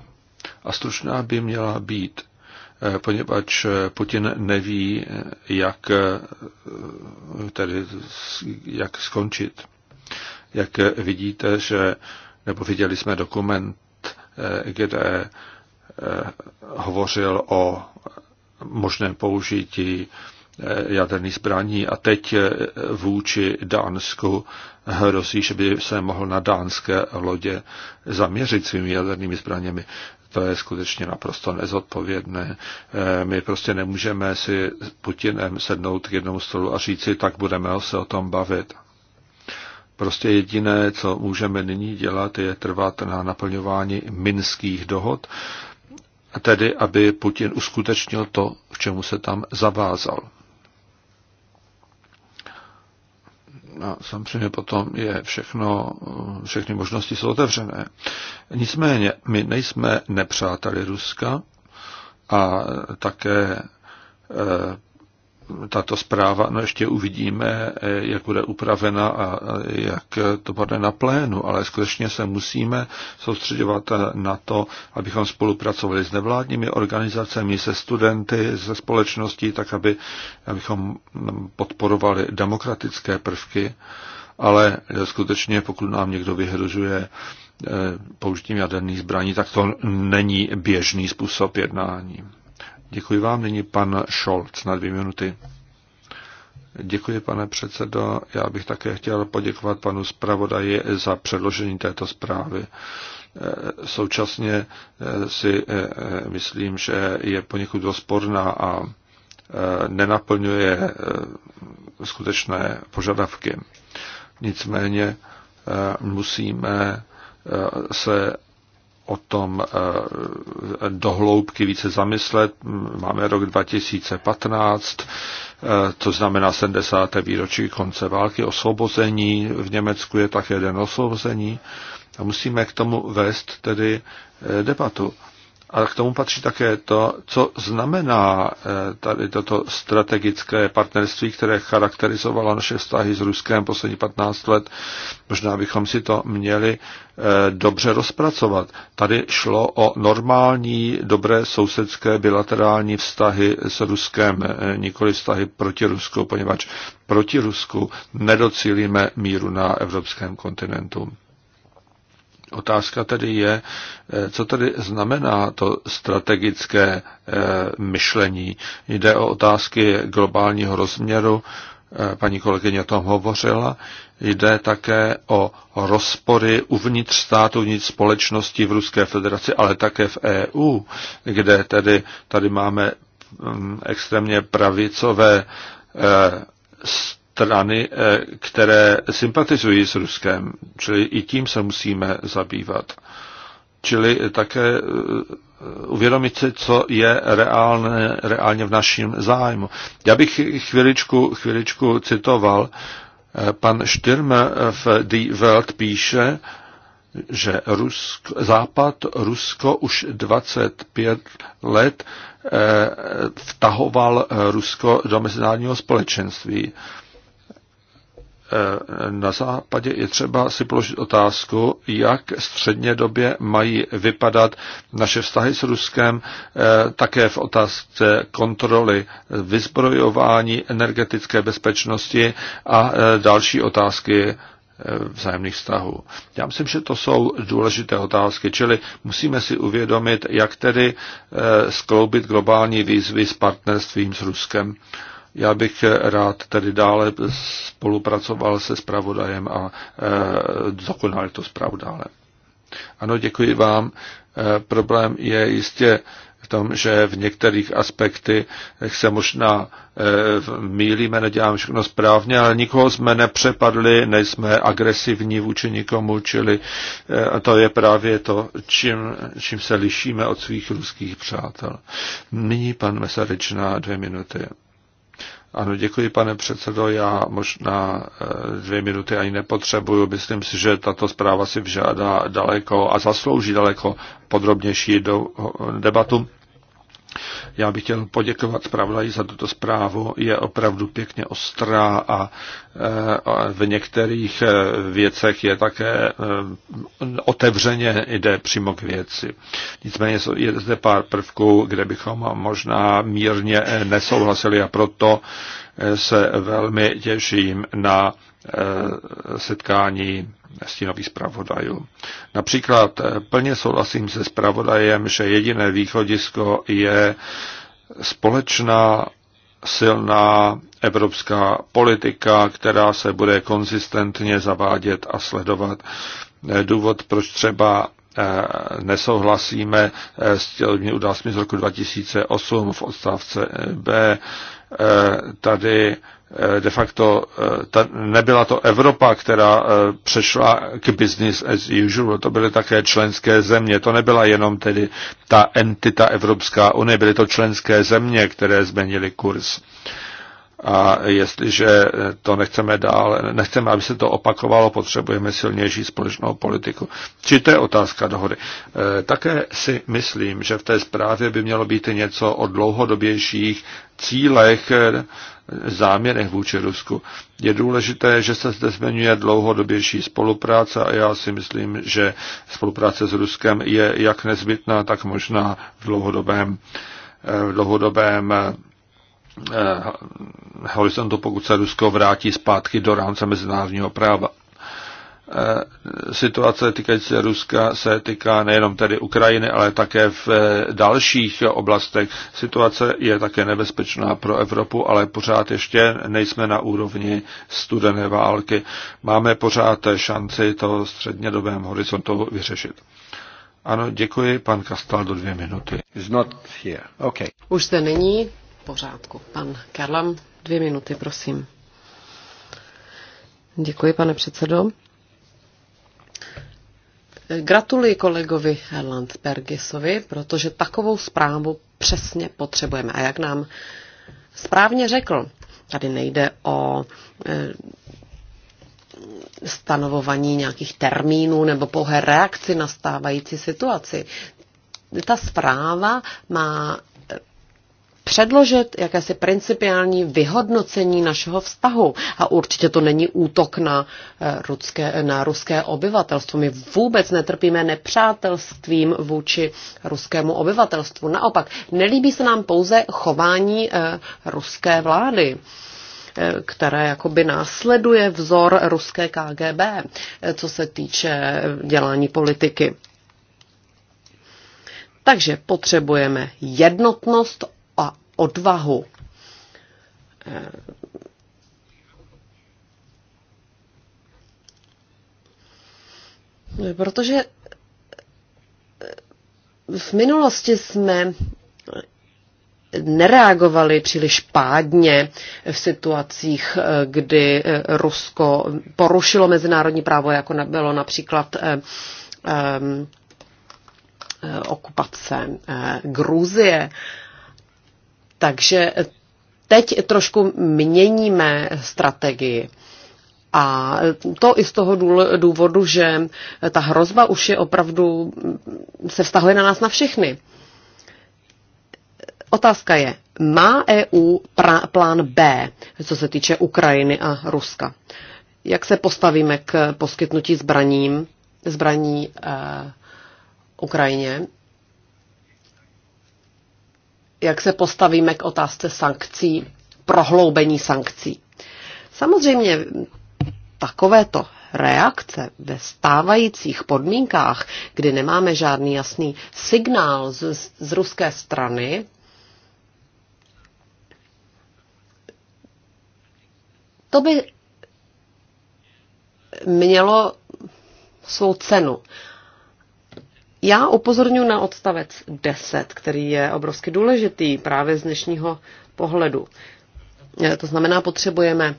A stručná by měla být, eh, poněvadž eh, Putin neví, eh, jak, tedy, jak skončit. Jak vidíte, že, nebo viděli jsme dokument, kde hovořil o možném použití Eh, jaderných zbraní a teď eh, vůči Dánsku hrozí, že by se mohl na dánské lodě zaměřit svými jadernými zbraněmi. To je skutečně naprosto nezodpovědné. Eh, my prostě nemůžeme si s Putinem sednout k jednomu stolu a říci, tak budeme se o tom bavit. Prostě jediné, co můžeme nyní dělat, je trvat na naplňování minských dohod, tedy aby Putin uskutečnil to, k čemu se tam zavázal. A samozřejmě potom je všechno, všechny možnosti jsou otevřené. Nicméně, my nejsme nepřáteli Ruska a také eh, tato zpráva, no ještě uvidíme, jak bude upravena a jak to bude na plénu, ale skutečně se musíme soustředovat na to, abychom spolupracovali s nevládními organizacemi, se studenty, se společností, tak aby, abychom podporovali demokratické prvky, ale skutečně pokud nám někdo vyhrožuje eh, použitím jaderných zbraní, tak to není běžný způsob jednání. Děkuji vám. Nyní pan Scholz na dvě minuty. Děkuji, pane předsedo. Já bych také chtěl poděkovat panu zpravodaji za předložení této zprávy. Eh, současně eh, si eh, myslím, že je poněkud rozporná a nenaplňuje skutečné požadavky. Nicméně musíme se o tom eh, dohloubky více zamyslet. Máme rok 2015, eh, to znamená 70. výročí konce války, osvobození, v Německu je také den osvobození a musíme k tomu vést tedy eh, debatu. Ale k tomu patří také to, co znamená eh, tady toto strategické partnerství, které charakterizovalo naše vztahy s Ruskem poslední 15 let. Možná bychom si to měli eh, dobře rozpracovat. Tady šlo o normální, dobré sousedské bilaterální vztahy s Ruskem, eh, nikoli vztahy proti Rusku, poněvadž proti Rusku nedocílíme míru na evropském kontinentu. Otázka tedy je, eh, co tedy znamená to strategické eh, myšlení. Jde o otázky globálního rozměru, eh, paní kolegyně o tom hovořila, jde také o rozpory uvnitř státu, uvnitř společnosti v Ruské federaci, ale také v EU, kde tedy tady máme mm, extrémně pravicové strany, eh, které sympatizují s Ruskem, čili i tím se musíme zabývat. Čili také eh, uvědomit si, co je reálně, reálně v našem zájmu. Já bych chviličku, chviličku citoval. Eh, pan Štyrm v The Welt píše, že Rusk, Západ Rusko už 25 let vtahoval Rusko do mezinárodního společenství na západě je třeba si položit otázku, jak době mají vypadat naše vztahy s Ruskem, eh, také v otázce kontroly vyzbrojování, energetické bezpečnosti a eh, další otázky eh, vzájemných vztahů. Já myslím, že to jsou důležité otázky, čili musíme si uvědomit, jak tedy skloubit globální výzvy s partnerstvím s Ruskem. Já bych rád tedy dále spolupracoval se spravodajem a e, dokonal to zprávu dále. Ano, děkuji vám. E, problém je jistě v tom, že v některých aspekty se možná e, mílíme, neděláme všechno správně, ale nikoho jsme nepřepadli, nejsme agresivní vůči nikomu, čili e, to je právě to, čím, čím se lišíme od svých ruských přátel. Nyní pan Mesarič na dvě minuty. Ano, děkuji, pane předsedo. Já možná eh, dvě minuty ani nepotřebuju. Myslím si, že tato zpráva si vžádá daleko a zaslouží daleko podrobnější do, eh, debatu. Já bych chtěl poděkovat pravdaji za tuto zprávu. Je opravdu pěkně ostrá a eh, v některých eh, věcech je také eh, otevřeně jde přímo k věci. Nicméně je zde pár prvků, kde bychom možná mírně nesouhlasili a proto se velmi těším na Eh, setkání stínových zpravodajů. Například eh, plně souhlasím se zpravodajem, že jediné východisko je společná silná evropská politika, která se bude konzistentně zavádět a sledovat. Eh, důvod, proč třeba nesouhlasíme s těmi událostmi z roku 2008 v odstavce B, tady Eh, de facto eh, ta, nebyla to Evropa, která eh, přešla k business as usual, to byly také členské země. To nebyla jenom tedy ta entita Evropská unie, byly to členské země, které změnily kurz. A jestliže to nechceme dál, nechceme, aby se to opakovalo, potřebujeme silnější společnou politiku. Či to je otázka dohody. Také si myslím, že v té zprávě by mělo být něco o dlouhodobějších cílech záměrech vůči Rusku. Je důležité, že se zde zmiňuje dlouhodobější spolupráce a já si myslím, že spolupráce s Ruskem je jak nezbytná, tak možná v dlouhodobém, eh, v dlouhodobém eh, horizontu, pokud se Rusko vrátí zpátky do rámce mezinárodního práva. Eh, situace týkající se Ruska se týká nejenom tedy Ukrajiny, ale také v eh, dalších oblastech. Situace je také nebezpečná pro Evropu, ale pořád ještě nejsme na úrovni studené války. Máme pořád šanci to střednědobém horizontu vyřešit. Ano, děkuji, pan Kastal do dvě minuty. not here. Okay. Už zde není, pořádku. Pan Karlam, dvě minuty, prosím. Děkuji, pane předsedo. Gratuluji kolegovi Landsbergisovi, protože takovou zprávu přesně potřebujeme. A jak nám správně řekl, tady nejde o e, stanovování nějakých termínů nebo pouhé reakci na stávající situaci. Ta zpráva má předložit jakési principiální vyhodnocení našeho vztahu. A určitě to není útok na eh, ruské, na ruské obyvatelstvo. My vůbec netrpíme nepřátelstvím vůči ruskému obyvatelstvu. Naopak, nelíbí se nám pouze chování eh, ruské vlády eh, které jakoby následuje vzor ruské KGB, co se týče dělání politiky. Takže potřebujeme jednotnost, odvahu. Protože v minulosti jsme nereagovali příliš pádně v situacích, kdy Rusko porušilo mezinárodní právo, jako bylo například eh, eh, okupace eh, Gruzie takže teď trošku měníme strategii. A to i z toho důvodu, že ta hrozba už je opravdu, se vztahuje na nás na všechny. Otázka je, má EU pra, plán B, co se týče Ukrajiny a Ruska? Jak se postavíme k poskytnutí zbraním, zbraní eh, Ukrajině? jak se postavíme k otázce sankcí, prohloubení sankcí. Samozřejmě takovéto reakce ve stávajících podmínkách, kdy nemáme žádný jasný signál z, z ruské strany, to by mělo svou cenu. Já upozorňuji na odstavec 10, který je obrovsky důležitý právě z dnešního pohledu. E, to znamená, potřebujeme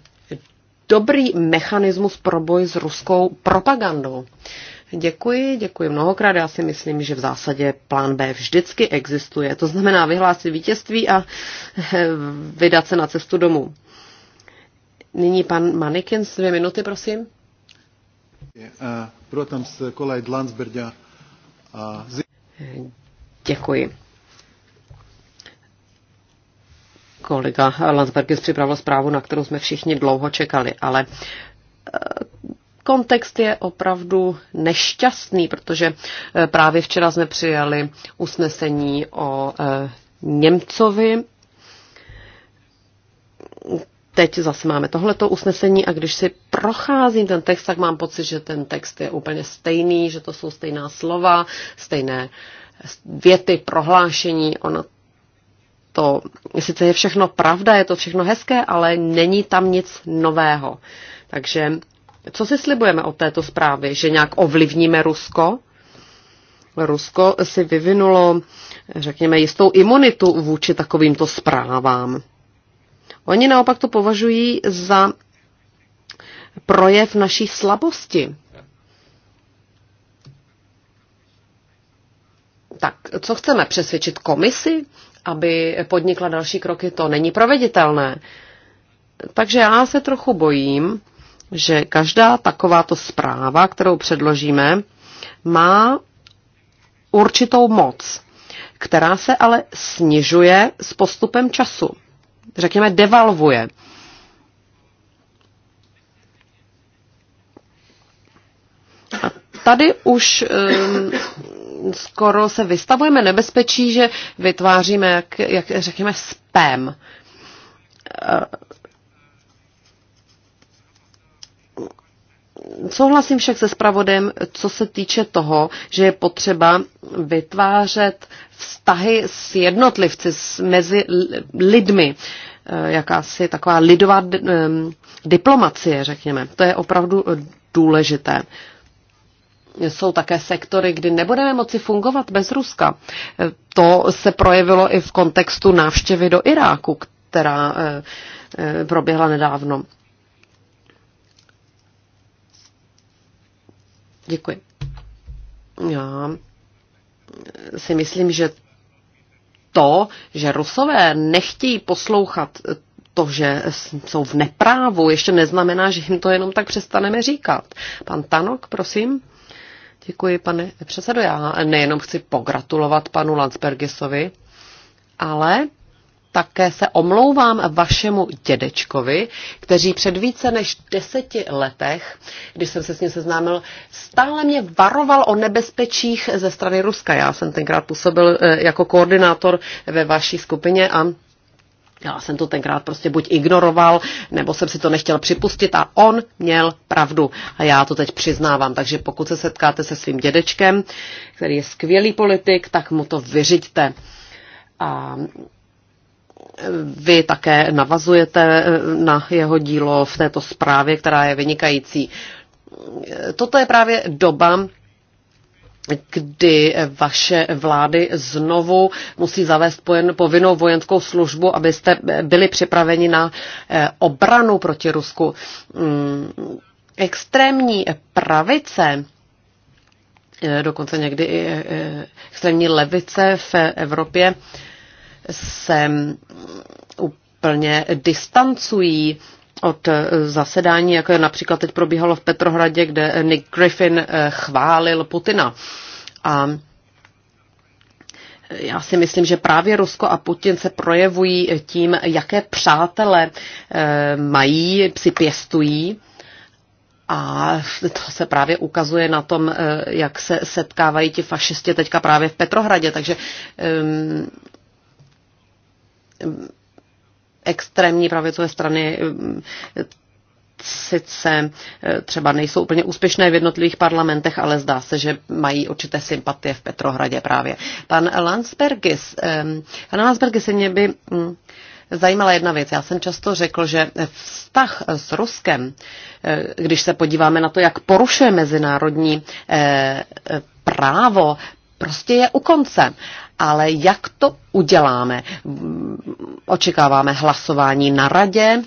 dobrý mechanismus pro boj s ruskou propagandou. Děkuji, děkuji mnohokrát. Já si myslím, že v zásadě plán B vždycky existuje. To znamená vyhlásit vítězství a e, vydat se na cestu domů. Nyní pan Manikin, dvě minuty, prosím. Protam se kolaj Landsberga Děkuji. Kolega Landsbergis připravil zprávu, na kterou jsme všichni dlouho čekali, ale eh, kontext je opravdu nešťastný, protože eh, právě včera jsme přijali usnesení o eh, Němcovi, teď zase máme tohleto usnesení a když si procházím ten text, tak mám pocit, že ten text je úplně stejný, že to jsou stejná slova, stejné věty, prohlášení. Ono to sice je všechno pravda, je to všechno hezké, ale není tam nic nového. Takže co si slibujeme od této zprávy? Že nějak ovlivníme Rusko? Rusko si vyvinulo, řekněme, jistou imunitu vůči takovýmto zprávám. Oni naopak to považují za projev naší slabosti. Tak co chceme přesvědčit komisi, aby podnikla další kroky? To není proveditelné. Takže já se trochu bojím, že každá takováto zpráva, kterou předložíme, má určitou moc, která se ale snižuje s postupem času řekněme, devalvuje. A tady už um, skoro se vystavujeme nebezpečí, že vytváříme, jak, jak řekněme, spam. Uh, Souhlasím však se spravodem, co se týče toho, že je potřeba vytvářet vztahy s jednotlivci, s, mezi lidmi, eh, jakási taková lidová diplomacie, řekněme. To je opravdu eh, důležité. Jsou také sektory, kdy nebudeme moci fungovat bez Ruska. Eh, to se projevilo i v kontextu návštěvy do Iráku, která proběhla nedávno. Děkuji. Já si myslím, že to, že Rusové nechtějí poslouchat to, že jsou v neprávu, ještě neznamená, že jim to jenom tak přestaneme říkat. Pan Tanok, prosím. Děkuji, pane předsedo. Já nejenom chci pogratulovat panu Landsbergisovi, ale také se omlouvám vašemu dědečkovi, kteří před více než deseti letech, když jsem se s ním seznámil, stále mě varoval o nebezpečích ze strany Ruska. Já jsem tenkrát působil eh, jako koordinátor ve vaší skupině a já jsem to tenkrát prostě buď ignoroval, nebo jsem si to nechtěl připustit a on měl pravdu. A já to teď přiznávám. Takže pokud se setkáte se svým dědečkem, který je skvělý politik, tak mu to vyřiďte. A vy také navazujete eh, na jeho dílo v této zprávě, která je vynikající. Toto je právě doba, kdy vaše vlády znovu musí zavést povinnou vojenskou službu, abyste byli připraveni na eh, obranu proti Rusku. Mm, extrémní pravice, eh, dokonce někdy i extrémní levice v Evropě, se úplně distancují od zasedání, jako je například teď probíhalo v Petrohradě, kde Nick Griffin eh, chválil Putina. A já si myslím, že právě Rusko a Putin se projevují tím, jaké přátele eh, mají, si pěstují. A to se právě ukazuje na tom, eh, jak se setkávají ti fašisti teďka právě v Petrohradě. Takže ehm, extrémní pravicové strany mm, sice e, třeba nejsou úplně úspěšné v jednotlivých parlamentech, ale zdá se, že mají určité sympatie v Petrohradě právě. Pan Landsbergis, e, pan Landsbergis mě by mm, zajímala jedna věc. Já jsem často řekl, že vztah s Ruskem, e, když se podíváme na to, jak porušuje mezinárodní právo, prostě je u konce. Ale jak to uděláme? Očekáváme hlasování na radě.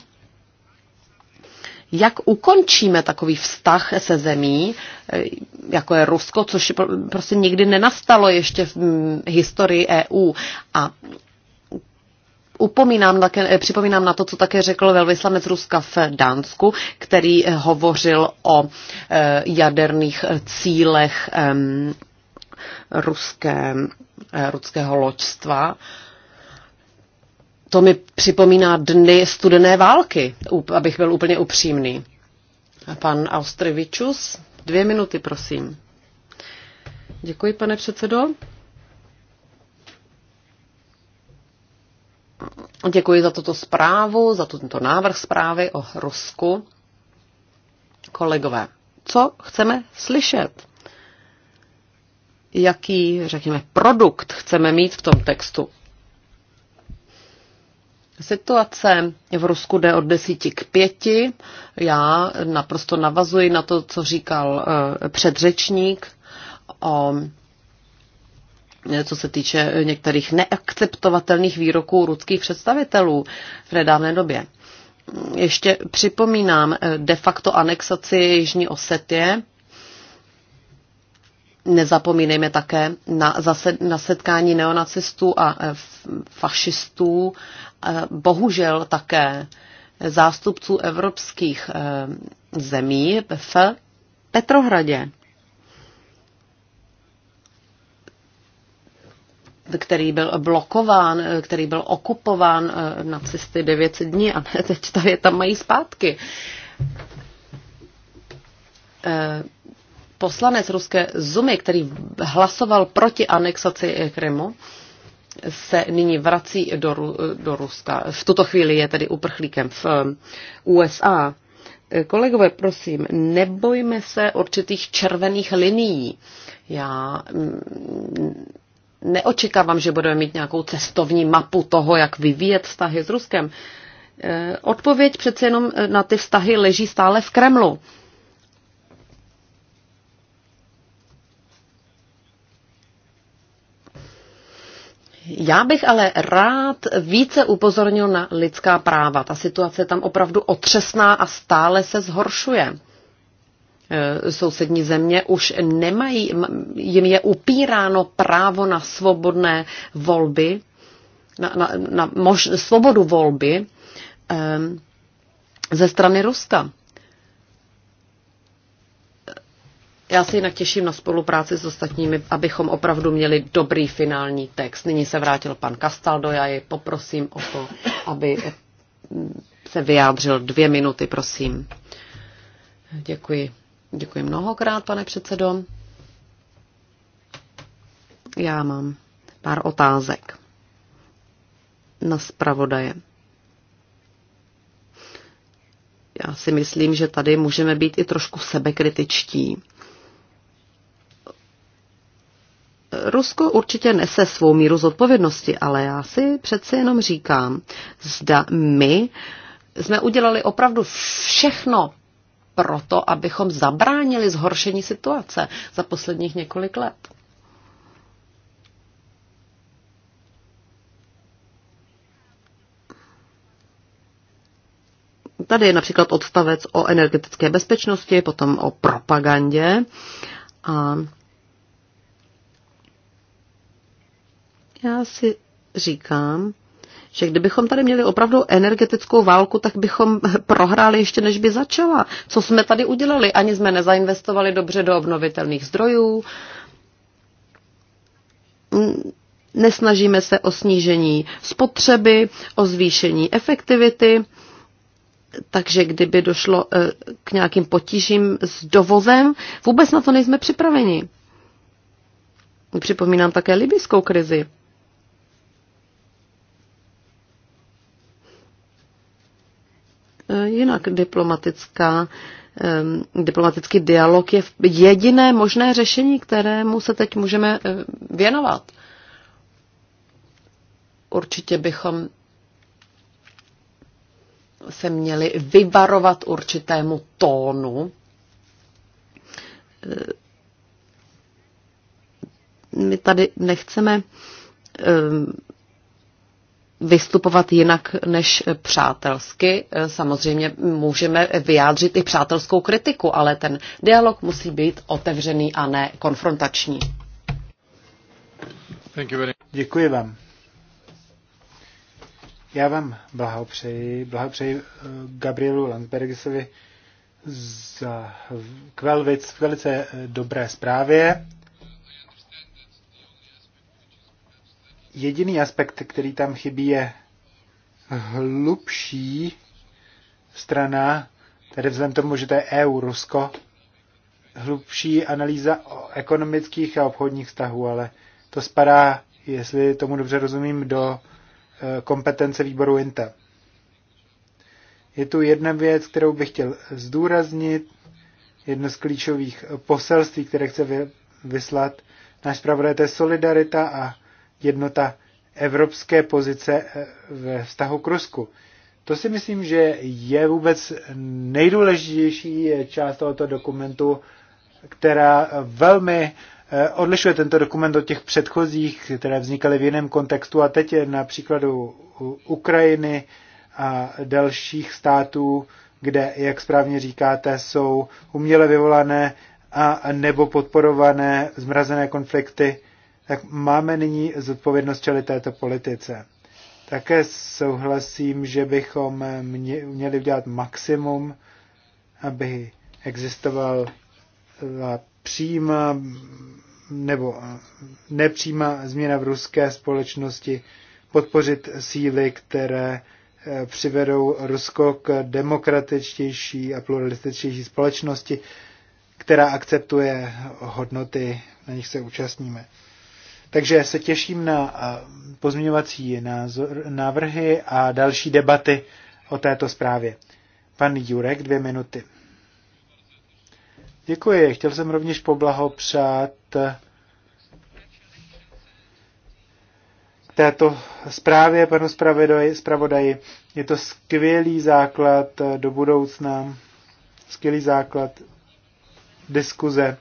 Jak ukončíme takový vztah se zemí, eh, jako je Rusko, což prostě nikdy nenastalo ještě v mm, historii EU. A upomínám také, eh, připomínám na to, co také řekl velvyslanec Ruska v Dánsku, který hovořil o eh, jaderných cílech ruské, eh, ruského loďstva. To mi připomíná dny studené války, abych byl úplně upřímný. Pan Austrivičus, dvě minuty, prosím. Děkuji, pane předsedo. Děkuji za tuto zprávu, za tento návrh zprávy o Rusku. Kolegové, co chceme slyšet? jaký, řekněme, produkt chceme mít v tom textu. Situace v Rusku jde od desíti k pěti. Já naprosto navazuji na to, co říkal eh, předřečník o eh, co se týče eh, některých neakceptovatelných výroků ruských představitelů v nedávné době. Ještě připomínám de facto anexaci Jižní Osetie Nezapomínejme také na, zase, na setkání neonacistů a e, fašistů, e, bohužel také zástupců evropských e, zemí v Petrohradě, který byl blokován, který byl okupován nacisty 900 dní a teď tam je tam mají zpátky poslanec ruské Zumy, který hlasoval proti anexaci Krymu, se nyní vrací do, do Ruska. V tuto chvíli je tedy uprchlíkem v eh, USA. Eh, kolegové, prosím, nebojme se určitých červených linií. Já mm, neočekávám, že budeme mít nějakou cestovní mapu toho, jak vyvíjet vztahy s Ruskem. Eh, odpověď přece jenom na ty vztahy leží stále v Kremlu. Já bych ale rád více upozornil na lidská práva. Ta situace je tam opravdu otřesná a stále se zhoršuje. E, sousední země už nemají, jim je upíráno právo na svobodné volby, na, na, na mož, svobodu volby e, ze strany Ruska. Já se jinak těším na spolupráci s ostatními, abychom opravdu měli dobrý finální text. Nyní se vrátil pan Castaldo, já jej poprosím o to, aby se vyjádřil dvě minuty, prosím. Děkuji. Děkuji mnohokrát, pane předsedo. Já mám pár otázek na zpravodaje. Já si myslím, že tady můžeme být i trošku sebekritičtí. Rusko určitě nese svou míru zodpovědnosti, ale já si přece jenom říkám, zda my jsme udělali opravdu všechno proto, abychom zabránili zhoršení situace za posledních několik let. Tady je například odstavec o energetické bezpečnosti, potom o propagandě. A Já si říkám, že kdybychom tady měli opravdu energetickou válku, tak bychom prohráli ještě než by začala. Co jsme tady udělali? Ani jsme nezainvestovali dobře do obnovitelných zdrojů. Nesnažíme se o snížení spotřeby, o zvýšení efektivity. Takže kdyby došlo e, k nějakým potížím s dovozem, vůbec na to nejsme připraveni. Připomínám také libyskou krizi. Eh, jinak diplomatická eh, diplomatický dialog je jediné možné řešení, kterému se teď můžeme eh, věnovat. Určitě bychom se měli vyvarovat určitému tónu. My tady nechceme vystupovat jinak než přátelsky. Samozřejmě můžeme vyjádřit i přátelskou kritiku, ale ten dialog musí být otevřený a ne konfrontační. Děkuji vám. Já vám blahopřeji, blahopřeji eh, Gabrielu Landbergisovi za k velice eh, dobré zprávě. Jediný aspekt, který tam chybí, je hlubší strana, tedy vzhledem tomu, že to je EU, Rusko, hlubší analýza ekonomických a obchodních vztahů, ale to spadá, jestli tomu dobře rozumím, do e, kompetence výboru INTA. Je tu jedna věc, kterou bych chtěl zdůraznit, jedno z klíčových poselství, které chce vyslat náš zpravodaj, to je solidarita a jednota evropské pozice eh, ve vztahu k Rusku. To si myslím, že je vůbec nejdůležitější část tohoto dokumentu, která velmi eh, odlišuje tento dokument od těch předchozích, které vznikaly v jiném kontextu a teď je na příkladu Ukrajiny a dalších států, kde, jak správně říkáte, jsou uměle vyvolané a nebo podporované zmrazené konflikty tak máme nyní zodpovědnost čelit této politice. Také souhlasím, že bychom měli udělat maximum, aby existoval přímá nebo nepřímá změna v ruské společnosti, podpořit síly, které eh, přivedou Rusko k demokratičtější a pluralističtější společnosti, která akceptuje hodnoty, na nich se účastníme. Takže se těším na eh, pozměňovací názor, návrhy a další debaty o této zprávě. Pan Jurek, dvě minuty. Děkuji. Chtěl jsem rovněž poblahopřát eh, této zprávě panu zpravodaji. Je to skvělý základ eh, do budoucna, skvělý základ diskuze.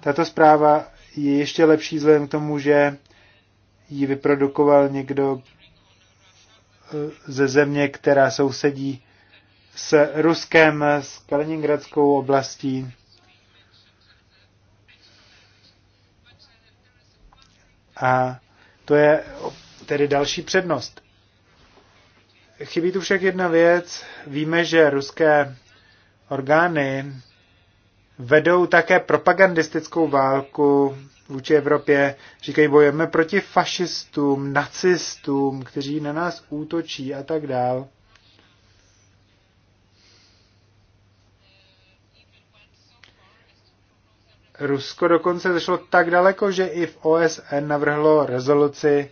Tato zpráva je ještě lepší vzhledem k tomu, že ji vyprodukoval někdo eh, ze země, která sousedí s Ruskem, s Kaliningradskou oblastí. A to je tedy další přednost. Chybí tu však jedna věc. Víme, že ruské orgány vedou také propagandistickou válku vůči Evropě. Říkají, bojujeme proti fašistům, nacistům, kteří na nás útočí a tak dál. Rusko dokonce zašlo tak daleko, že i v OSN navrhlo rezoluci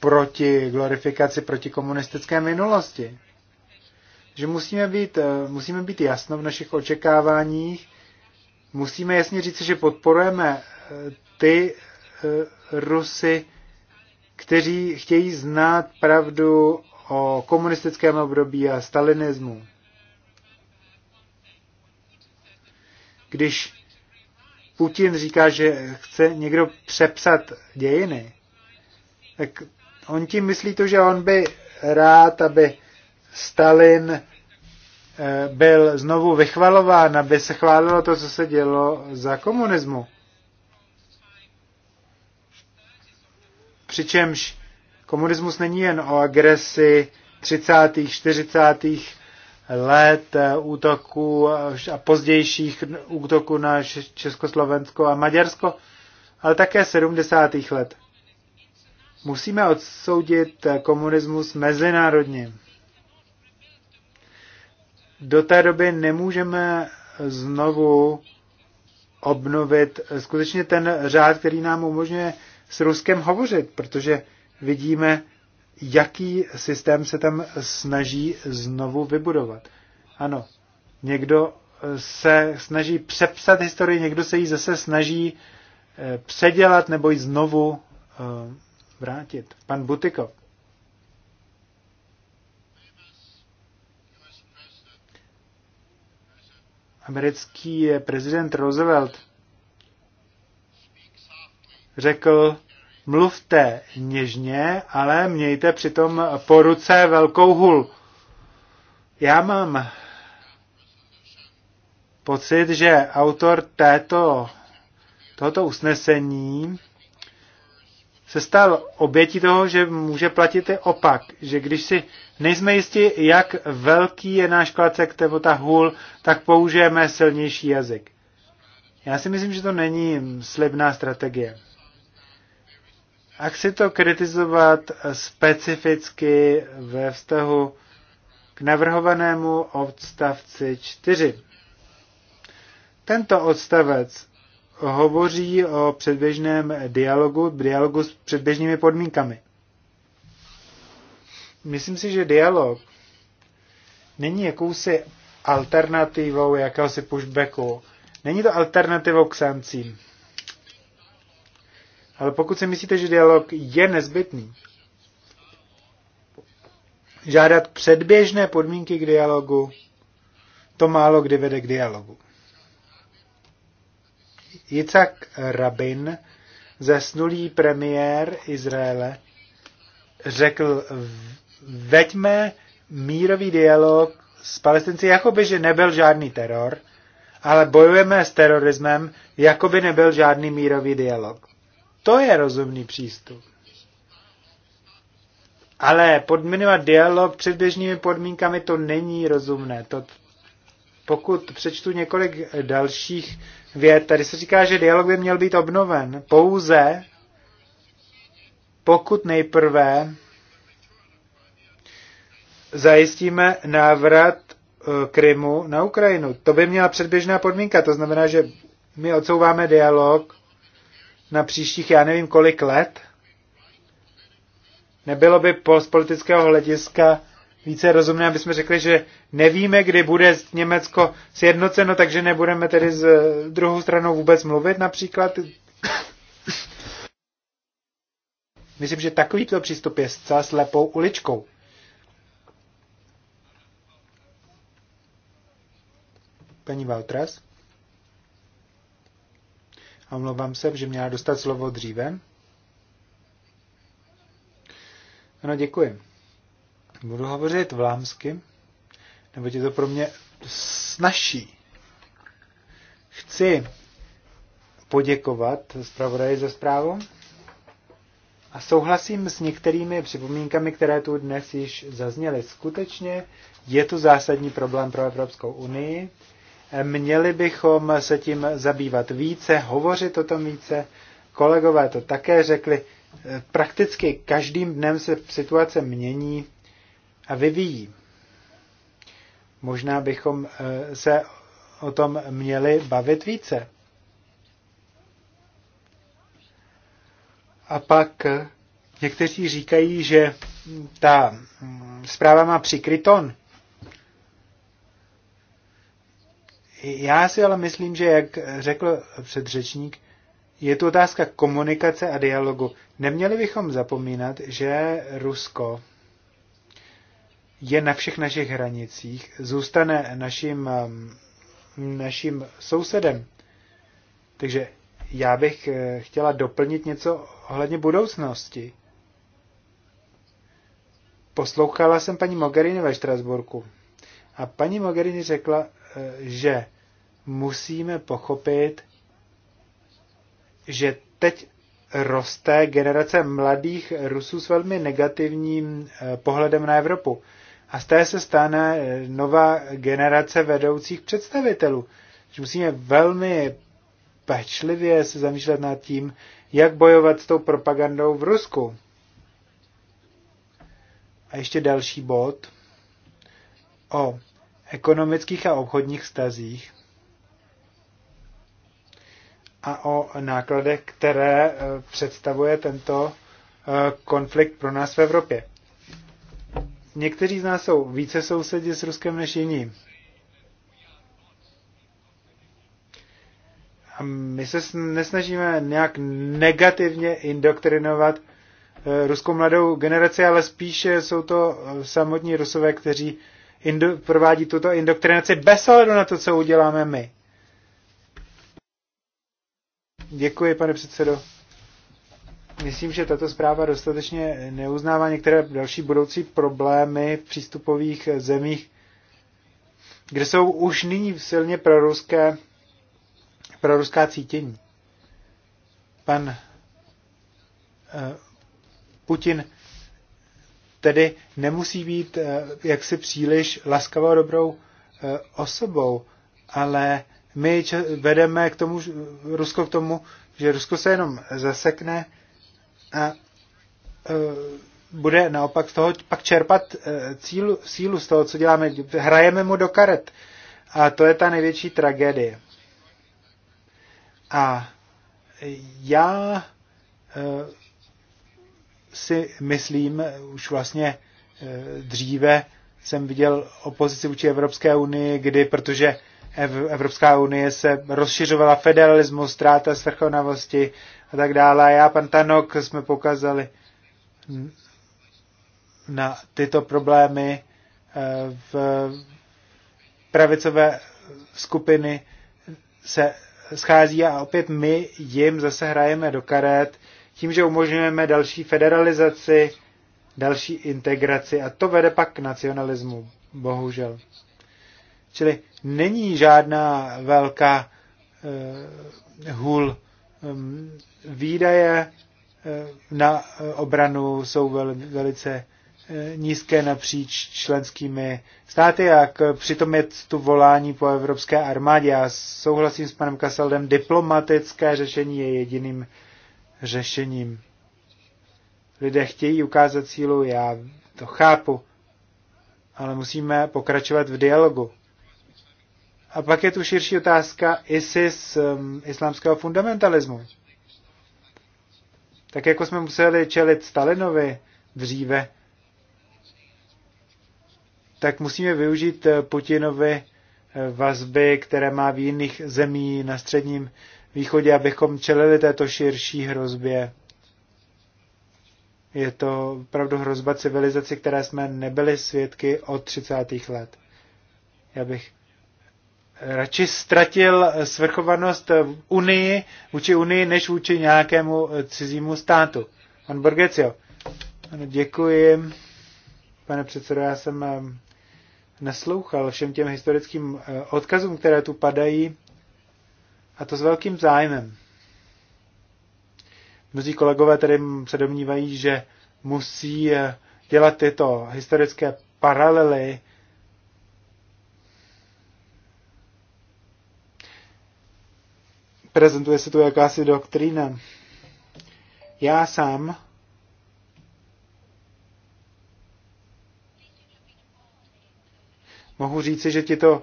proti glorifikaci proti komunistické minulosti že musíme být, eh, musíme být jasno v našich očekáváních, musíme jasně říct, že podporujeme eh, ty eh, Rusy, kteří chtějí znát pravdu o komunistickém období a stalinismu. Když Putin říká, že chce někdo přepsat dějiny, tak on tím myslí to, že on by rád, aby Stalin eh, byl znovu vychvalován, aby se chválilo to, co se dělo za komunismu. Přičemž komunismus není jen o agresi 30. 40. let eh, útoků eh, a pozdějších útoků na Československo a Maďarsko, ale také 70. let. Musíme odsoudit komunismus mezinárodním do té doby nemůžeme znovu obnovit skutečně ten řád, který nám umožňuje s Ruskem hovořit, protože vidíme, jaký systém se tam snaží znovu vybudovat. Ano, někdo se snaží přepsat historii, někdo se jí zase snaží eh, předělat nebo ji znovu eh, vrátit. Pan Butikov. americký prezident Roosevelt řekl, mluvte něžně, ale mějte přitom po ruce velkou hul. Já mám pocit, že autor této, tohoto usnesení se stal obětí toho, že může platit i opak, že když si nejsme jistí, jak velký je náš klacek nebo ta hůl, tak použijeme silnější jazyk. Já si myslím, že to není slibná strategie. A chci to kritizovat specificky ve vztahu k navrhovanému odstavci 4. Tento odstavec hovoří o předběžném dialogu, dialogu s předběžnými podmínkami. Myslím si, že dialog není jakousi alternativou jakéhosi pushbacku. Není to alternativou k sankcím. Ale pokud si myslíte, že dialog je nezbytný, žádat předběžné podmínky k dialogu, to málo kdy vede k dialogu. Jicak Rabin, zesnulý premiér Izraele, řekl, veďme mírový dialog s palestinci, jako by že nebyl žádný teror, ale bojujeme s terorismem, jako by nebyl žádný mírový dialog. To je rozumný přístup. Ale podminovat dialog běžnými podmínkami to není rozumné. To, pokud přečtu několik dalších věd, tady se říká, že dialog by měl být obnoven pouze, pokud nejprve zajistíme návrat eh, Krymu na Ukrajinu. To by měla předběžná podmínka, to znamená, že my odsouváme dialog na příštích, já nevím kolik let. Nebylo by z politického hlediska více rozumné, aby jsme řekli, že nevíme, kdy bude Německo sjednoceno, takže nebudeme tedy s eh, druhou stranou vůbec mluvit například. Myslím, že takovýto přístup je zcela slepou uličkou. Paní Valtras. A omlouvám se, že měla dostat slovo dříve. Ano, děkuji. Budu hovořit vlámsky, nebo je to pro mě snažší. Chci poděkovat zpravodaji za zprávu a souhlasím s některými připomínkami, které tu dnes již zazněly. Skutečně je to zásadní problém pro Evropskou unii. Měli bychom se tím zabývat více, hovořit o tom více. Kolegové to také řekli. Prakticky každým dnem se situace mění a vyvíjí. Možná bychom eh, se o tom měli bavit více. A pak eh, někteří říkají, že ta mm, zpráva má přikryton. Já si ale myslím, že jak řekl předřečník, je to otázka komunikace a dialogu. Neměli bychom zapomínat, že Rusko je na všech našich hranicích, zůstane naším, um, naším sousedem. Takže já bych eh, chtěla doplnit něco ohledně budoucnosti. Poslouchala jsem paní Mogherini ve Štrasburku a paní Mogherini řekla, eh, že musíme pochopit, že teď roste generace mladých Rusů s velmi negativním eh, pohledem na Evropu a z té se stane eh, nová generace vedoucích představitelů. Že musíme velmi pečlivě se zamýšlet nad tím, jak bojovat s tou propagandou v Rusku. A ještě další bod o ekonomických a obchodních stazích a o nákladech, které eh, představuje tento eh, konflikt pro nás v Evropě. Někteří z nás jsou více sousedi s Ruskem než jiní. A my se nesnažíme nějak negativně indoktrinovat eh, ruskou mladou generaci, ale spíše jsou to eh, samotní rusové, kteří indo- provádí tuto indoktrinaci bez ohledu na to, co uděláme my. Děkuji, pane předsedo myslím, že tato zpráva dostatečně neuznává některé další budoucí problémy v přístupových zemích, kde jsou už nyní silně proruské, proruská cítění. Pan eh, Putin tedy nemusí být eh, jaksi příliš laskavou dobrou eh, osobou, ale my vedeme k tomu, Rusko k tomu, že Rusko se jenom zasekne a e, bude naopak z toho pak čerpat e, cílu, sílu z toho, co děláme. Hrajeme mu do karet. A to je ta největší tragédie. A já e, si myslím, už vlastně dříve jsem viděl opozici vůči Evropské unii, kdy, protože Evropská unie se rozšiřovala federalismus, ztráta svrchovanosti, a tak dále. Já, pan Tanok, jsme pokazali na tyto problémy eh, v pravicové skupiny se schází a opět my jim zase hrajeme do karet tím, že umožňujeme další federalizaci, další integraci a to vede pak k nacionalismu, bohužel. Čili není žádná velká uh, hůl Ehm, výdaje eh, na eh, obranu jsou velice eh, nízké napříč členskými státy a k, přitom je tu volání po evropské armádě. Já souhlasím s panem Kasaldem, diplomatické řešení je jediným řešením. Lidé chtějí ukázat sílu, já to chápu, ale musíme pokračovat v dialogu. A pak je tu širší otázka ISIS, um, islámského fundamentalismu. Tak jako jsme museli čelit Stalinovi dříve, tak musíme využít eh, Putinovi eh, vazby, které má v jiných zemí na středním východě, abychom čelili této širší hrozbě. Je to opravdu hrozba civilizaci, které jsme nebyli svědky od 30. let. Já bych radši ztratil svrchovanost v Unii, vůči Unii, než vůči nějakému cizímu státu. Pan Borgecio. Ano, děkuji. Pane předsedo, já jsem eh, naslouchal všem těm historickým eh, odkazům, které tu padají, a to s velkým zájmem. Mnozí kolegové tady se domnívají, že musí eh, dělat tyto historické paralely prezentuje se tu jakási doktrína. Já sám mohu říci, že ti to,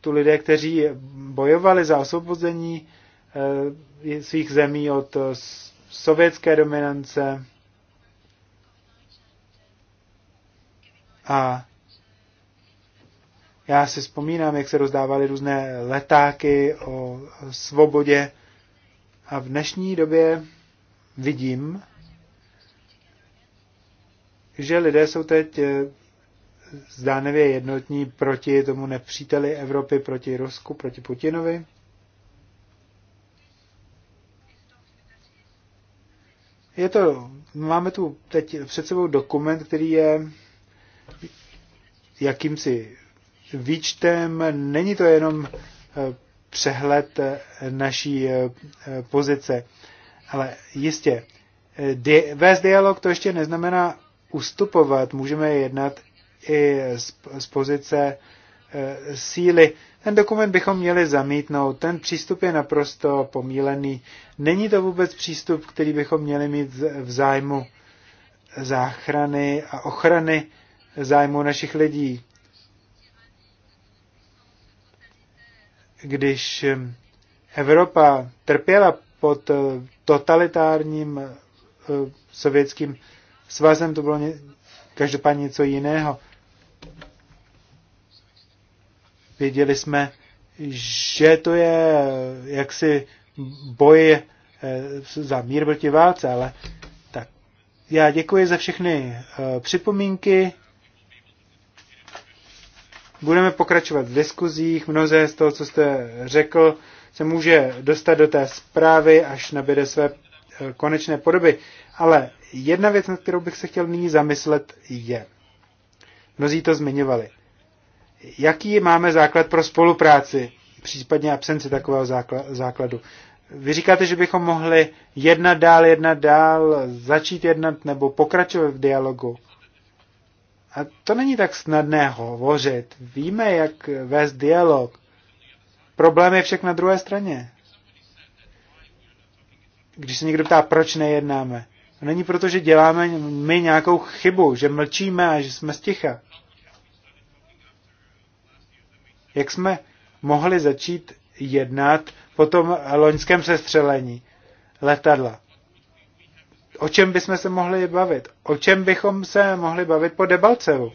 tu lidé, kteří bojovali za osvobození eh, svých zemí od eh, sovětské dominance a já si vzpomínám, jak se rozdávaly různé letáky o svobodě. A v dnešní době vidím, že lidé jsou teď eh, zdánevě jednotní proti tomu nepříteli Evropy, proti Rusku, proti Putinovi. Je to, máme tu teď před sebou dokument, který je jakýmsi výčtem. Není to jenom eh, přehled eh, naší eh, pozice, ale jistě, di- vést dialog to ještě neznamená ustupovat. Můžeme jednat i z, z pozice síly. Ten dokument bychom měli zamítnout. Ten přístup je naprosto pomílený. Není to vůbec přístup, který bychom měli mít v zájmu záchrany a ochrany zájmu našich lidí. když eh, Evropa trpěla pod eh, totalitárním eh, sovětským svazem, to bylo ně, každopádně něco jiného. Věděli jsme, že to je jaksi boj za mír proti válce, ale tak já děkuji za všechny připomínky Budeme pokračovat v diskuzích. Mnozé z toho, co jste řekl, se může dostat do té zprávy, až nabíde své eh, konečné podoby. Ale jedna věc, nad kterou bych se chtěl nyní zamyslet, je. Mnozí to zmiňovali. Jaký máme základ pro spolupráci, případně absenci takového základu? Vy říkáte, že bychom mohli jednat dál, jednat dál, začít jednat nebo pokračovat v dialogu. A to není tak snadné hovořit. Víme, jak vést dialog. Problém je však na druhé straně. Když se někdo ptá, proč nejednáme, to není proto, že děláme my nějakou chybu, že mlčíme a že jsme sticha. Jak jsme mohli začít jednat po tom loňském sestřelení? letadla? o čem bychom se mohli bavit? O čem bychom se mohli bavit po Debalcevu?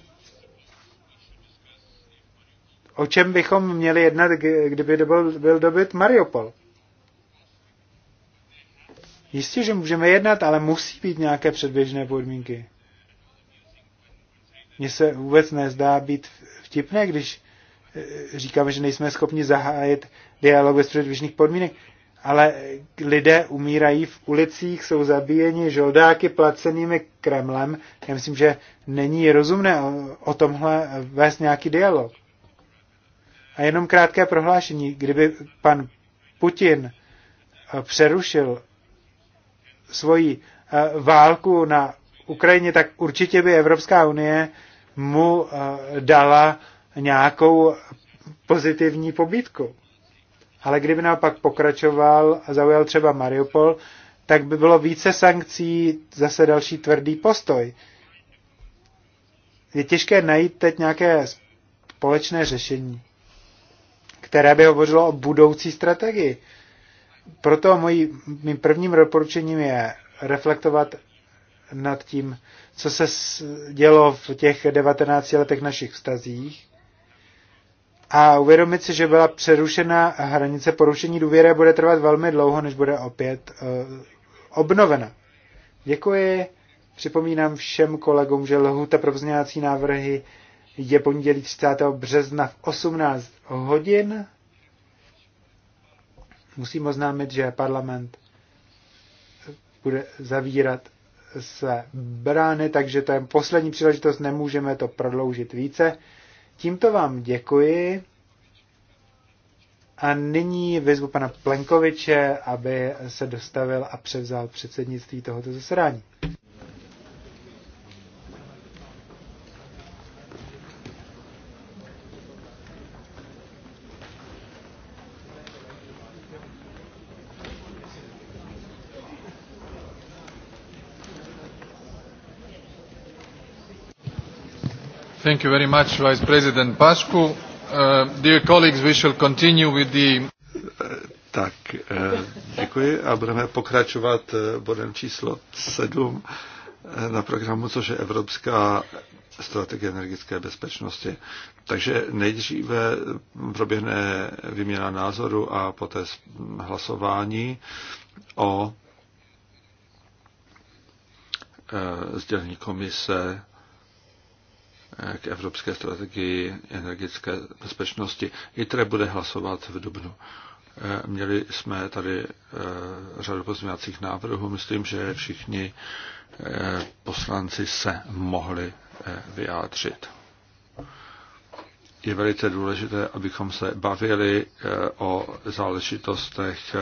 O čem bychom měli jednat, kdyby byl, byl dobyt Mariupol? Jistě, že můžeme jednat, ale musí být nějaké předběžné podmínky. Mně se vůbec nezdá být vtipné, když eh, říkáme, že nejsme schopni zahájit dialog bez předběžných podmínek ale lidé umírají v ulicích, jsou zabíjeni žoldáky placenými Kremlem. Já myslím, že není rozumné o tomhle vést nějaký dialog. A jenom krátké prohlášení, kdyby pan Putin eh, přerušil svoji eh, válku na Ukrajině, tak určitě by Evropská unie mu eh, dala nějakou pozitivní pobídku ale kdyby naopak pokračoval a zaujal třeba Mariupol, tak by bylo více sankcí, zase další tvrdý postoj. Je těžké najít teď nějaké společné řešení, které by hovořilo o budoucí strategii. Proto mojí, mým prvním doporučením je reflektovat nad tím, co se dělo v těch 19 letech našich vztazích a uvědomit si, že byla přerušena hranice porušení důvěry bude trvat velmi dlouho, než bude opět uh, obnovena. Děkuji. Připomínám všem kolegům, že lhůta pro vzněvací návrhy je pondělí 30. března v 18 hodin. Musím oznámit, že parlament bude zavírat své brány, takže to je poslední příležitost, nemůžeme to prodloužit více. Tímto vám děkuji a nyní vyzvu pana Plenkoviče, aby se dostavil a převzal předsednictví tohoto zasedání. Pasku. Uh, tak, eh, děkuji a budeme pokračovat eh, bodem číslo 7 eh, na programu, což je Evropská strategie energetické bezpečnosti. Takže nejdříve proběhne výměna názoru a poté hlasování o sdělení komise k Evropské strategii energetické bezpečnosti. ITRE bude hlasovat v dubnu. Eh, měli jsme tady eh, řadu pozměňovacích návrhů. Myslím, že všichni eh, poslanci se mohli vyjádřit. Je velice důležité, abychom se bavili o záležitostech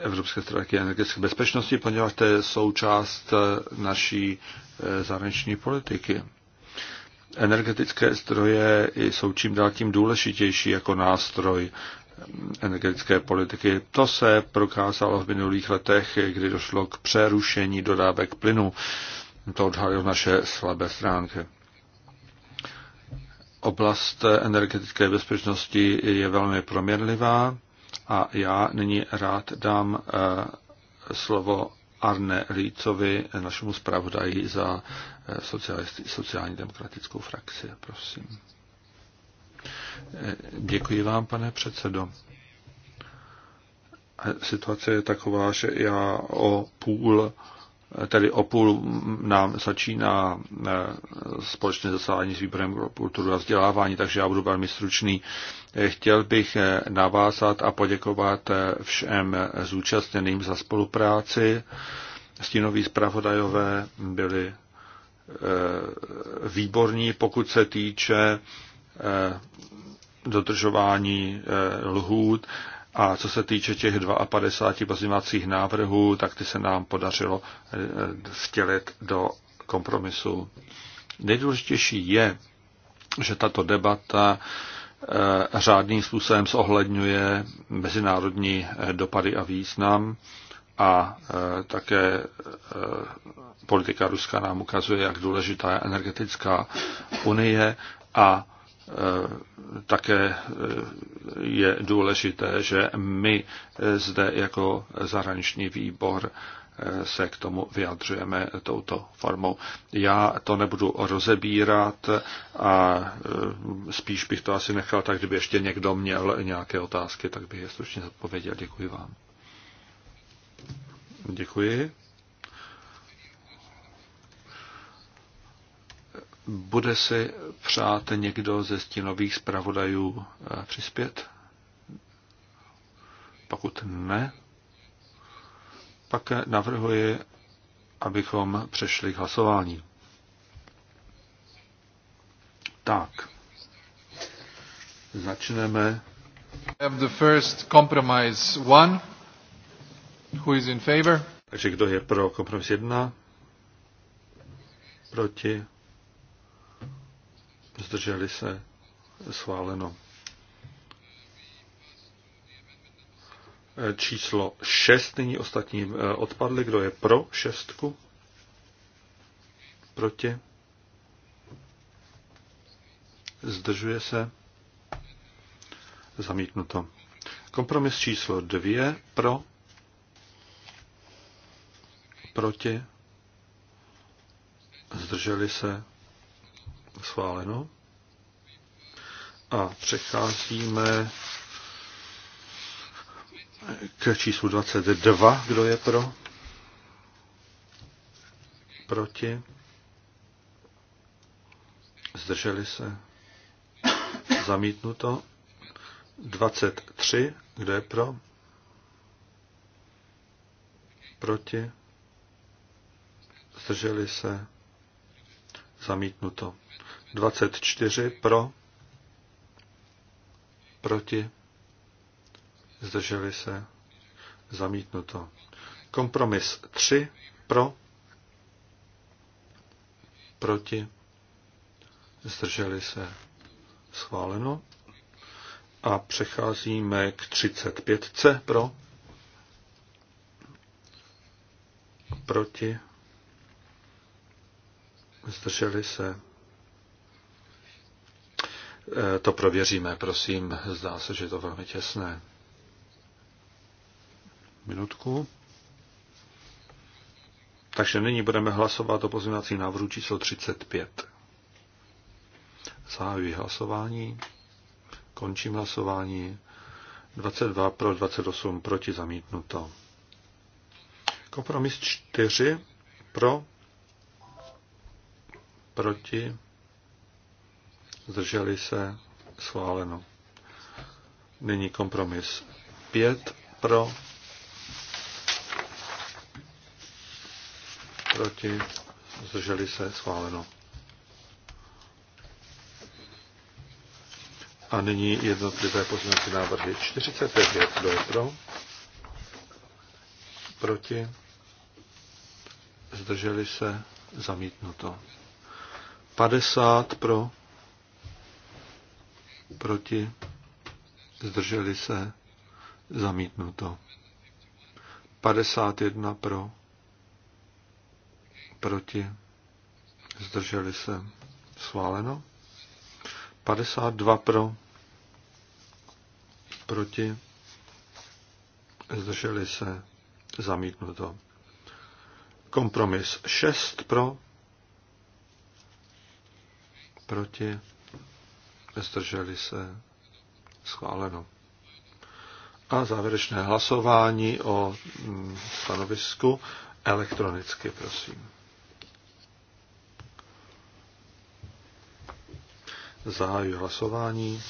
Evropské strategie energetické bezpečnosti, poněvadž to je součást eh, naší eh, zahraniční politiky. Energetické zdroje jsou čím dál tím důležitější jako nástroj mm, energetické politiky. To se prokázalo v minulých letech, kdy došlo k přerušení dodávek plynu. To odhalilo naše slabé stránky. Oblast energetické bezpečnosti je velmi proměnlivá a já nyní rád dám eh, slovo Arne Rýcovi, našemu zpravodaji za eh, sociální demokratickou frakci. Prosím. Eh, děkuji vám, pane předsedo. Situace je taková, že já o půl tedy o půl nám začíná eh, společné zasedání s výborem kulturu a vzdělávání, takže já budu velmi stručný. Eh, chtěl bych eh, navázat a poděkovat všem zúčastněným za spolupráci. Stínoví zpravodajové byli výborní, pokud se týče dodržování lhůt. A co se týče těch 52 pozměňovacích návrhů, tak ty se nám podařilo eh, eh, vtělit do kompromisu. Nejdůležitější je, že tato debata eh, řádným způsobem zohledňuje mezinárodní dopady a význam a také politika Ruska nám ukazuje, jak důležitá je energetická unie a Eh, také eh, je důležité, že my eh, zde jako zahraniční výbor se k tomu vyjadřujeme touto formou. Já to nebudu rozebírat a spíš bych to asi nechal tak, kdyby ještě někdo měl nějaké otázky, tak bych je stručně odpověděl. Děkuji vám. Děkuji. Bude si přát někdo ze stinových zpravodajů eh, přispět? Pokud ne, pak navrhuji, abychom přešli k hlasování. Tak. Začneme. Have the first compromise one. Who is in favor? Takže kdo je pro kompromis 1? Proti? zdrželi se, schváleno. E, číslo 6, nyní ostatním e, odpadly, kdo je pro šestku, proti, zdržuje se, zamítnuto. Kompromis číslo 2, pro, proti, zdrželi se, schváleno a přecházíme k číslu 22. Kdo je pro? Proti? Zdrželi se? Zamítnuto. 23. Kdo je pro? Proti? Zdrželi se? Zamítnuto. 24. Pro? proti, zdrželi se, zamítnuto. Kompromis 3 pro, proti, zdrželi se, schváleno. A přecházíme k 35C pro, proti, zdrželi se, Eh, to prověříme, prosím. Zdá se, že je to velmi těsné. Minutku. Takže nyní budeme hlasovat o pozměňovacím návrhu číslo 35. Zahajuji hlasování. Končím hlasování. 22 pro, 28 proti zamítnuto. Kompromis 4 pro, proti zdrželi se, schváleno. Nyní kompromis. 5 pro, proti, zdrželi se, schváleno. A nyní jednotlivé pozměňovací návrhy. 45, kdo je pro? Proti? Zdrželi se? Zamítnuto. 50 pro? proti, zdrželi se, zamítnuto. 51 pro, proti, zdrželi se, schváleno. 52 pro, proti, zdrželi se, zamítnuto. Kompromis 6 pro, proti, zdrželi se, schváleno. A závěrečné hlasování o mm, stanovisku elektronicky, prosím. Zahajuji hlasování.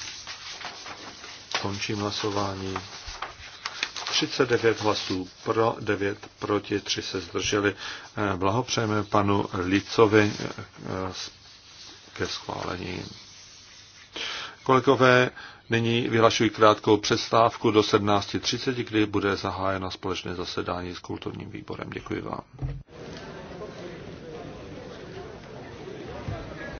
Končím hlasování. 39 hlasů pro, 9 proti, 3 se zdrželi. Eh, blahopřejeme panu Licovi eh, ke schválení. Kolegové, nyní vyhlašuji krátkou přestávku do 17.30, kdy bude zahájeno společné zasedání s kulturním výborem. Děkuji vám.